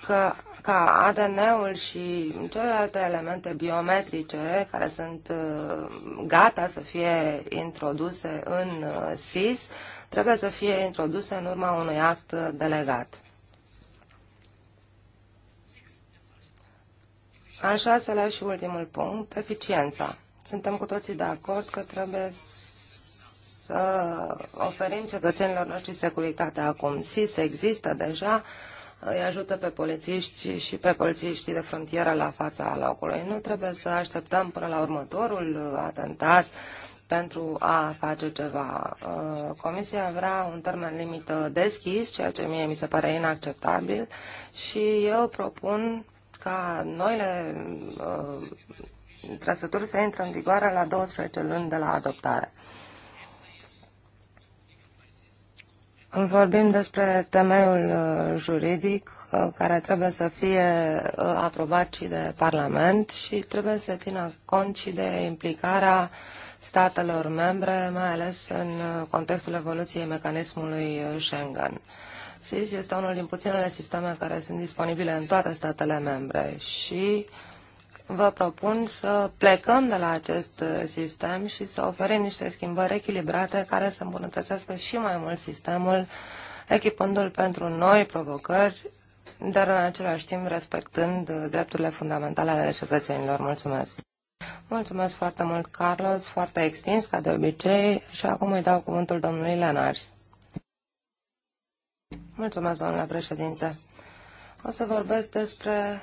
că ca ADN-ul și celelalte elemente biometrice care sunt uh, gata să fie introduse în uh, SIS, trebuie să fie introduse în urma unui act delegat. Al șaselea și ultimul punct, eficiența. Suntem cu toții de acord că trebuie să oferim cetățenilor noștri securitate acum. SIS există deja, îi ajută pe polițiști și pe polițiștii de frontieră la fața locului. Nu trebuie să așteptăm până la următorul atentat pentru a face ceva. Uh, Comisia vrea un termen limită deschis, ceea ce mie mi se pare inacceptabil și eu propun ca noile uh, trăsături să intre în vigoare la 12 luni de la adoptare. Vorbim despre temeiul uh, juridic uh, care trebuie să fie uh, aprobat și de Parlament și trebuie să țină cont și de implicarea statelor membre, mai ales în contextul evoluției mecanismului Schengen. SIS este unul din puținele sisteme care sunt disponibile în toate statele membre și vă propun să plecăm de la acest uh, sistem și să oferim niște schimbări echilibrate care să îmbunătățească și mai mult sistemul, echipându-l pentru noi provocări, dar în același timp respectând uh, drepturile fundamentale ale cetățenilor. Mulțumesc! Mulțumesc foarte mult, Carlos, foarte extins, ca de obicei, și acum îi dau cuvântul domnului Lenars. Mulțumesc, domnule președinte. O să vorbesc despre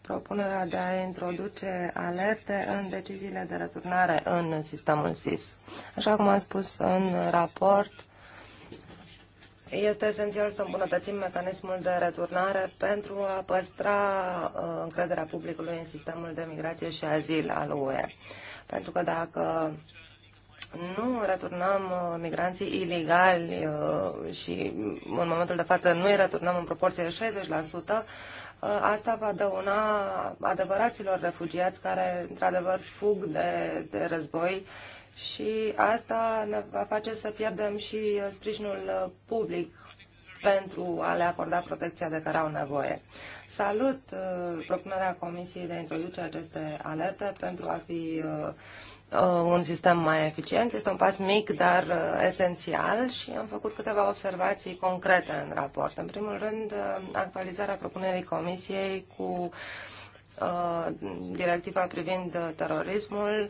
propunerea de a introduce alerte în deciziile de returnare în sistemul SIS. Așa cum am spus în raport, este esențial să îmbunătățim mecanismul de returnare pentru a păstra uh, încrederea publicului în sistemul de migrație și azil al UE. Pentru că dacă nu returnăm uh, migranții ilegali uh, și în momentul de față nu îi returnăm în proporție de 60%, uh, Asta va dăuna adevăraților refugiați care, într-adevăr, fug de, de război și asta ne va face să pierdem și sprijinul public pentru a le acorda protecția de care au nevoie. Salut propunerea Comisiei de a introduce aceste alerte pentru a fi Uh, un sistem mai eficient. Este un pas mic, dar uh, esențial și am făcut câteva observații concrete în raport. În primul rând, uh, actualizarea propunerii Comisiei cu directiva privind terorismul,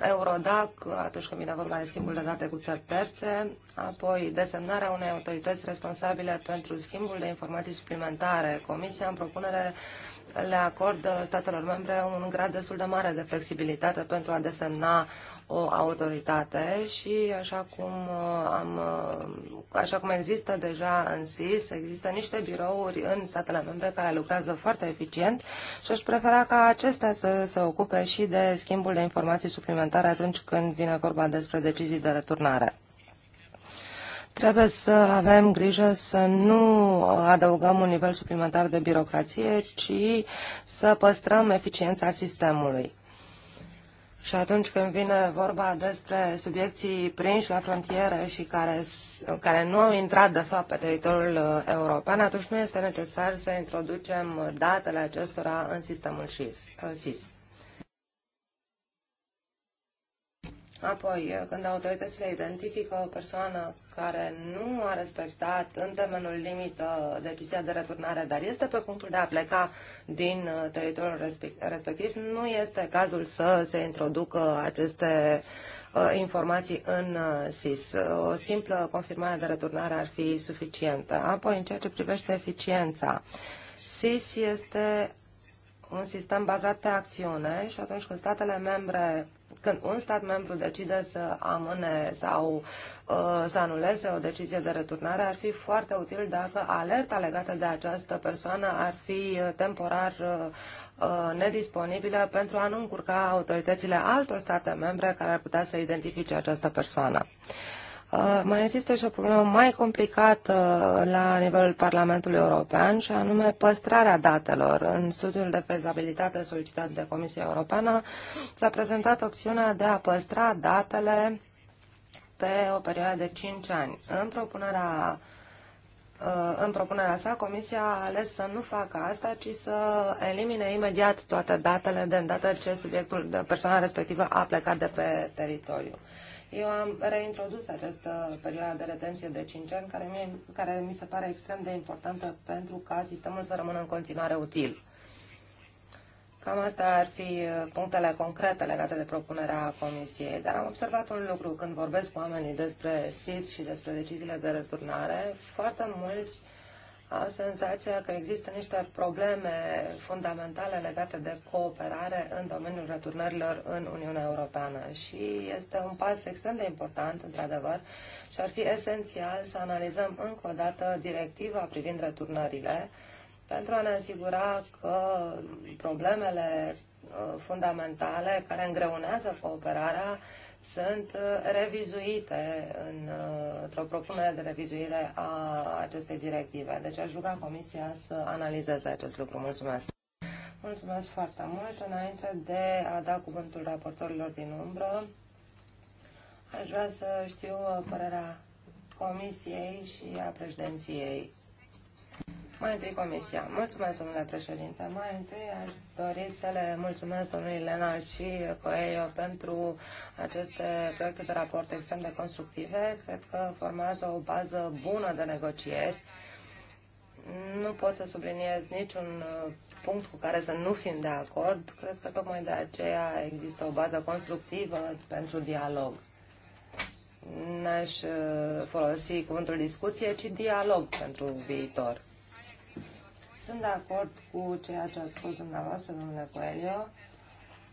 Eurodac, atunci când vine vorba de schimbul de date cu țări terțe, apoi desemnarea unei autorități responsabile pentru schimbul de informații suplimentare. Comisia în propunere uh, le acordă statelor membre un grad destul de mare de flexibilitate pentru a desemna o autoritate și așa cum, uh, am, uh, așa cum există deja în SIS, există niște birouri în statele membre care lucrează foarte eficient și aș prefera ca acestea să se ocupe și de schimbul de informații suplimentare atunci când vine vorba despre decizii de returnare. Trebuie să avem grijă să nu adăugăm un nivel suplimentar de birocrație, ci să păstrăm eficiența sistemului. Și atunci când vine vorba despre subiecții prinși la frontieră și care, care nu au intrat, de fapt, pe teritoriul uh, european, atunci nu este necesar să introducem datele acestora în sistemul SIS. Apoi, când autoritățile identifică o persoană care nu a respectat în termenul limită decizia de returnare, dar este pe punctul de a pleca din uh, teritoriul respectiv, nu este cazul să se introducă aceste uh, informații în uh, SIS. O simplă confirmare de returnare ar fi suficientă. Apoi, în ceea ce privește eficiența, SIS este un sistem bazat pe acțiune și atunci când statele membre când un stat membru decide să amâne sau uh, să anuleze o decizie de returnare, ar fi foarte util dacă alerta legată de această persoană ar fi uh, temporar uh, uh nedisponibilă pentru a nu încurca autoritățile altor state membre care ar putea să identifice această persoană. Uh, Uh, mai există și o problemă mai complicată la nivelul Parlamentului European și anume păstrarea datelor. În studiul de fezabilitate solicitat de Comisia Europeană s-a prezentat opțiunea de a păstra datele pe o perioadă de 5 ani. În propunerea uh, în propunerea sa, Comisia a ales să nu facă asta, ci să elimine imediat toate datele de îndată ce subiectul de persoana respectivă a plecat de pe teritoriu. Eu am reintrodus această perioadă de retenție de 5 ani, care, mie, care mi se pare extrem de importantă pentru ca sistemul să rămână în continuare util. Cam astea ar fi uh, punctele concrete legate de propunerea Comisiei, dar am observat un lucru când vorbesc cu oamenii despre SIS și despre deciziile de returnare. Foarte mulți senzația că există niște probleme fundamentale legate de cooperare în domeniul returnărilor în Uniunea Europeană și este un pas extrem de important, într-adevăr, și ar fi esențial să analizăm încă o dată directiva privind returnările pentru a ne asigura că problemele uh, fundamentale care îngreunează cooperarea sunt uh, revizuite în, uh, într-o propunere de revizuire a acestei directive. Deci aș ruga Comisia să analizeze acest lucru. Mulțumesc! Mulțumesc foarte mult. Înainte de a da cuvântul raportorilor din umbră, aș vrea să știu părerea Comisiei și a președinției. Mai întâi Comisia. Mulțumesc, domnule președinte. Mai întâi aș dori să le mulțumesc domnului Lena și Coelho pentru aceste proiecte de raport extrem de constructive. Cred că formează o bază bună de negocieri. Nu pot să subliniez niciun uh, punct cu care să nu fim de acord. Cred că tocmai de aceea există o bază constructivă pentru dialog n-aș uh, folosi cuvântul discuție, ci dialog pentru viitor. Sunt de acord cu ceea ce ați spus dumneavoastră, domnule Coelho.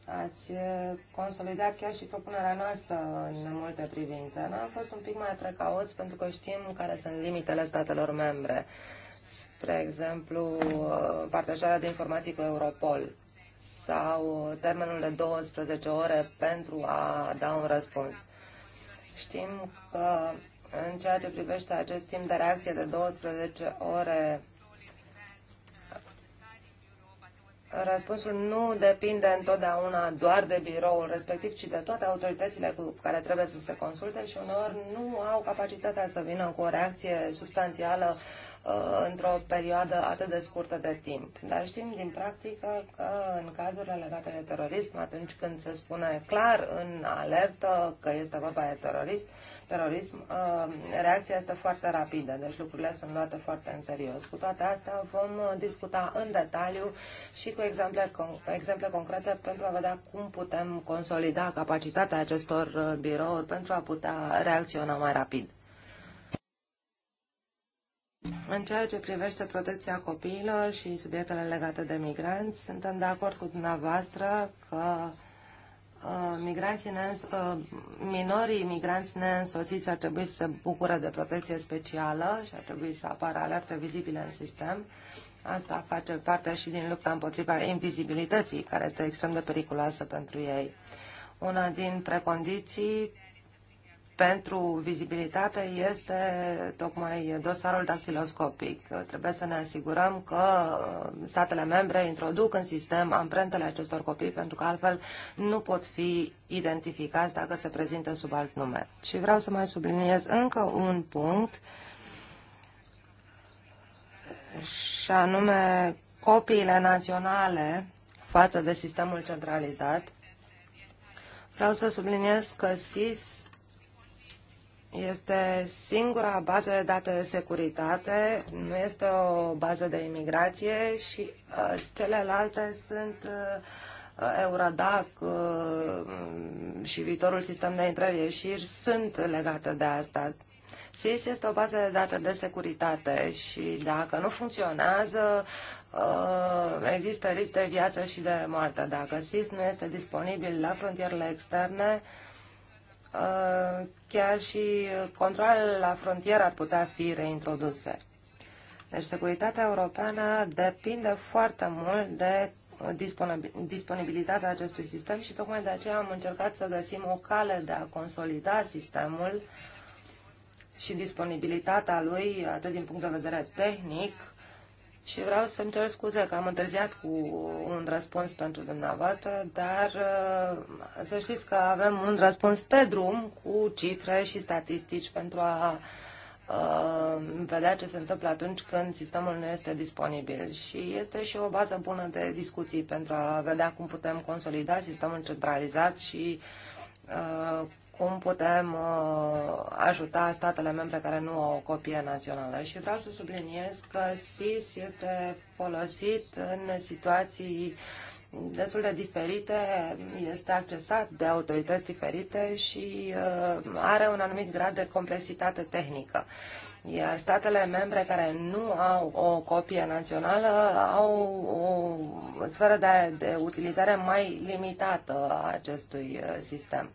Ați eh, consolidat chiar și propunerea noastră în multe privințe. Noi am fost un pic mai precauți pentru că știm care sunt limitele statelor membre. Spre exemplu, eh, partajarea de informații cu Europol sau termenul de 12 ore pentru a da un răspuns. Știm că în ceea ce privește acest timp de reacție de 12 ore Răspunsul nu depinde întotdeauna doar de biroul respectiv, ci de toate autoritățile cu care trebuie să se consulte și uneori nu au capacitatea să vină cu o reacție substanțială uh, Uh, într-o perioadă atât de scurtă de timp. Dar știm din practică că în cazurile legate de terorism, atunci când se spune clar în alertă că este vorba de terorist, terorism, uh, reacția este foarte rapidă, deci lucrurile sunt luate foarte în serios. Cu toate astea vom discuta în detaliu și cu exemple, exemple concrete pentru a vedea cum putem consolida capacitatea acestor uh, birouri pentru a putea reacționa mai rapid. În ceea ce privește protecția copiilor și subiectele legate de migranți, suntem de acord cu dumneavoastră că uh, migranții uh, minorii migranți neînsoțiți ar trebui să se bucure de protecție specială și ar trebui să apară alerte vizibile în sistem. Asta face parte și din lupta împotriva invizibilității, care este extrem de periculoasă pentru ei. Una din precondiții pentru vizibilitate este tocmai dosarul dactiloscopic. Trebuie să ne asigurăm că statele membre introduc în sistem amprentele acestor copii, pentru că altfel nu pot fi identificați dacă se prezintă sub alt nume. Și vreau să mai subliniez încă un punct, și anume copiile naționale față de sistemul centralizat. Vreau să subliniez că SIS este singura bază de date de securitate, nu este o bază de imigrație și uh, celelalte sunt uh, Eurodac uh, și viitorul sistem de intrări-ieșiri sunt legate de asta. SIS este o bază de date de securitate și dacă nu funcționează, uh, există risc de viață și de moarte. Dacă SIS nu este disponibil la frontierele externe, uh, chiar și uh, controlele la frontieră ar putea fi reintroduse. Deci securitatea europeană depinde foarte mult de uh, disponibilitatea acestui sistem și tocmai de aceea am încercat să găsim o cale de a consolida sistemul și disponibilitatea lui, atât din punct de vedere tehnic, și vreau să-mi cer scuze că am întârziat cu un răspuns pentru dumneavoastră, dar uh, să știți că avem un răspuns pe drum cu cifre și statistici pentru a uh, vedea ce se întâmplă atunci când sistemul nu este disponibil. Și este și o bază bună de discuții pentru a vedea cum putem consolida sistemul centralizat și uh, cum putem uh, ajuta statele membre care nu au o copie națională. Și vreau să subliniez că SIS este folosit în situații destul de diferite, este accesat de autorități diferite și uh, are un anumit grad de complexitate tehnică. Iar statele membre care nu au o copie națională au o sferă de, de utilizare mai limitată a acestui uh, sistem.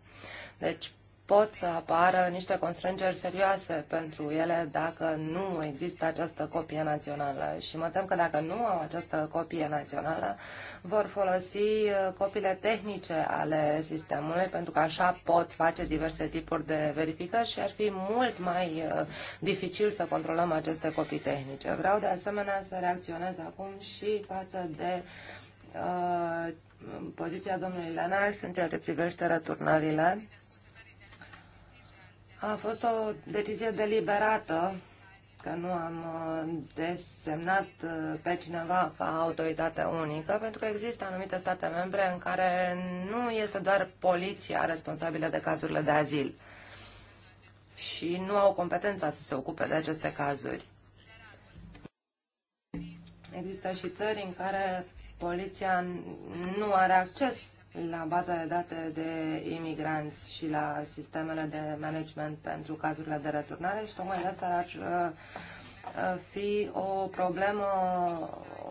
Deci, pot să apară niște constrângeri serioase pentru ele dacă nu există această copie națională. Și mă tem că dacă nu au această copie națională, vor folosi uh, copiile tehnice ale sistemului, pentru că așa pot face diverse tipuri de verificări și ar fi mult mai uh, dificil să controlăm aceste copii tehnice. Vreau de asemenea să reacționez acum și față de uh, poziția domnului Lenars în ceea ce privește returnările a fost o decizie deliberată că nu am uh, desemnat uh, pe cineva ca autoritate unică, pentru că există anumite state membre în care nu este doar poliția responsabilă de cazurile de azil și nu au competența să se ocupe de aceste cazuri. Există și țări în care poliția nu are acces la baza de date de imigranți și la sistemele de management pentru cazurile de returnare și tocmai de asta ar uh, uh, fi o problemă,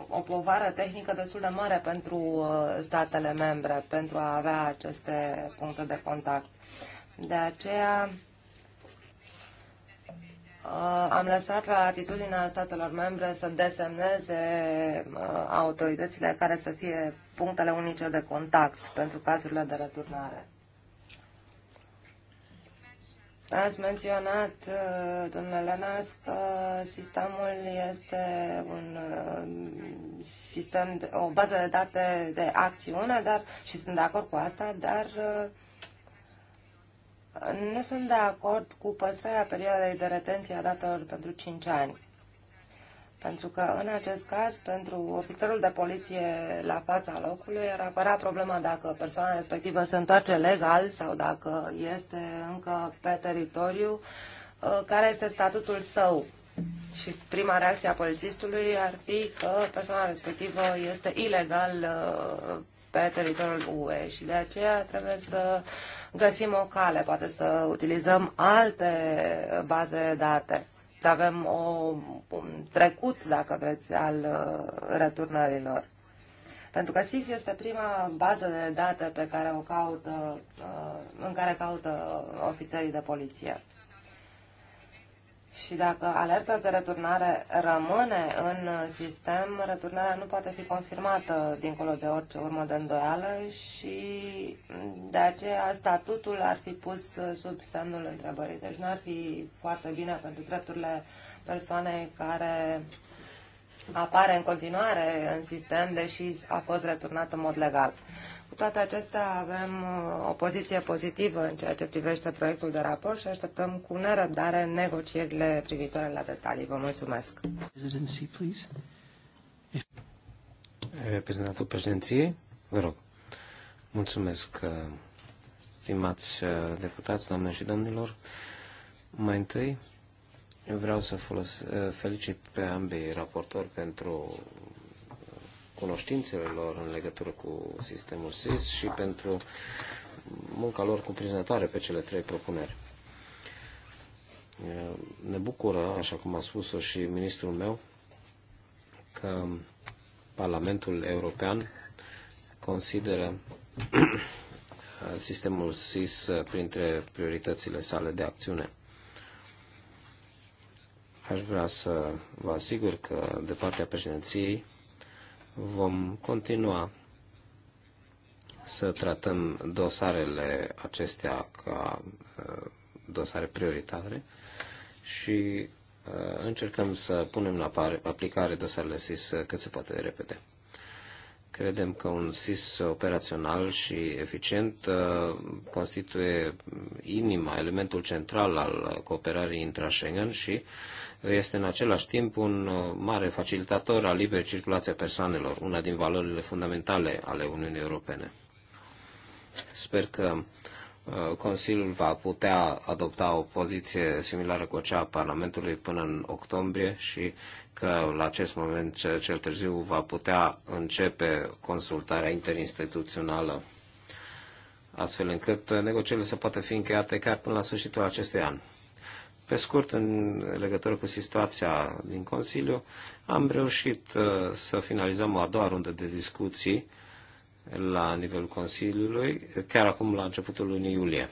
o povară tehnică destul de mare pentru uh, statele membre, pentru a avea aceste puncte de contact. De aceea Uh, am lăsat la atitudinea statelor membre să desemneze uh, autoritățile care să fie punctele unice de contact pentru cazurile de returnare. Ați menționat, uh, domnule Lenars, că sistemul este un sistem, o bază de date de acțiune, dar, și sunt de acord cu asta, dar uh, nu sunt de acord cu păstrarea perioadei de retenție a datelor pentru 5 ani. Pentru că, în acest caz, pentru ofițerul de poliție la fața locului ar apărea problema dacă persoana respectivă se întoarce legal sau dacă este încă pe teritoriu, ă, care este statutul său. Și prima reacție a polițistului ar fi că persoana respectivă este ilegal ă, pe teritoriul UE și de aceea trebuie să uh, găsim o cale, poate să utilizăm alte baze de date. Avem o, un trecut, dacă vreți, al uh, returnărilor. Pentru că SIS este prima bază de date pe care o caută, uh, în care caută ofițerii de poliție. Și dacă alerta de returnare rămâne în sistem, returnarea nu poate fi confirmată dincolo de orice urmă de îndoială și de aceea statutul ar fi pus sub semnul întrebării. Deci nu ar fi foarte bine pentru drepturile persoanei care apare în continuare în sistem, deși a fost returnat în mod legal. Cu toate acestea avem uh, o poziție pozitivă în ceea ce privește proiectul de raport și așteptăm cu nerăbdare negocierile privitoare la detalii. Vă mulțumesc. Reprezentantul eh, președinției, vă rog. Mulțumesc, eh, stimați eh, deputați, doamne și domnilor. Mai întâi, eu vreau să folos, felicit pe ambii raportori pentru cunoștințele lor în legătură cu sistemul SIS și pentru munca lor cuprinzătoare pe cele trei propuneri. Ne bucură, așa cum a spus-o și ministrul meu, că Parlamentul European consideră sistemul SIS printre prioritățile sale de acțiune. Aș vrea să vă asigur că de partea președinției vom continua să tratăm dosarele acestea ca uh, dosare prioritare și uh, încercăm să punem la aplicare dosarele SIS uh, cât se poate de repede. Credem că un SIS operațional și eficient constituie inima, elementul central al cooperării intra-Schengen și este în același timp un uh, mare facilitator al liberei circulației persoanelor, una din valorile fundamentale ale Uniunii Europene. Sper că uh, Consiliul va putea adopta o poziție similară cu cea a Parlamentului până în octombrie și că la acest moment cel târziu va putea începe consultarea interinstituțională astfel încât uh, negocierile să poată fi încheiate chiar până la sfârșitul acestui an. Pe scurt, în legătură cu situația din Consiliu, am reușit uh, să finalizăm o a doua rundă de discuții la nivelul Consiliului, chiar acum la începutul lunii iulie.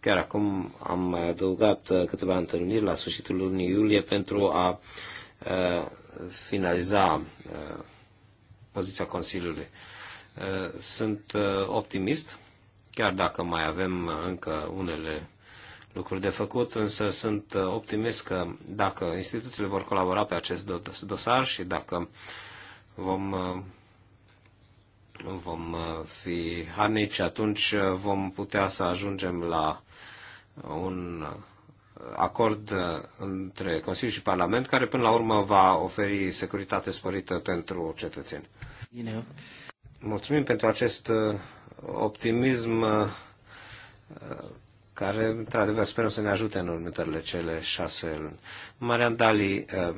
Chiar acum am mai adăugat uh, câteva întâlniri la sfârșitul lunii iulie pentru a uh, finaliza poziția Consiliului. Sunt optimist chiar dacă mai avem încă unele lucruri de făcut, însă sunt optimist că dacă instituțiile vor colabora pe acest dosar și dacă vom, vom fi harnici, atunci vom putea să ajungem la un acord între Consiliu și Parlament, care până la urmă va oferi securitate sporită pentru cetățeni. Mulțumim pentru acest optimism uh, care, într-adevăr, sperăm să ne ajute în următoarele cele șase luni. Marian Dali, uh,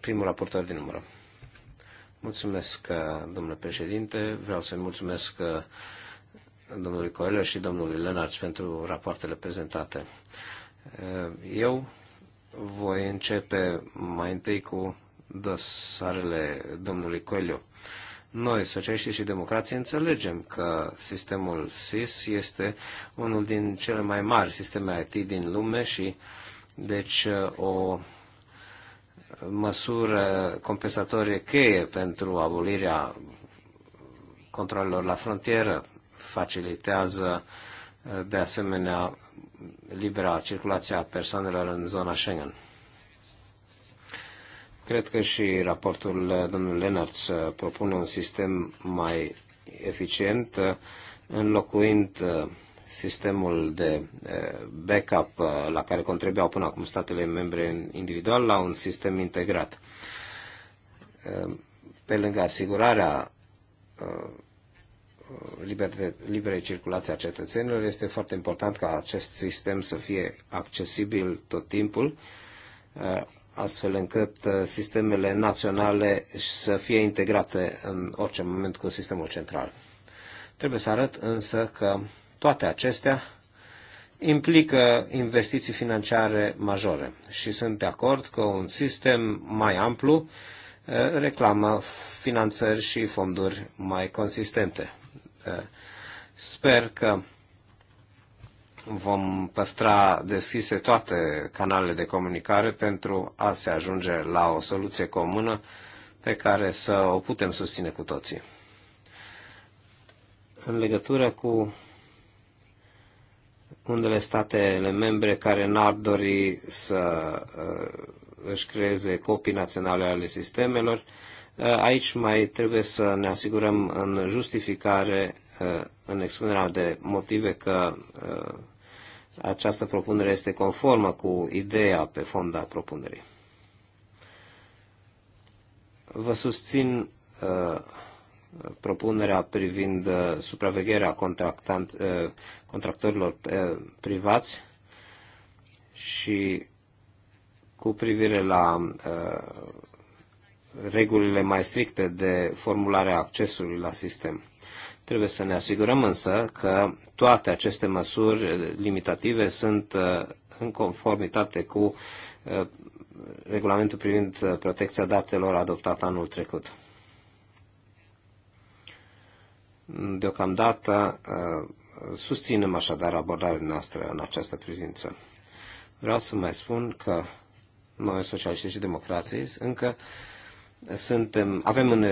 primul raportor din numără. Mulțumesc, uh, domnule președinte. Vreau să-i mulțumesc domnului Coelho și domnului Lenarț pentru rapoartele prezentate. Eu voi începe mai întâi cu dosarele domnului Coelho. Noi, socialiștii și democrații, înțelegem că sistemul SIS este unul din cele mai mari sisteme IT din lume și deci uh, o măsură compensatorie cheie pentru abolirea controlelor la frontieră facilitează uh, de asemenea libera circulație a persoanelor în zona Schengen. Cred că și raportul domnului Lenarts uh, propune un sistem mai eficient, uh, înlocuind uh, sistemul de backup la care contribuiau până acum statele membre individual la un sistem integrat. Pe lângă asigurarea liberei libere circulații a cetățenilor, este foarte important ca acest sistem să fie accesibil tot timpul, astfel încât uh, sistemele naționale să fie integrate în orice moment cu sistemul central. Trebuie să arăt însă că toate acestea implică investiții financiare majore și sunt de acord că un sistem mai amplu uh, reclamă finanțări și fonduri mai consistente. Uh, sper că vom păstra deschise toate canalele de comunicare pentru a se ajunge la o soluție comună pe care să o putem susține cu toții. În legătură cu unele statele membre care n-ar dori să uh, își creeze copii naționale ale sistemelor, uh, aici mai trebuie să ne asigurăm în justificare în expunerea de motive că uh, această propunere este conformă cu ideea pe fond a propunerii. Vă susțin uh, propunerea privind uh, supravegherea contractorilor privați și cu privire la regulile mai stricte de formularea accesului la sistem. Trebuie să ne asigurăm însă că toate aceste măsuri limitative sunt uh, în conformitate cu uh, regulamentul privind uh, protecția datelor adoptat anul trecut. Deocamdată susținem așadar abordarea noastră în această privință. Vreau să mai spun că noi, socialiștii și democrații, încă suntem, avem în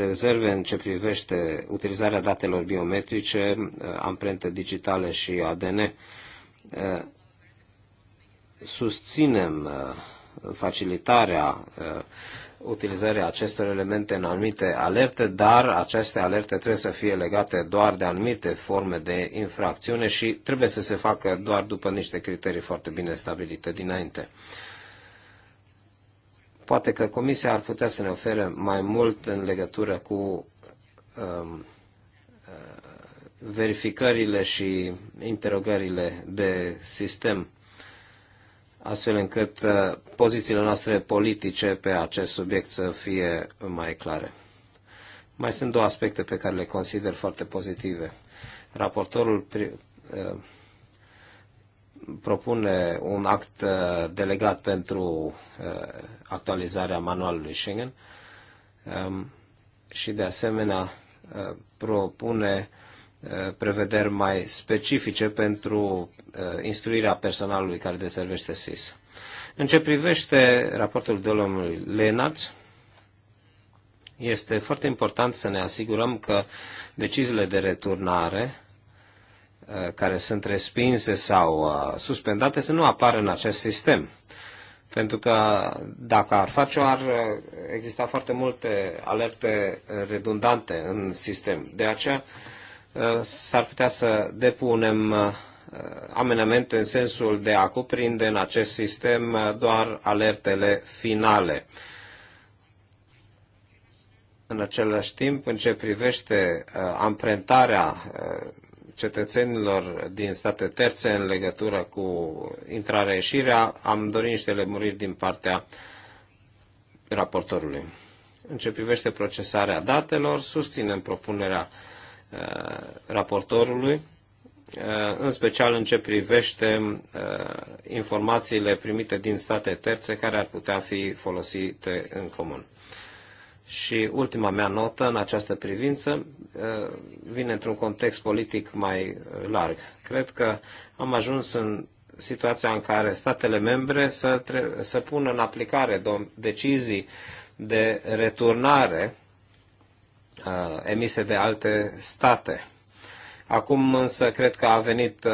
rezerve în ce privește utilizarea datelor biometrice, uh, amprente digitale și ADN. Uh, susținem uh, facilitarea utilizarea acestor elemente în anumite alerte, dar aceste alerte trebuie să fie legate doar de anumite forme de infracțiune și trebuie să se facă doar după niște criterii foarte bine stabilite dinainte. Poate că Comisia ar putea să ne ofere mai mult în legătură cu um, uh, verificările și interogările de sistem, astfel încât uh, pozițiile noastre politice pe acest subiect să fie mai clare. Mai sunt două aspecte pe care le consider foarte pozitive. Raportorul uh, propune un act uh, delegat pentru uh, actualizarea manualului Schengen um, și de asemenea uh, propune prevederi mai specifice pentru instruirea personalului care deservește SIS. În ce privește raportul domnului Lenaț, este foarte important să ne asigurăm că deciziile de returnare Uh, care sunt respinse sau uh, suspendate să nu apară în acest sistem. Pentru că dacă ar face-o, ar uh, exista foarte multe alerte redundante în sistem. De aceea s-ar putea să depunem amenamente în sensul de a cuprinde în acest sistem doar alertele finale. În același timp, în ce privește amprentarea cetățenilor din state terțe în legătură cu intrarea-ieșirea, am dorit niște lămuriri din partea raportorului. În ce privește procesarea datelor, susținem propunerea uh, raportorului, uh, în special în ce privește uh, informațiile primite din state terțe care ar putea fi folosite în comun. Și ultima mea notă în această privință uh, vine într-un context politic mai larg. Cred că am ajuns în situația în care statele membre să, să pună în aplicare decizii de returnare uh, emise de alte state Acum însă cred că a venit uh,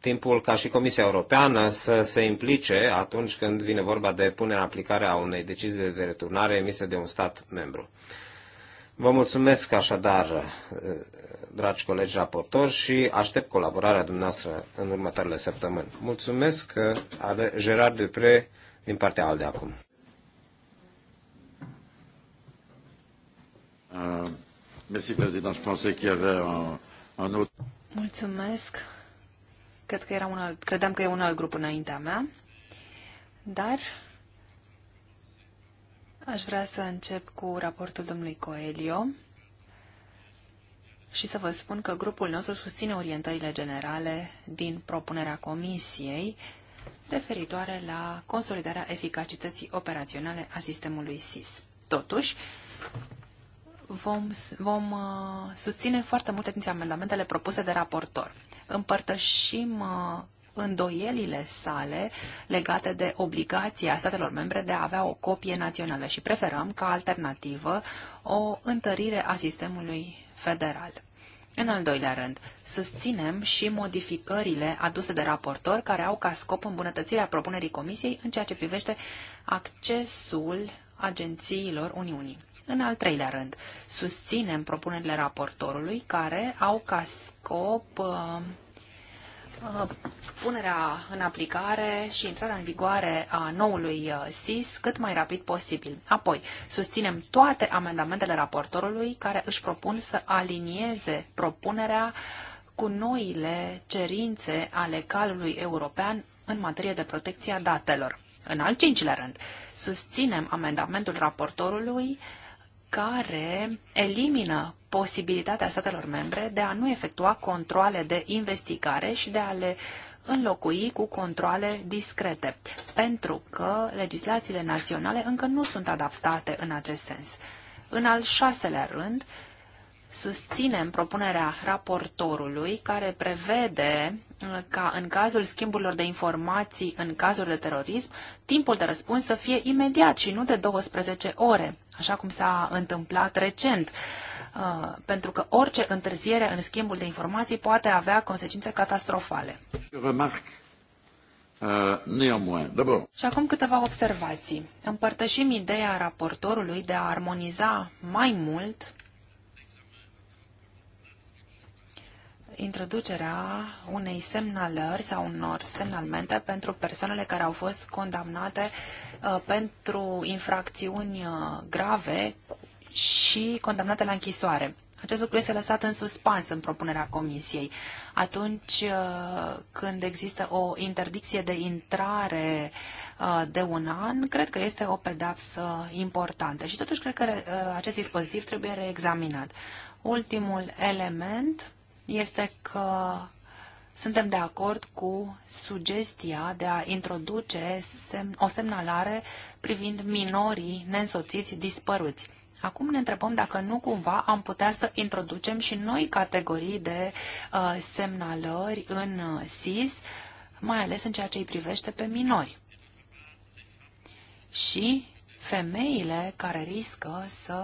timpul ca și Comisia Europeană să se implice atunci când vine vorba de punerea în aplicare a unei decizii de returnare emise de un stat membru. Vă mulțumesc așadar, uh, dragi colegi raportori, și aștept colaborarea dumneavoastră în următoarele săptămâni. Mulțumesc, uh, Gerard Dupre din partea ALDE acum. Uh, merci, président. Je pensais qu'il y avait un Mulțumesc. Cred că era un alt, credeam că e un alt grup înaintea mea, dar aș vrea să încep cu raportul domnului Coelio și să vă spun că grupul nostru susține orientările generale din propunerea Comisiei referitoare la consolidarea eficacității operaționale a sistemului SIS. Totuși, vom, vom uh, susține foarte multe dintre amendamentele propuse de raportor. Împărtășim uh, îndoielile sale legate de obligația statelor membre de a avea o copie națională și preferăm ca alternativă o întărire a sistemului federal. În al doilea rând, susținem și modificările aduse de raportor care au ca scop îmbunătățirea propunerii Comisiei în ceea ce privește accesul agențiilor Uniunii. În al treilea rând, susținem propunerile raportorului care au ca scop uh, uh, punerea în aplicare și intrarea în vigoare a noului uh, SIS cât mai rapid posibil. Apoi, susținem toate amendamentele raportorului care își propun să alinieze propunerea cu noile cerințe ale calului european în materie de protecție a datelor. În al cincilea rând, susținem amendamentul raportorului uh, care elimină posibilitatea statelor membre de a nu efectua controle de investigare și de a le înlocui cu controle discrete, pentru că legislațiile naționale încă nu sunt adaptate în acest sens. În al șaselea rând, susținem propunerea raportorului care prevede uh, ca în cazul schimburilor de informații în cazuri de terorism, timpul de răspuns să fie imediat și nu de 12 ore, așa cum s-a întâmplat recent. Uh, pentru că orice întârziere în schimbul de informații poate avea consecințe catastrofale. Remarc. Uh, și acum câteva observații. Împărtășim ideea raportorului de a armoniza mai mult introducerea unei semnalări sau unor semnalmente pentru persoanele care au fost condamnate uh, pentru infracțiuni uh, grave și condamnate la închisoare. Acest lucru este lăsat în suspans în propunerea comisiei. Atunci uh, când există o interdicție de intrare de un an, cred că este o pedapsă importantă și totuși cred că acest dispozitiv trebuie reexaminat. Ultimul element este că suntem de acord cu sugestia de a introduce o semnalare privind minorii nensoțiți dispăruți. Acum ne întrebăm dacă nu cumva am putea să introducem și noi categorii de uh, semnalări în uh, SIS, mai ales în ceea ce îi privește pe minori. Și femeile care riscă să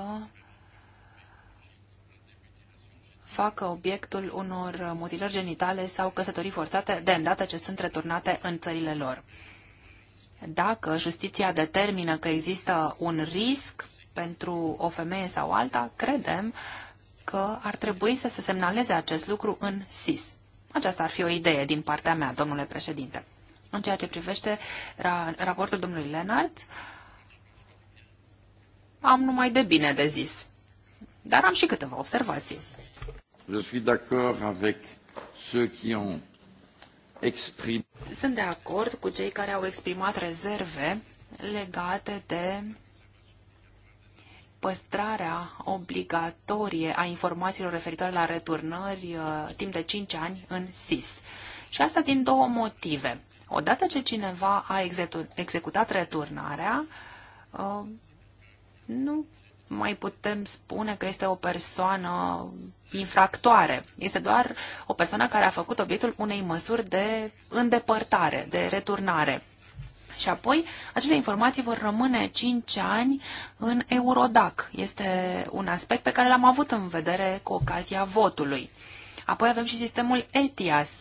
facă obiectul unor mutilări genitale sau căsătorii forțate de îndată ce sunt returnate în țările lor. Dacă justiția determină că există un risc pentru o femeie sau alta, credem că ar trebui să se semnaleze acest lucru în SIS. Aceasta ar fi o idee din partea mea, domnule președinte. În ceea ce privește ra raportul domnului Lenart, am numai de bine de zis, dar am și câteva observații. Je suis d'accord avec ceux qui ont exprimé. Sunt de acord cu cei care au exprimat rezerve legate de păstrarea obligatorie a informațiilor referitoare la returnări uh, timp de 5 ani în SIS. Și asta din două motive. Odată ce cineva a executat returnarea, uh, nu mai putem spune că este o persoană infractoare. Este doar o persoană care a făcut obiectul unei măsuri de îndepărtare, de returnare. Și apoi, acele informații vor rămâne 5 ani în Eurodac. Este un aspect pe care l-am avut în vedere cu ocazia votului. Apoi avem și sistemul ETIAS, uh,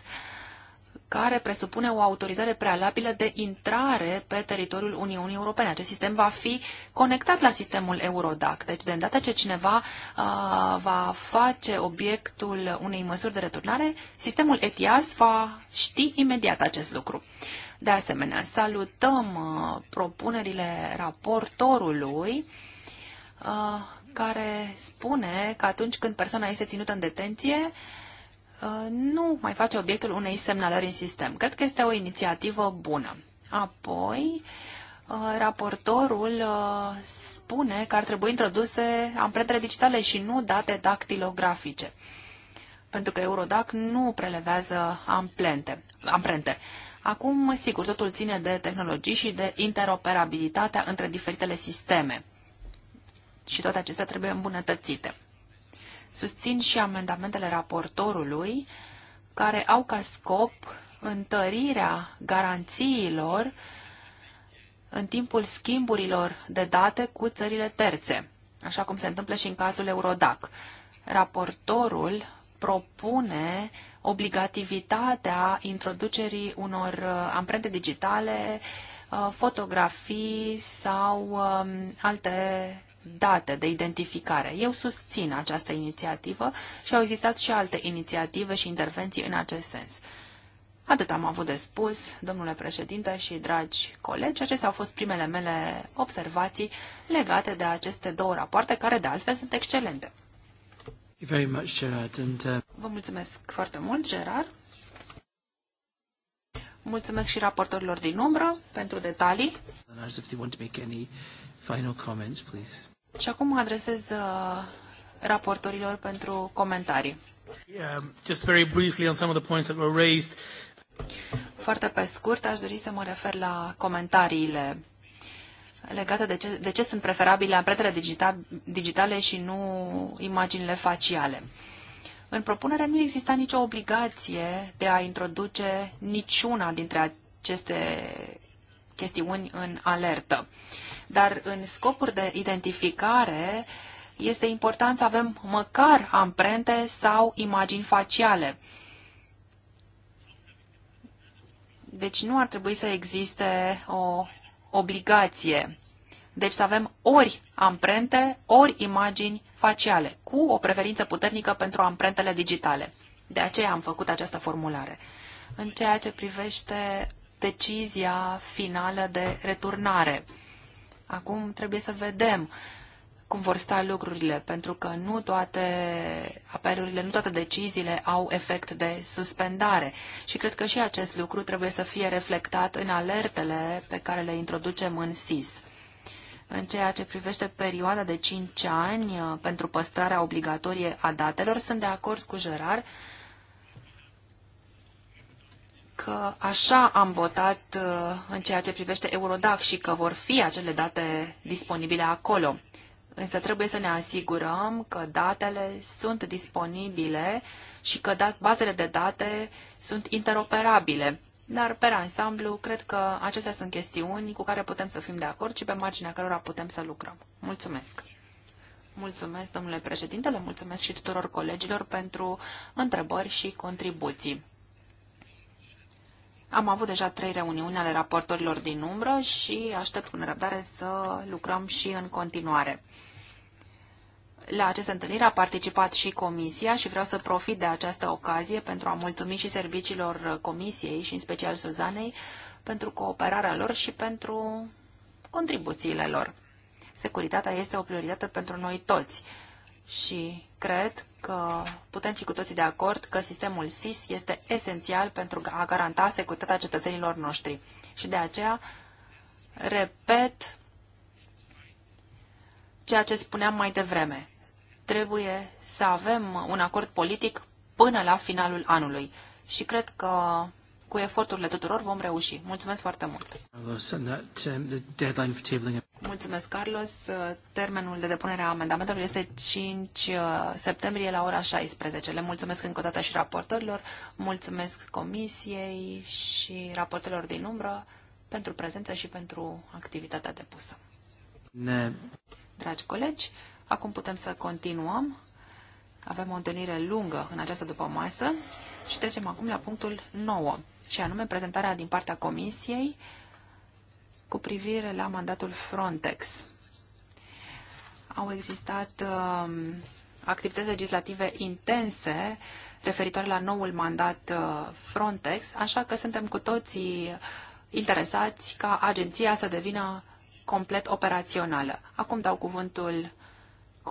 care presupune o autorizare prealabilă de intrare pe teritoriul Uniunii Europene. Acest sistem va fi conectat la sistemul Eurodac. Deci, de îndată ce cineva uh, va face obiectul unei măsuri de returnare, sistemul ETIAS va ști imediat acest lucru. De asemenea, salutăm uh, propunerile raportorului uh, care spune că atunci când persoana este ținută în detenție, uh, Uh, nu mai face obiectul unei semnalări în sistem. Cred că este o inițiativă bună. Apoi, uh, raportorul uh, spune că ar trebui introduse amprentele digitale și nu date dactilografice, pentru că Eurodac nu prelevează amplente, amprente. Acum, sigur, totul ține de tehnologii și de interoperabilitatea între diferitele sisteme și toate acestea trebuie îmbunătățite. Susțin și amendamentele raportorului care au ca scop întărirea garanțiilor în timpul schimburilor de date cu țările terțe, așa cum se întâmplă și în cazul Eurodac. Raportorul propune obligativitatea introducerii unor uh, amprente digitale, uh, fotografii sau um, alte date de identificare. Eu susțin această inițiativă și au existat și alte inițiative și intervenții în acest sens. Atât am avut de spus, domnule președinte și dragi colegi, acestea au fost primele mele observații legate de aceste două rapoarte, care de altfel sunt excelente. Uh, Vă mulțumesc foarte mult, Gerard. Mulțumesc și raportorilor din umbră pentru detalii. Și acum mă adresez uh, raportorilor pentru comentarii. Yeah, just very briefly on some of the points that were raised. Foarte pe scurt, aș dori să mă refer la comentariile legate de ce, de ce sunt preferabile ampretele digita, digitale și nu imaginile faciale. În propunere nu exista nicio obligație de a introduce niciuna dintre aceste chestiuni în alertă. Dar în scopuri de identificare este important să avem măcar amprente sau imagini faciale. Deci nu ar trebui să existe o obligație. Deci să avem ori amprente, ori imagini faciale, cu o preferință puternică pentru amprentele digitale. De aceea am făcut această formulare. În ceea ce privește decizia finală de returnare. Acum trebuie să vedem cum vor sta lucrurile, pentru că nu toate apelurile, nu toate deciziile au efect de suspendare. Și cred că și acest lucru trebuie să fie reflectat în alertele pe care le introducem în SIS. În ceea ce privește perioada de 5 ani uh, pentru păstrarea obligatorie a datelor, sunt de acord cu Gerard că așa am votat uh, în ceea ce privește Eurodac și că vor fi acele date disponibile acolo. Însă trebuie să ne asigurăm că datele sunt disponibile și că bazele de date sunt interoperabile. Dar, pe ansamblu, cred că acestea sunt chestiuni cu care putem să fim de acord și pe marginea cărora putem să lucrăm. Mulțumesc! Mulțumesc, domnule președinte, le mulțumesc și tuturor colegilor pentru întrebări și contribuții. Am avut deja trei reuniuni ale raportorilor din umbră și aștept cu nerăbdare să lucrăm și în continuare. La această întâlnire a participat și Comisia și vreau să profit de această ocazie pentru a mulțumi și serviciilor Comisiei și în special Suzanei pentru cooperarea lor și pentru contribuțiile lor. Securitatea este o prioritate pentru noi toți și cred că putem fi cu toții de acord că sistemul SIS este esențial pentru a garanta securitatea cetățenilor noștri. Și de aceea, repet ceea ce spuneam mai devreme. Trebuie să avem un acord politic până la finalul anului. Și cred că cu eforturile tuturor vom reuși. Mulțumesc foarte mult! Um, mulțumesc, Carlos. Uh, termenul de depunere a amendamentelor este 5 uh, septembrie la ora 16. Le mulțumesc încă o dată și raportorilor, mulțumesc comisiei și raportelor din umbră pentru prezență și pentru activitatea depusă. Ne... Dragi colegi, acum putem să continuăm. Avem o întâlnire lungă în această după masă și trecem acum la punctul 9 și anume prezentarea din partea Comisiei cu privire la mandatul Frontex. Au existat uh, activități legislative intense referitoare la noul mandat uh, Frontex, așa că suntem cu toții interesați ca agenția să devină complet operațională. Acum dau cuvântul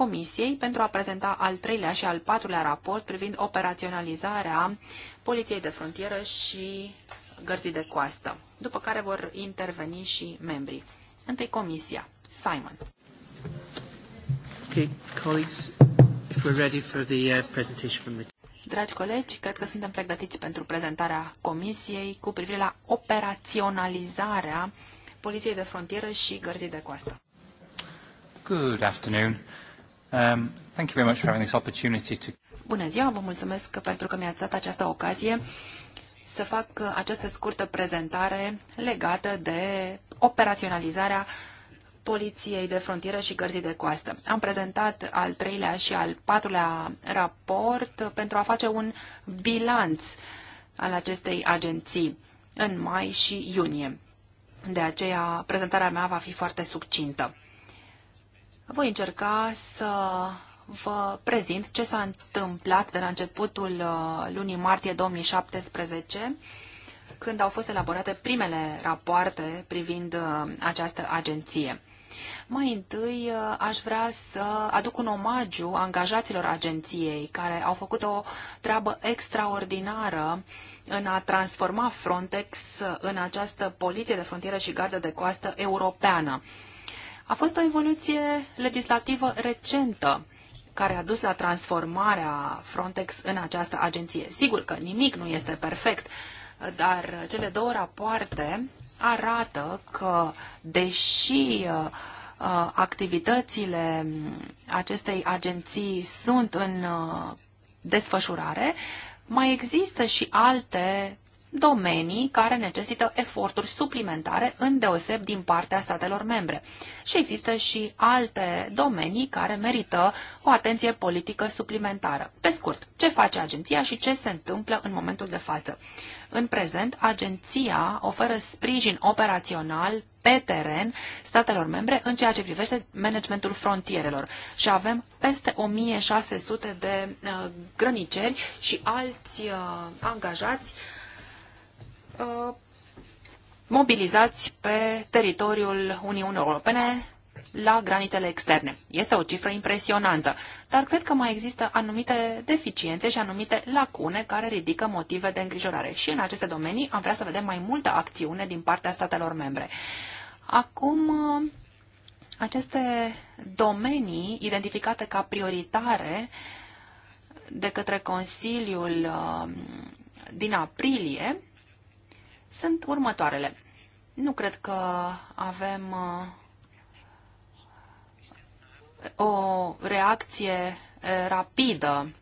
Comisiei pentru a prezenta al treilea și al patrulea raport privind operaționalizarea Poliției de Frontieră și Gărzii de Coastă, după care vor interveni și membrii. Întâi Comisia. Simon. Uh, Dragi colegi, cred că suntem pregătiți pentru prezentarea Comisiei cu privire la operaționalizarea Poliției de Frontieră și Gărzii de Coastă. Good afternoon. Um, thank you very much for having this opportunity to... Bună ziua, vă mulțumesc pentru că mi-ați dat această ocazie să fac această scurtă prezentare legată de operaționalizarea Poliției de Frontieră și Gărzii de Coastă. Am prezentat al treilea și al patrulea raport pentru a face un bilanț al acestei agenții în mai și iunie. De aceea, prezentarea mea va fi foarte succintă. Voi încerca să vă prezint ce s-a întâmplat de la începutul uh, lunii martie 2017, când au fost elaborate primele rapoarte privind uh, această agenție. Mai întâi uh, aș vrea să aduc un omagiu angajaților agenției care au făcut o treabă extraordinară în a transforma Frontex în această poliție de frontieră și gardă de coastă europeană a fost o evoluție legislativă recentă care a dus la transformarea Frontex în această agenție. Sigur că nimic nu este perfect, dar cele două rapoarte arată că, deși uh, activitățile acestei agenții sunt în uh, desfășurare, mai există și alte domenii care necesită eforturi suplimentare, în deoseb din partea statelor membre. Și există și alte domenii care merită o atenție politică suplimentară. Pe scurt, ce face agenția și ce se întâmplă în momentul de față? În prezent, agenția oferă sprijin operațional pe teren statelor membre în ceea ce privește managementul frontierelor și avem peste 1600 de uh, grăniceri și alți uh, angajați uh, Uh, mobilizați pe teritoriul Uniunii Europene la granitele externe. Este o cifră impresionantă, dar cred că mai există anumite deficiențe și anumite lacune care ridică motive de îngrijorare. Și în aceste domenii am vrea să vedem mai multă acțiune din partea statelor membre. Acum, uh, aceste domenii identificate ca prioritare de către Consiliul uh, din aprilie sunt următoarele. Nu cred că avem uh, o reacție uh, rapidă.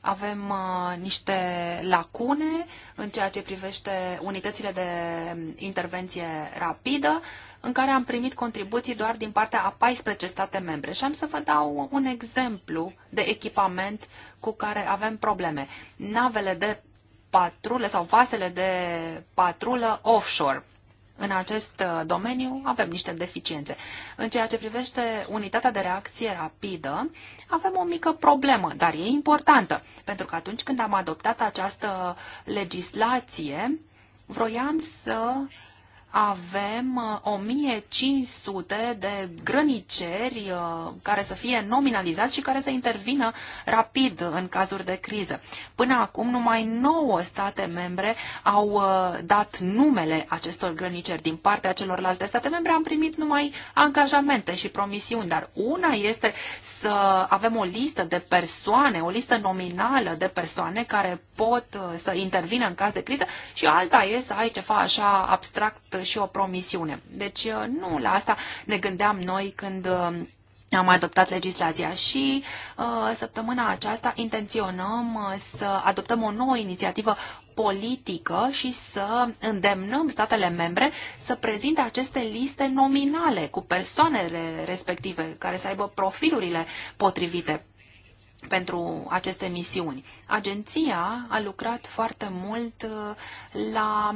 Avem uh, niște lacune în ceea ce privește unitățile de intervenție rapidă, în care am primit contribuții doar din partea a 14 state membre. Și am să vă dau un exemplu de echipament cu care avem probleme. Navele de patrule sau vasele de patrulă offshore. În acest uh, domeniu avem niște deficiențe. În ceea ce privește unitatea de reacție rapidă, avem o mică problemă, dar e importantă, pentru că atunci când am adoptat această legislație, vroiam să avem 1500 uh, de grăniceri uh, care să fie nominalizați și care să intervină rapid în cazuri de criză. Până acum, numai 9 state membre au uh, dat numele acestor grăniceri. Din partea celorlalte state membre am primit numai angajamente și promisiuni, dar una este să avem o listă de persoane, o listă nominală de persoane care pot să intervină în caz de criză și alta este să ai ceva așa abstract și o promisiune. Deci uh, nu la asta ne gândeam noi când uh, am adoptat legislația și uh, săptămâna aceasta intenționăm să adoptăm o nouă inițiativă politică și să îndemnăm statele membre să prezinte aceste liste nominale cu persoanele respective care să aibă profilurile potrivite pentru aceste misiuni. Agenția a lucrat foarte mult la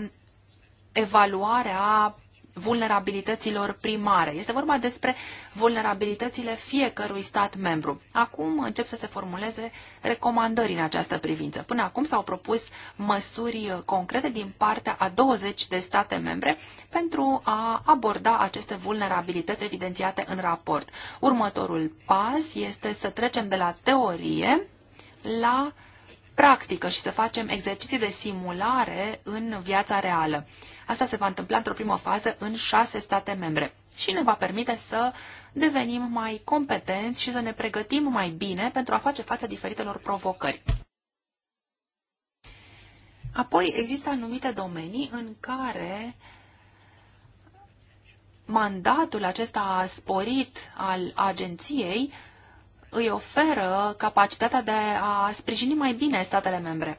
evaluarea vulnerabilităților primare. Este vorba despre vulnerabilitățile fiecărui stat membru. Acum încep să se formuleze recomandări în această privință. Până acum s-au propus măsuri concrete din partea a 20 de state membre pentru a aborda aceste vulnerabilități evidențiate în raport. Următorul pas este să trecem de la teorie la practică și să facem exerciții de simulare în viața reală. Asta se va întâmpla într-o primă fază în șase state membre și ne va permite să devenim mai competenți și să ne pregătim mai bine pentru a face față diferitelor provocări. Apoi există anumite domenii în care mandatul acesta sporit al agenției îi oferă capacitatea de a sprijini mai bine statele membre.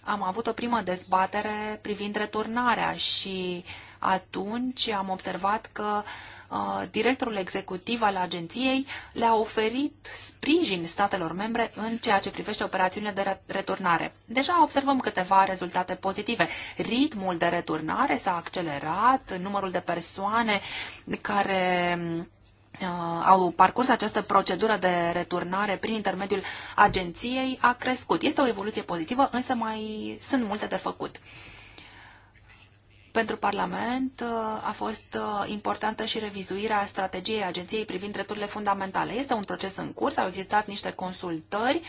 Am avut o primă dezbatere privind returnarea și atunci am observat că uh, directorul executiv al agenției le-a oferit sprijin statelor membre în ceea ce privește operațiunile de returnare. Deja observăm câteva rezultate pozitive. Ritmul de returnare s-a accelerat, numărul de persoane care Uh, au parcurs această procedură de returnare prin intermediul agenției a crescut. Este o evoluție pozitivă, însă mai sunt multe de făcut. Pentru Parlament uh, a fost uh, importantă și revizuirea strategiei agenției privind drepturile fundamentale. Este un proces în curs, au existat niște consultări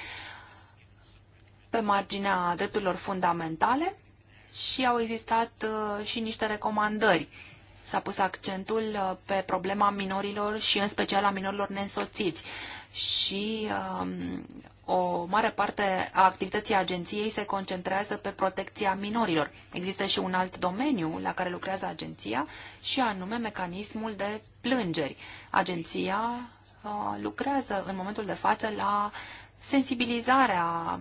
pe marginea drepturilor fundamentale și au existat și niște recomandări S-a pus accentul uh, pe problema minorilor și în special a minorilor neînsoțiți. Și um, o mare parte a activității agenției se concentrează pe protecția minorilor. Există și un alt domeniu la care lucrează agenția și anume mecanismul de plângeri. Agenția uh, lucrează în momentul de față la sensibilizarea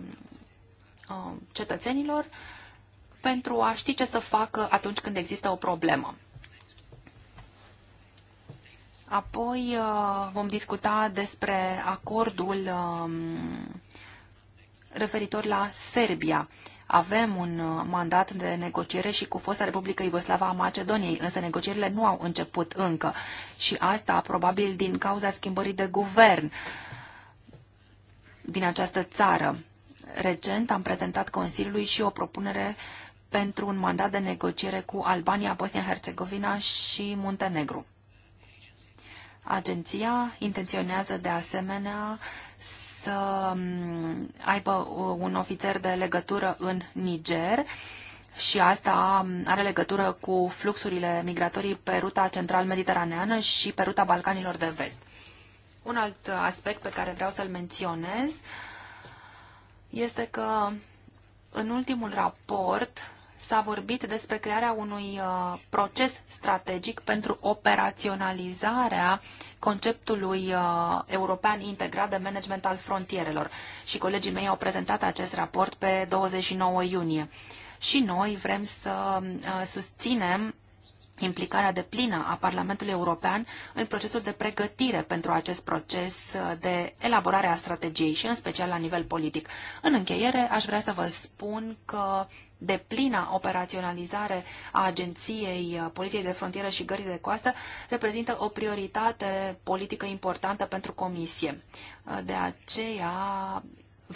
uh, cetățenilor pentru a ști ce să facă atunci când există o problemă. Apoi uh, vom discuta despre acordul um, referitor la Serbia. Avem un uh, mandat de negociere și cu fosta Republică Iugoslava a Macedoniei, însă negocierile nu au început încă și asta probabil din cauza schimbării de guvern din această țară. Recent am prezentat Consiliului și o propunere pentru un mandat de negociere cu Albania, Bosnia-Herzegovina și Muntenegru. Agenția intenționează de asemenea să mm, aibă uh, un ofițer de legătură în Niger și asta mm, are legătură cu fluxurile migratorii pe ruta central-mediteraneană și pe ruta Balcanilor de vest. Un alt aspect pe care vreau să-l menționez este că în ultimul raport s-a vorbit despre crearea unui uh, proces strategic pentru operaționalizarea conceptului uh, european integrat de management al frontierelor. Și colegii mei au prezentat acest raport pe 29 iunie. Și noi vrem să uh, susținem implicarea de plină a Parlamentului European în procesul de pregătire pentru acest proces de elaborare a strategiei și în special la nivel politic. În încheiere, aș vrea să vă spun că de plina operaționalizare a Agenției Poliției de Frontieră și Gării de Coastă reprezintă o prioritate politică importantă pentru Comisie. De aceea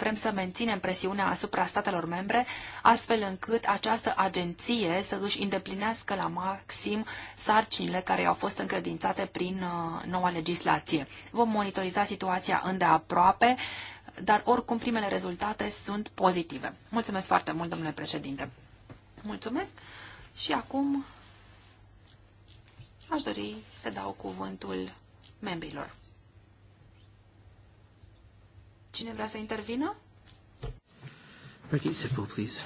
vrem să menținem presiunea asupra statelor membre, astfel încât această agenție să își îndeplinească la maxim sarcinile care au fost încredințate prin uh, noua legislație. Vom monitoriza situația îndeaproape, dar oricum primele rezultate sunt pozitive. Mulțumesc foarte mult, domnule președinte. Mulțumesc și acum aș dori să dau cuvântul membrilor. Cine vrea să intervină? Birgit Sippel, please.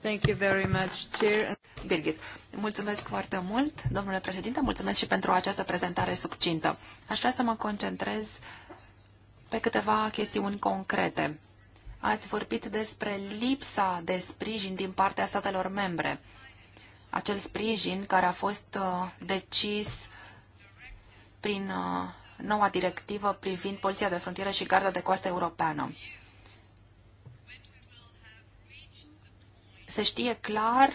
Thank you very much, Chair. Birgit, mulțumesc foarte mult, domnule președinte, mulțumesc și pentru această prezentare succintă. Aș vrea să mă concentrez pe câteva chestiuni concrete. Ați vorbit despre lipsa de sprijin din partea statelor membre. Acel sprijin care a fost uh, decis prin uh, noua directivă privind Poliția de Frontieră și Garda de Coastă Europeană. Se știe clar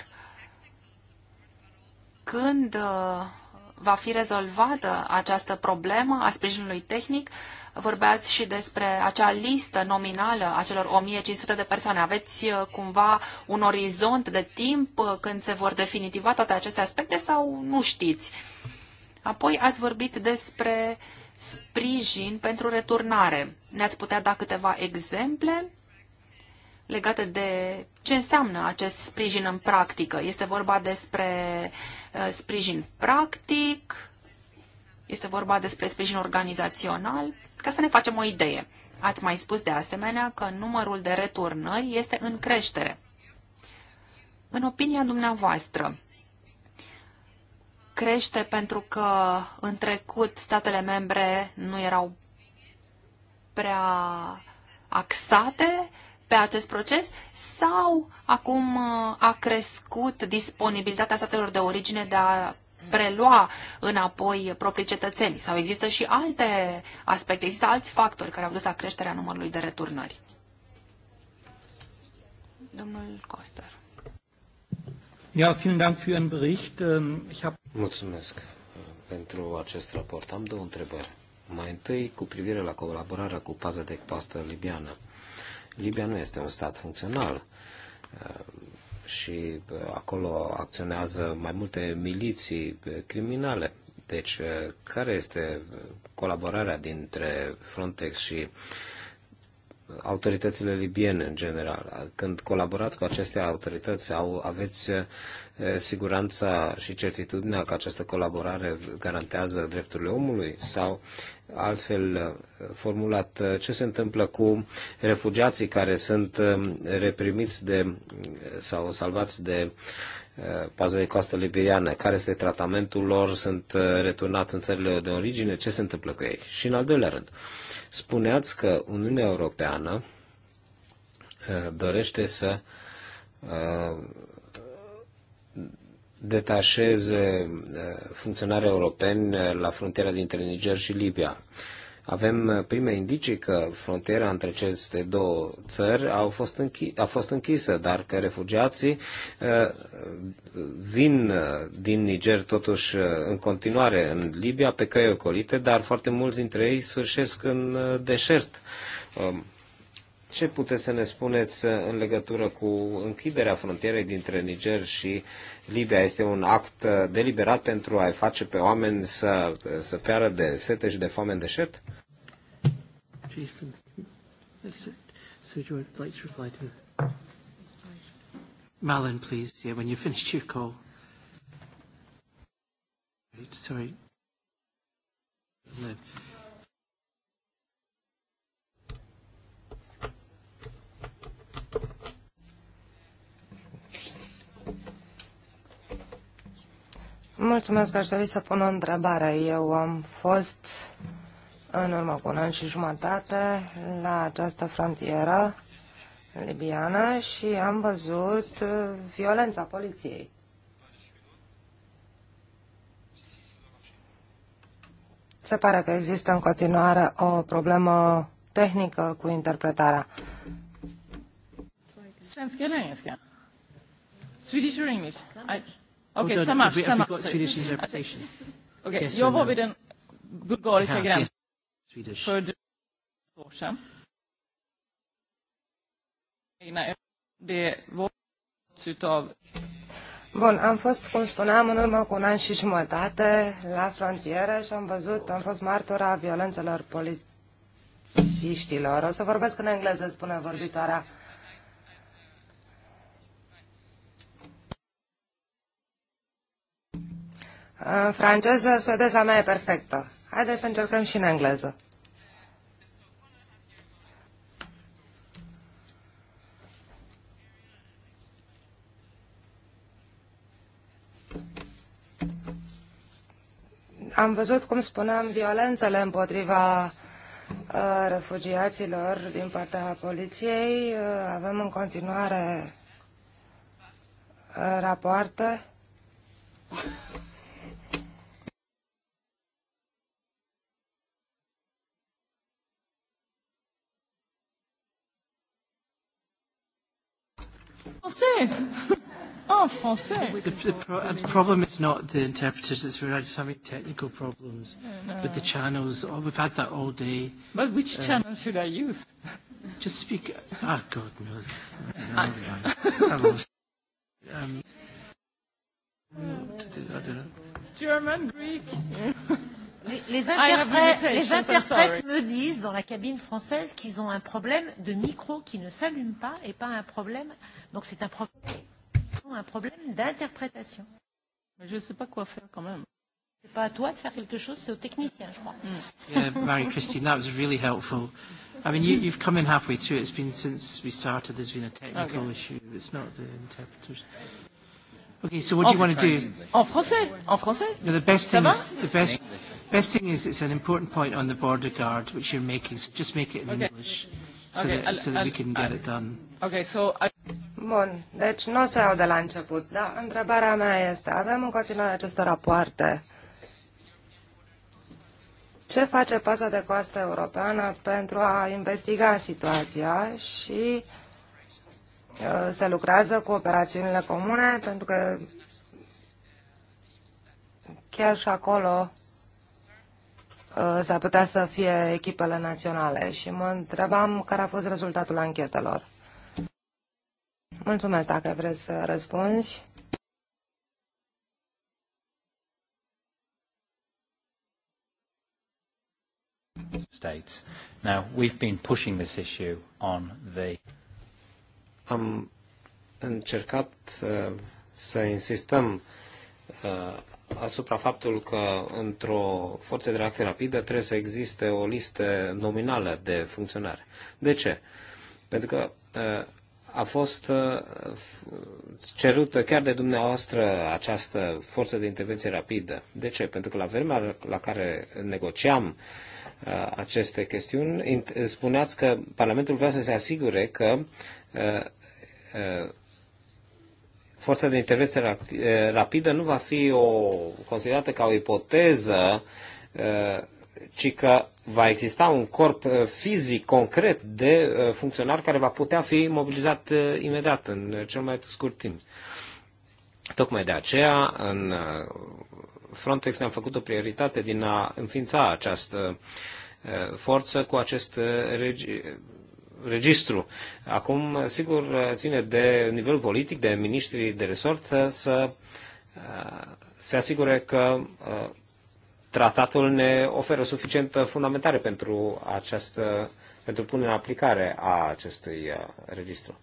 când uh, va fi rezolvată această problemă a sprijinului tehnic. Vorbeați și despre acea listă nominală a celor 1500 de persoane. Aveți uh, cumva un orizont de timp uh, când se vor definitiva toate aceste aspecte sau nu știți? Apoi ați vorbit despre uh, sprijin pentru returnare. Ne-ați putea da câteva exemple legate de ce înseamnă acest sprijin în practică. Este vorba despre uh, sprijin practic, este vorba despre sprijin organizațional, ca să ne facem o idee. Ați mai spus de asemenea că numărul de returnări este în creștere. În opinia dumneavoastră, crește pentru că în trecut statele membre nu erau prea axate pe acest proces sau acum uh, a crescut disponibilitatea statelor de origine de a prelua înapoi proprii cetățeni? Sau există și alte aspecte, există alți factori care au dus la creșterea numărului de returnări? Domnul Coster. Ja, vielen Dank für Ihren Bericht. Ähm, ich hab... Mulțumesc uh, pentru acest raport. Am două întrebări. Mai întâi, cu privire la colaborarea cu paza de pastă libiană. Libia nu este un stat funcțional uh, și uh, acolo acționează mai multe miliții criminale. Deci, care este colaborarea dintre Frontex și uh, autoritățile libiene în general. Când colaborați cu aceste autorități, au, aveți eh, siguranța și certitudinea că această colaborare garantează drepturile omului? Sau, altfel eh, formulat, eh, ce se întâmplă cu refugiații care sunt reprimiți de, sau salvați de uh, pază de coastă liberiană, care este tratamentul lor, sunt uh, returnați în țările de origine, ce se întâmplă cu ei. Și în al doilea rând, spuneați că Uniunea Europeană uh, dorește să uh, detașeze funcționari europeni la frontiera dintre Niger și Libia. Avem uh, prime indicii că frontiera între aceste două țări au fost închi- a fost închisă, dar că refugiații uh, vin uh, din Niger totuși în continuare în Libia pe căi ocolite, dar foarte mulți dintre ei sfârșesc în deșert. Um, ce puteți să ne spuneți în legătură cu închiderea frontierei dintre Niger și Libia? Este un act deliberat pentru a-i face pe oameni să, să piară de sete și de foame în deșert? That's it. So do you would like to reply to that? Malin, please, yeah, when you finished your call. Sorry. No. Mulțumesc, aș dori să pun o întrebare. Eu am fost în urmă cu un an și jumătate la această frontieră libiană și am văzut uh, violența poliției. Se pare că există în continuare o problemă tehnică cu interpretarea. Swedish or English? I... Okay, Samar. Samar. Swedish interpretation. Okay, jag var vid good goal, gränsen. Swedish. För år sedan. Bun, am fost, cum spuneam, în urmă cu un an și jumătate la frontieră și am văzut, am fost martora violențelor polițiștilor. O să vorbesc în engleză, spune vorbitoarea. franceză, suedeza mea e perfectă. Haideți să încercăm și în engleză. am văzut, cum spuneam, violențele împotriva uh, refugiaților din partea poliției. Uh, avem în continuare uh, rapoarte. să en oh, français. The, the, pro the problem is not the interpreters, it's we're just having technical problems uh, with the channels. Oh, we've had that all day. But which uh, channel should I use? Just speak. Ah, God knows. Ah. I, um, I German, Greek. Les, les interprètes, les interprètes me disent dans la cabine française qu'ils ont un problème de micro qui ne s'allume pas et pas un problème. Donc c'est un problème un problème d'interprétation. Mais je ne sais pas quoi faire quand même. Ce n'est pas à toi de faire quelque chose, c'est au technicien, je crois. Mm. Yeah, marie Christine, that was really helpful. I mean, you, you've come in halfway through. It's been since we started. There's been a technical okay. issue. It's not the interpreters. Okay, so what do you oh. want to do? En français, en français. No, the best thing is the best best thing is it's an important point on the border guard which you're making. So just make it in okay. English. Okay so, okay, that, I'll, so that we can get I'll, it done. Okay, so I... Bun, deci nu o să iau de la început, dar întrebarea mea este, avem în continuare aceste rapoarte. Ce face pasa de coastă europeană pentru a investiga situația și uh, se lucrează cu operațiunile comune, pentru că chiar și acolo Uh, s-ar putea să fie echipele naționale și mă întrebam care a fost rezultatul anchetelor. Mulțumesc dacă vreți să răspunzi. States. Now, we've been pushing this issue on the... Am încercat uh, să insistăm uh, asupra faptului că într-o forță de reacție rapidă trebuie să existe o listă nominală de funcționari. De ce? Pentru că uh, a fost uh, cerută chiar de dumneavoastră această forță de intervenție rapidă. De ce? Pentru că la vremea la care negociam uh, aceste chestiuni, spuneați că Parlamentul vrea să se asigure că forța de intervenție rapidă nu va fi o, considerată ca o ipoteză, ci că va exista un corp fizic concret de funcționar care va putea fi mobilizat imediat, în cel mai scurt timp. Tocmai de aceea, în Frontex ne-am făcut o prioritate din a înființa această forță cu acest registru. Acum, sigur, ține de nivelul politic, de ministrii de resort să uh, se asigure că uh, tratatul ne oferă suficientă fundamentare pentru această pentru punerea în aplicare a acestui uh, registru.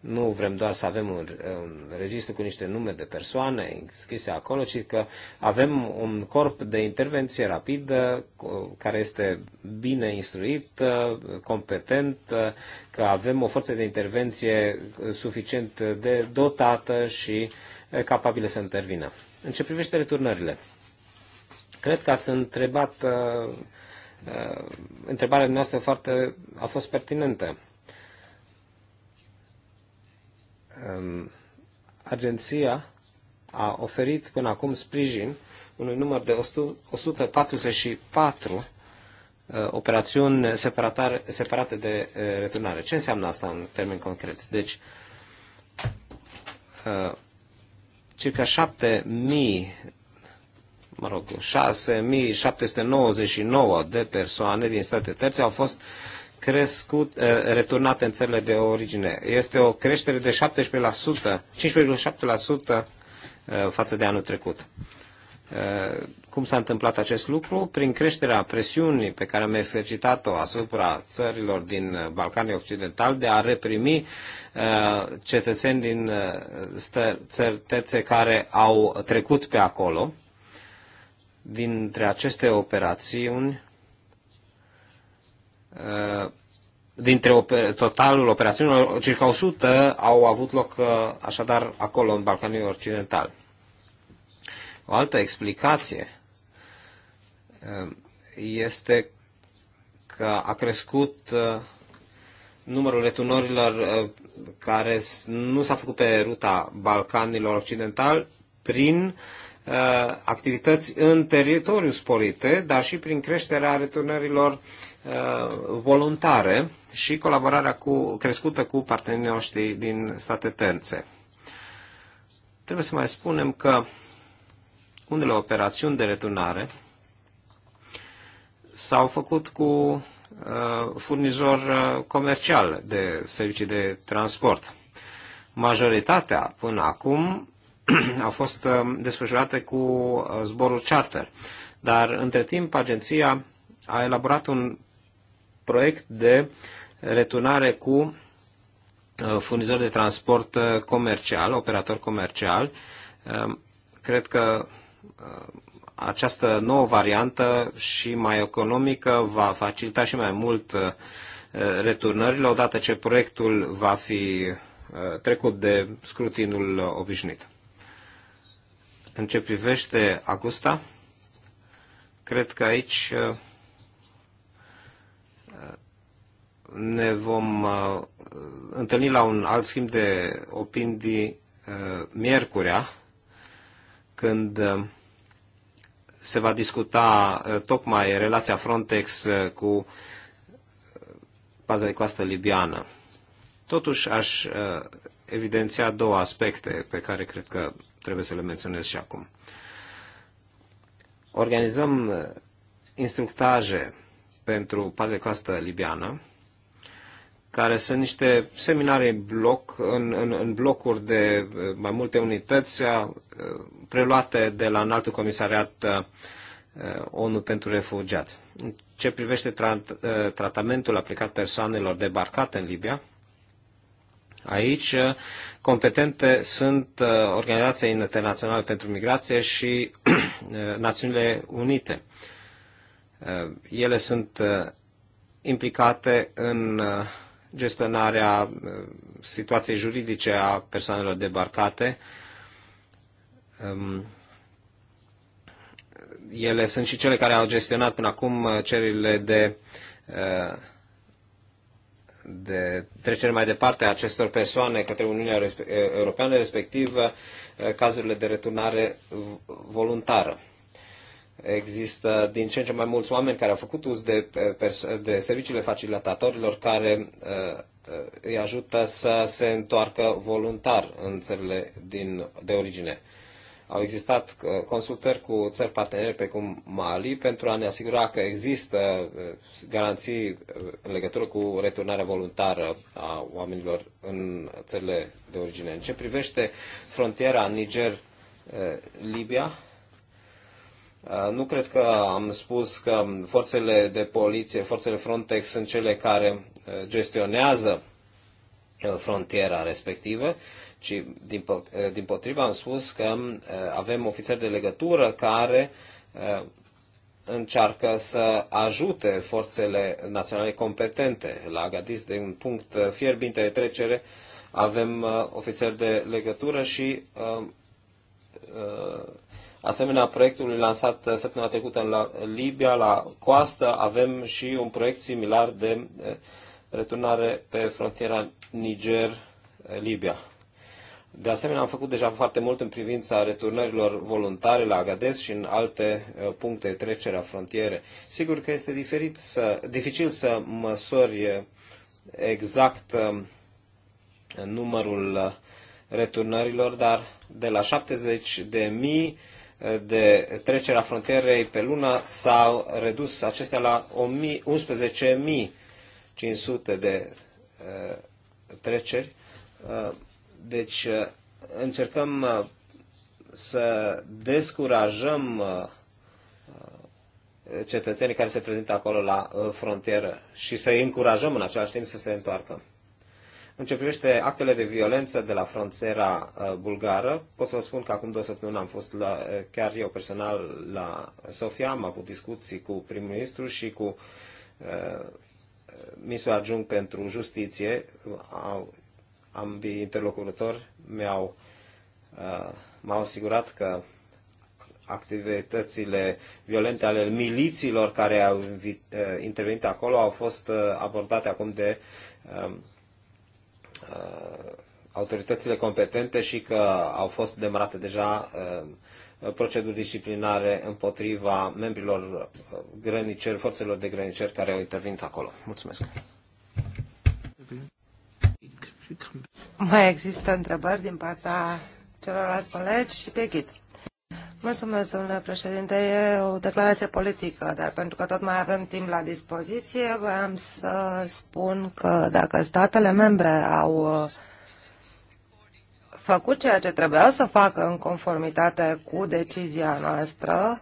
Nu vrem doar să avem un, un registru cu niște nume de persoane scrise acolo, ci că avem un corp de intervenție rapidă care este bine instruit, uh, competent, uh, că avem o forță de intervenție suficient de dotată și uh, capabilă să intervină. În ce privește returnările, cred că ați întrebat, întrebarea noastră foarte, a fost pertinentă. Ehm, agenția a oferit până acum sprijin unui număr de 144 eh, operațiuni separate de eh, returnare. Ce înseamnă asta în termeni concreți? Deci, eh, circa 7000, mă rog, 6799 de persoane din state terțe au fost uh, crescut, eh, returnate în țările de origine. Este o creștere de 17%, 15,7% eh, față de anul trecut. Eh, cum s-a întâmplat acest lucru? Prin creșterea presiunii pe care am exercitat-o asupra țărilor din Balcanii Occidentali de a reprimi cetățeni din țărtețe care au trecut pe acolo. Dintre aceste operațiuni, Uh, dintre totalul operațiunilor, circa 100 au avut loc uh, așadar acolo, în Balcanii Occidentali. O altă explicație uh, este că a crescut numărul returnorilor care nu s-a făcut pe ruta Balcanilor Occidentali, prin activități în teritoriu sporite, dar și prin creșterea returnărilor Uh, voluntare și colaborarea cu, crescută cu partenerii noștri din state terțe. Trebuie să mai spunem că unele operațiuni de returnare s-au făcut cu uh, furnizor uh, comercial de servicii de transport. Majoritatea până acum au fost uh, desfășurate cu zborul charter, dar între timp agenția a elaborat un proiect de returnare cu uh, furnizor de transport uh, comercial, operator comercial. Um, cred că uh, această nouă variantă și mai economică va facilita și mai mult returnările odată ce proiectul va fi trecut de scrutinul obișnuit. În ce privește Agusta, cred că aici ne vom uh, întâlni la un alt schimb de opinii uh, miercurea, când uh, se va discuta tocmai relația Frontex cu paza de coastă libiană. Totuși aș evidenția două aspecte pe care cred că trebuie să le menționez și acum. Organizăm instructaje pentru paza de coastă libiană care sunt niște seminarii bloc, în, în, în blocuri de eh, mai multe unități eh, preluate de la înaltul comisariat eh, ONU pentru refugiați. Ce privește tra- tratamentul aplicat persoanelor debarcate în Libia, aici competente sunt Organizația Internațională pentru Migrație și Națiunile Unite. Ele sunt implicate în gestionarea eh, situației juridice a persoanelor debarcate. Ehm, ele sunt și cele care au gestionat până acum eh, cererile de, eh, de trecere mai departe a acestor persoane către Uniunea Europeană, respectiv cazurile de returnare voluntară. Există din ce în ce mai mulți oameni care au făcut uz de, de serviciile facilitatorilor care uh, uh, îi ajută să se întoarcă voluntar în țările din, de origine. Au existat uh, consultări cu țări pe precum Mali pentru a ne asigura că există garanții în legătură cu returnarea voluntară a oamenilor în țările de origine. În ce privește frontiera Niger-Libia, Uh, nu cred că am spus că forțele de poliție, forțele Frontex sunt cele care uh, gestionează uh, frontiera respectivă, ci din, din potriva am spus că avem ofițeri de legătură care încearcă să ajute forțele naționale competente. La Agadis, de un punct fierbinte de trecere, avem ofițeri de legătură și Asemenea, proiectului lansat uh, săptămâna trecută în Libia, la coastă, avem și un proiect similar de uh, returnare pe frontiera Niger-Libia. Uh, de asemenea, am făcut deja foarte mult în privința returnărilor voluntare la Agades și în alte puncte de trecere a frontiere. Sigur că este diferit să, dificil să măsori exact numărul returnărilor, dar de la 70 de mii de trecere a frontierei pe lună s-au redus acestea la 11.500 de uh, treceri. Uh, deci uh, încercăm să descurajăm cetățenii care se prezintă acolo la frontieră și să îi încurajăm în același timp să se întoarcă. În ce privește actele de violență de la frontiera uh, bulgară, pot să vă spun că acum două săptămâni am fost la, uh, chiar eu personal la Sofia, am avut discuții cu prim-ministru și cu uh, ministrul adjunct pentru justiție. Au, ambii interlocutori mi-au, uh, au asigurat că activitățile violente ale milițiilor care au uh, intervenit acolo au fost abordate acum de um, Uh, autoritățile competente și că au fost demarate deja uh, proceduri disciplinare împotriva membrilor uh, grăniceri, forțelor de grăniceri care au intervenit acolo. Mulțumesc. Mai există întrebări din partea celorlalți colegi și pe ghid. Mulțumesc, domnule președinte. E o declarație politică, dar pentru că tot mai avem timp la dispoziție, voiam să spun că dacă statele membre au uh, făcut ceea ce trebuiau să facă în conformitate cu decizia noastră,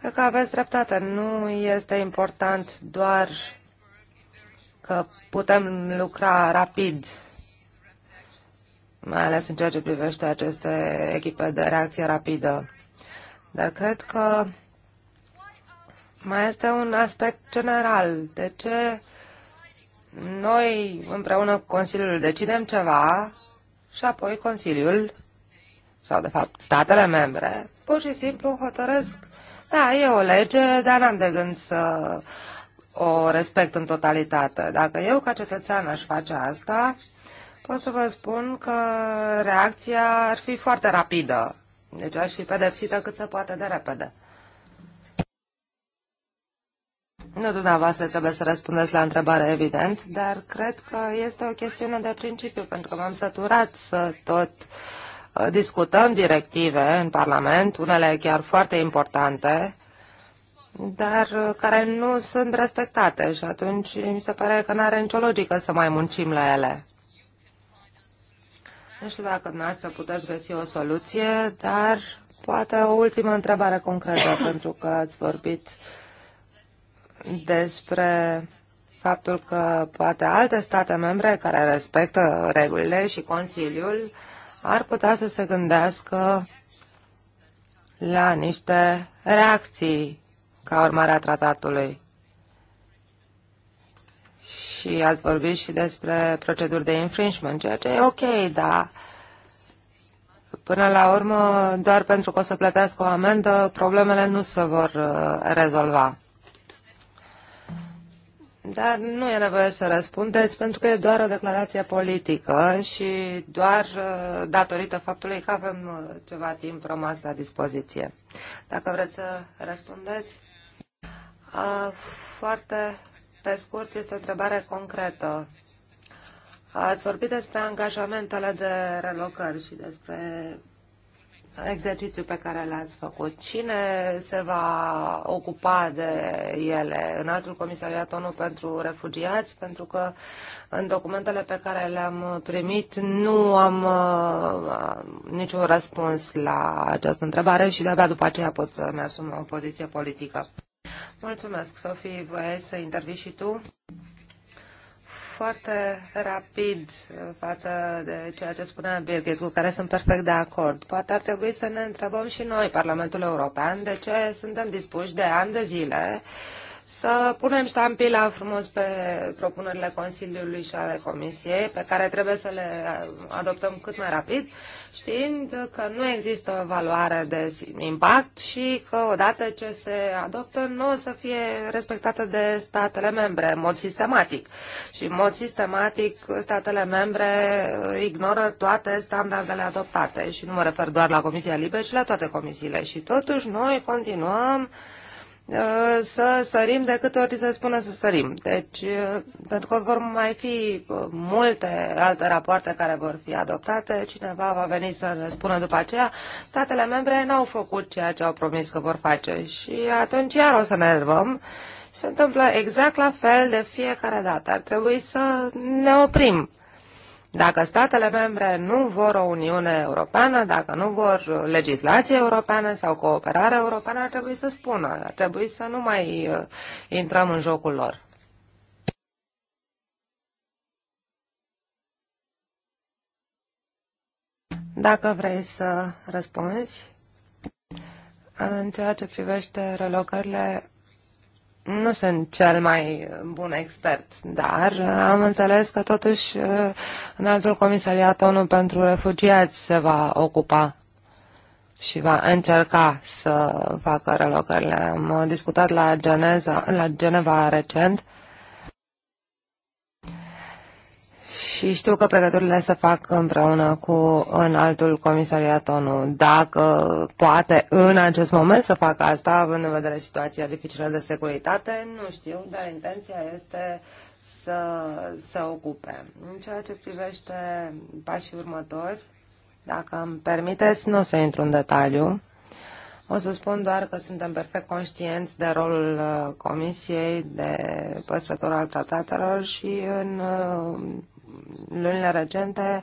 cred că aveți dreptate. Nu este important doar că putem lucra rapid mai ales în ceea ce privește aceste echipe de reacție rapidă. Dar cred că mai este un aspect general. De ce noi împreună cu Consiliul decidem ceva și apoi Consiliul, sau de fapt statele membre, pur și simplu hotărăsc, da, e o lege, dar n-am de gând să o respect în totalitate. Dacă eu ca cetățean aș face asta, pot să vă spun că reacția ar fi foarte rapidă deci aș fi pedepsită cât se poate de repede. Nu dumneavoastră trebuie să răspundeți la întrebare, evident, dar cred că este o chestiune de principiu, pentru că m-am săturat să tot uh, discutăm directive în Parlament, unele chiar foarte importante, dar uh, care nu sunt respectate și atunci mi se pare că nu are nicio logică să mai muncim la ele. Nu știu dacă dumneavoastră puteți găsi o soluție, dar poate o ultimă întrebare concretă, pentru că ați vorbit despre faptul că poate alte state membre care respectă regulile și Consiliul ar putea să se gândească la niște reacții ca urmare a tratatului și ați vorbit și despre proceduri de infringement, ceea ce e ok, dar până la urmă, doar pentru că o să plătească o amendă, problemele nu se vor uh, rezolva. Dar nu e nevoie să răspundeți, pentru că e doar o declarație politică și doar uh, datorită faptului că avem uh, ceva timp rămas la dispoziție. Dacă vreți să răspundeți, foarte pe scurt, este o întrebare concretă. Ați vorbit despre angajamentele de relocări și despre exercițiul pe care l-ați făcut. Cine se va ocupa de ele? În altul comisariat ONU pentru refugiați? Pentru că în documentele pe care le-am primit nu am uh, niciun răspuns la această întrebare și de-abia după aceea pot să-mi asum o poziție politică. Mulțumesc, Sofie. Voiai să intervii și tu? Foarte rapid uh, față de ceea ce spunea Birgit, cu care sunt perfect de acord. Poate ar trebui să ne întrebăm și noi, Parlamentul European, de ce suntem dispuși de ani de zile să punem ștampila frumos pe propunerile Consiliului și ale Comisiei, pe care trebuie să le uh, adoptăm cât mai rapid știind că nu există o evaluare de impact și că odată ce se adoptă nu o să fie respectată de statele membre în mod sistematic. Și în mod sistematic statele membre ignoră toate standardele adoptate și nu mă refer doar la Comisia Libe, și la toate comisiile. Și totuși noi continuăm uh, Uh, să sărim de câte ori se spune să sărim. Deci, uh, pentru că vor mai fi uh, multe alte rapoarte care vor fi adoptate, cineva va veni să ne spună după aceea, statele membre n-au făcut ceea ce au promis că vor face și atunci iar o să ne enervăm. Se întâmplă exact la fel de fiecare dată. Ar trebui să ne oprim dacă statele membre nu vor o Uniune Europeană, dacă nu vor legislație europeană sau cooperare europeană, ar trebui să spună, ar trebui să nu mai uh, intrăm în jocul lor. Dacă vrei să răspunzi în ceea ce privește relocările nu sunt cel mai bun expert, dar uh, am înțeles că totuși uh, în altul comisariat ONU pentru refugiați se va ocupa și va încerca să facă relocările. Am discutat la, Geneza, la Geneva recent Și știu că pregătirile se fac împreună cu înaltul altul comisariat ONU. Dacă poate în acest moment să facă asta, având în vedere situația dificilă de securitate, nu știu, dar intenția este să se ocupe. În ceea ce privește pașii următori, dacă îmi permiteți, nu o să intru în detaliu. O să spun doar că suntem perfect conștienți de rolul uh, Comisiei de păstrător al tratatelor și în uh, lunile recente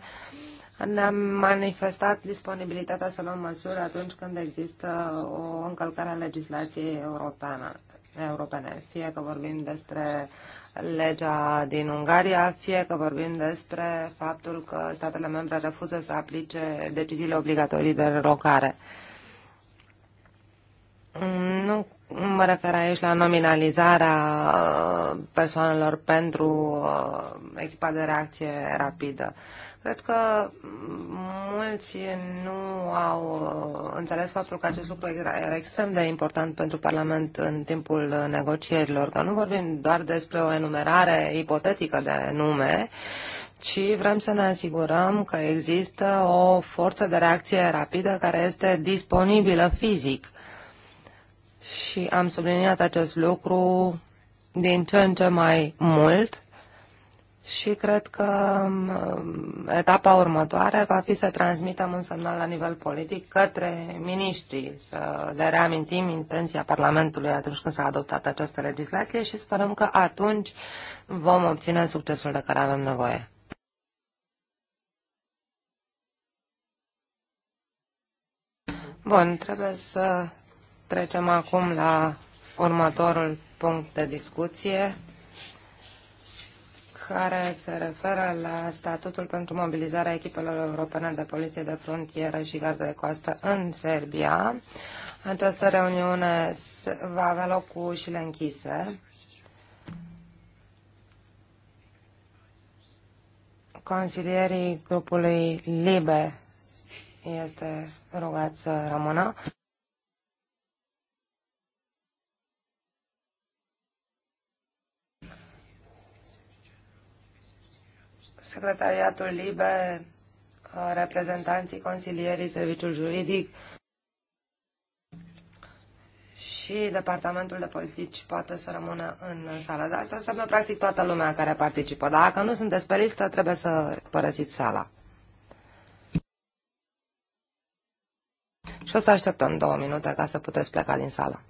ne-am manifestat disponibilitatea să luăm măsuri atunci când există o încălcare a legislației europeană, europene, fie că vorbim despre legea din Ungaria, fie că vorbim despre faptul că statele membre refuză să aplice deciziile obligatorii de relocare. Nu mă refer aici la nominalizarea uh, persoanelor pentru uh, echipa de reacție rapidă. Cred că mulți nu au uh, înțeles faptul că acest lucru era extrem de important pentru Parlament în timpul negocierilor, că nu vorbim doar despre o enumerare ipotetică de nume, ci vrem să ne asigurăm că există o forță de reacție rapidă care este disponibilă fizic și am subliniat acest lucru din ce în ce mai mult și cred că um, etapa următoare va fi să transmitem un semnal la nivel politic către miniștri, să le reamintim intenția Parlamentului atunci când s-a adoptat această legislație și sperăm că atunci vom obține succesul de care avem nevoie. Bun, trebuie să Trecem acum la următorul punct de discuție care se referă la statutul pentru mobilizarea echipelor europene de poliție de frontieră și gardă de coastă în Serbia. Această reuniune va avea loc cu ușile închise. Consilierii grupului LIBE este rugat să rămână. secretariatul LIBE, uh, reprezentanții, consilierii, serviciul juridic și departamentul de politici poate să rămână în sală. Dar asta înseamnă practic toată lumea care participă. Dacă nu sunteți pe listă, trebuie să părăsiți sala. Și o să așteptăm două minute ca să puteți pleca din sală.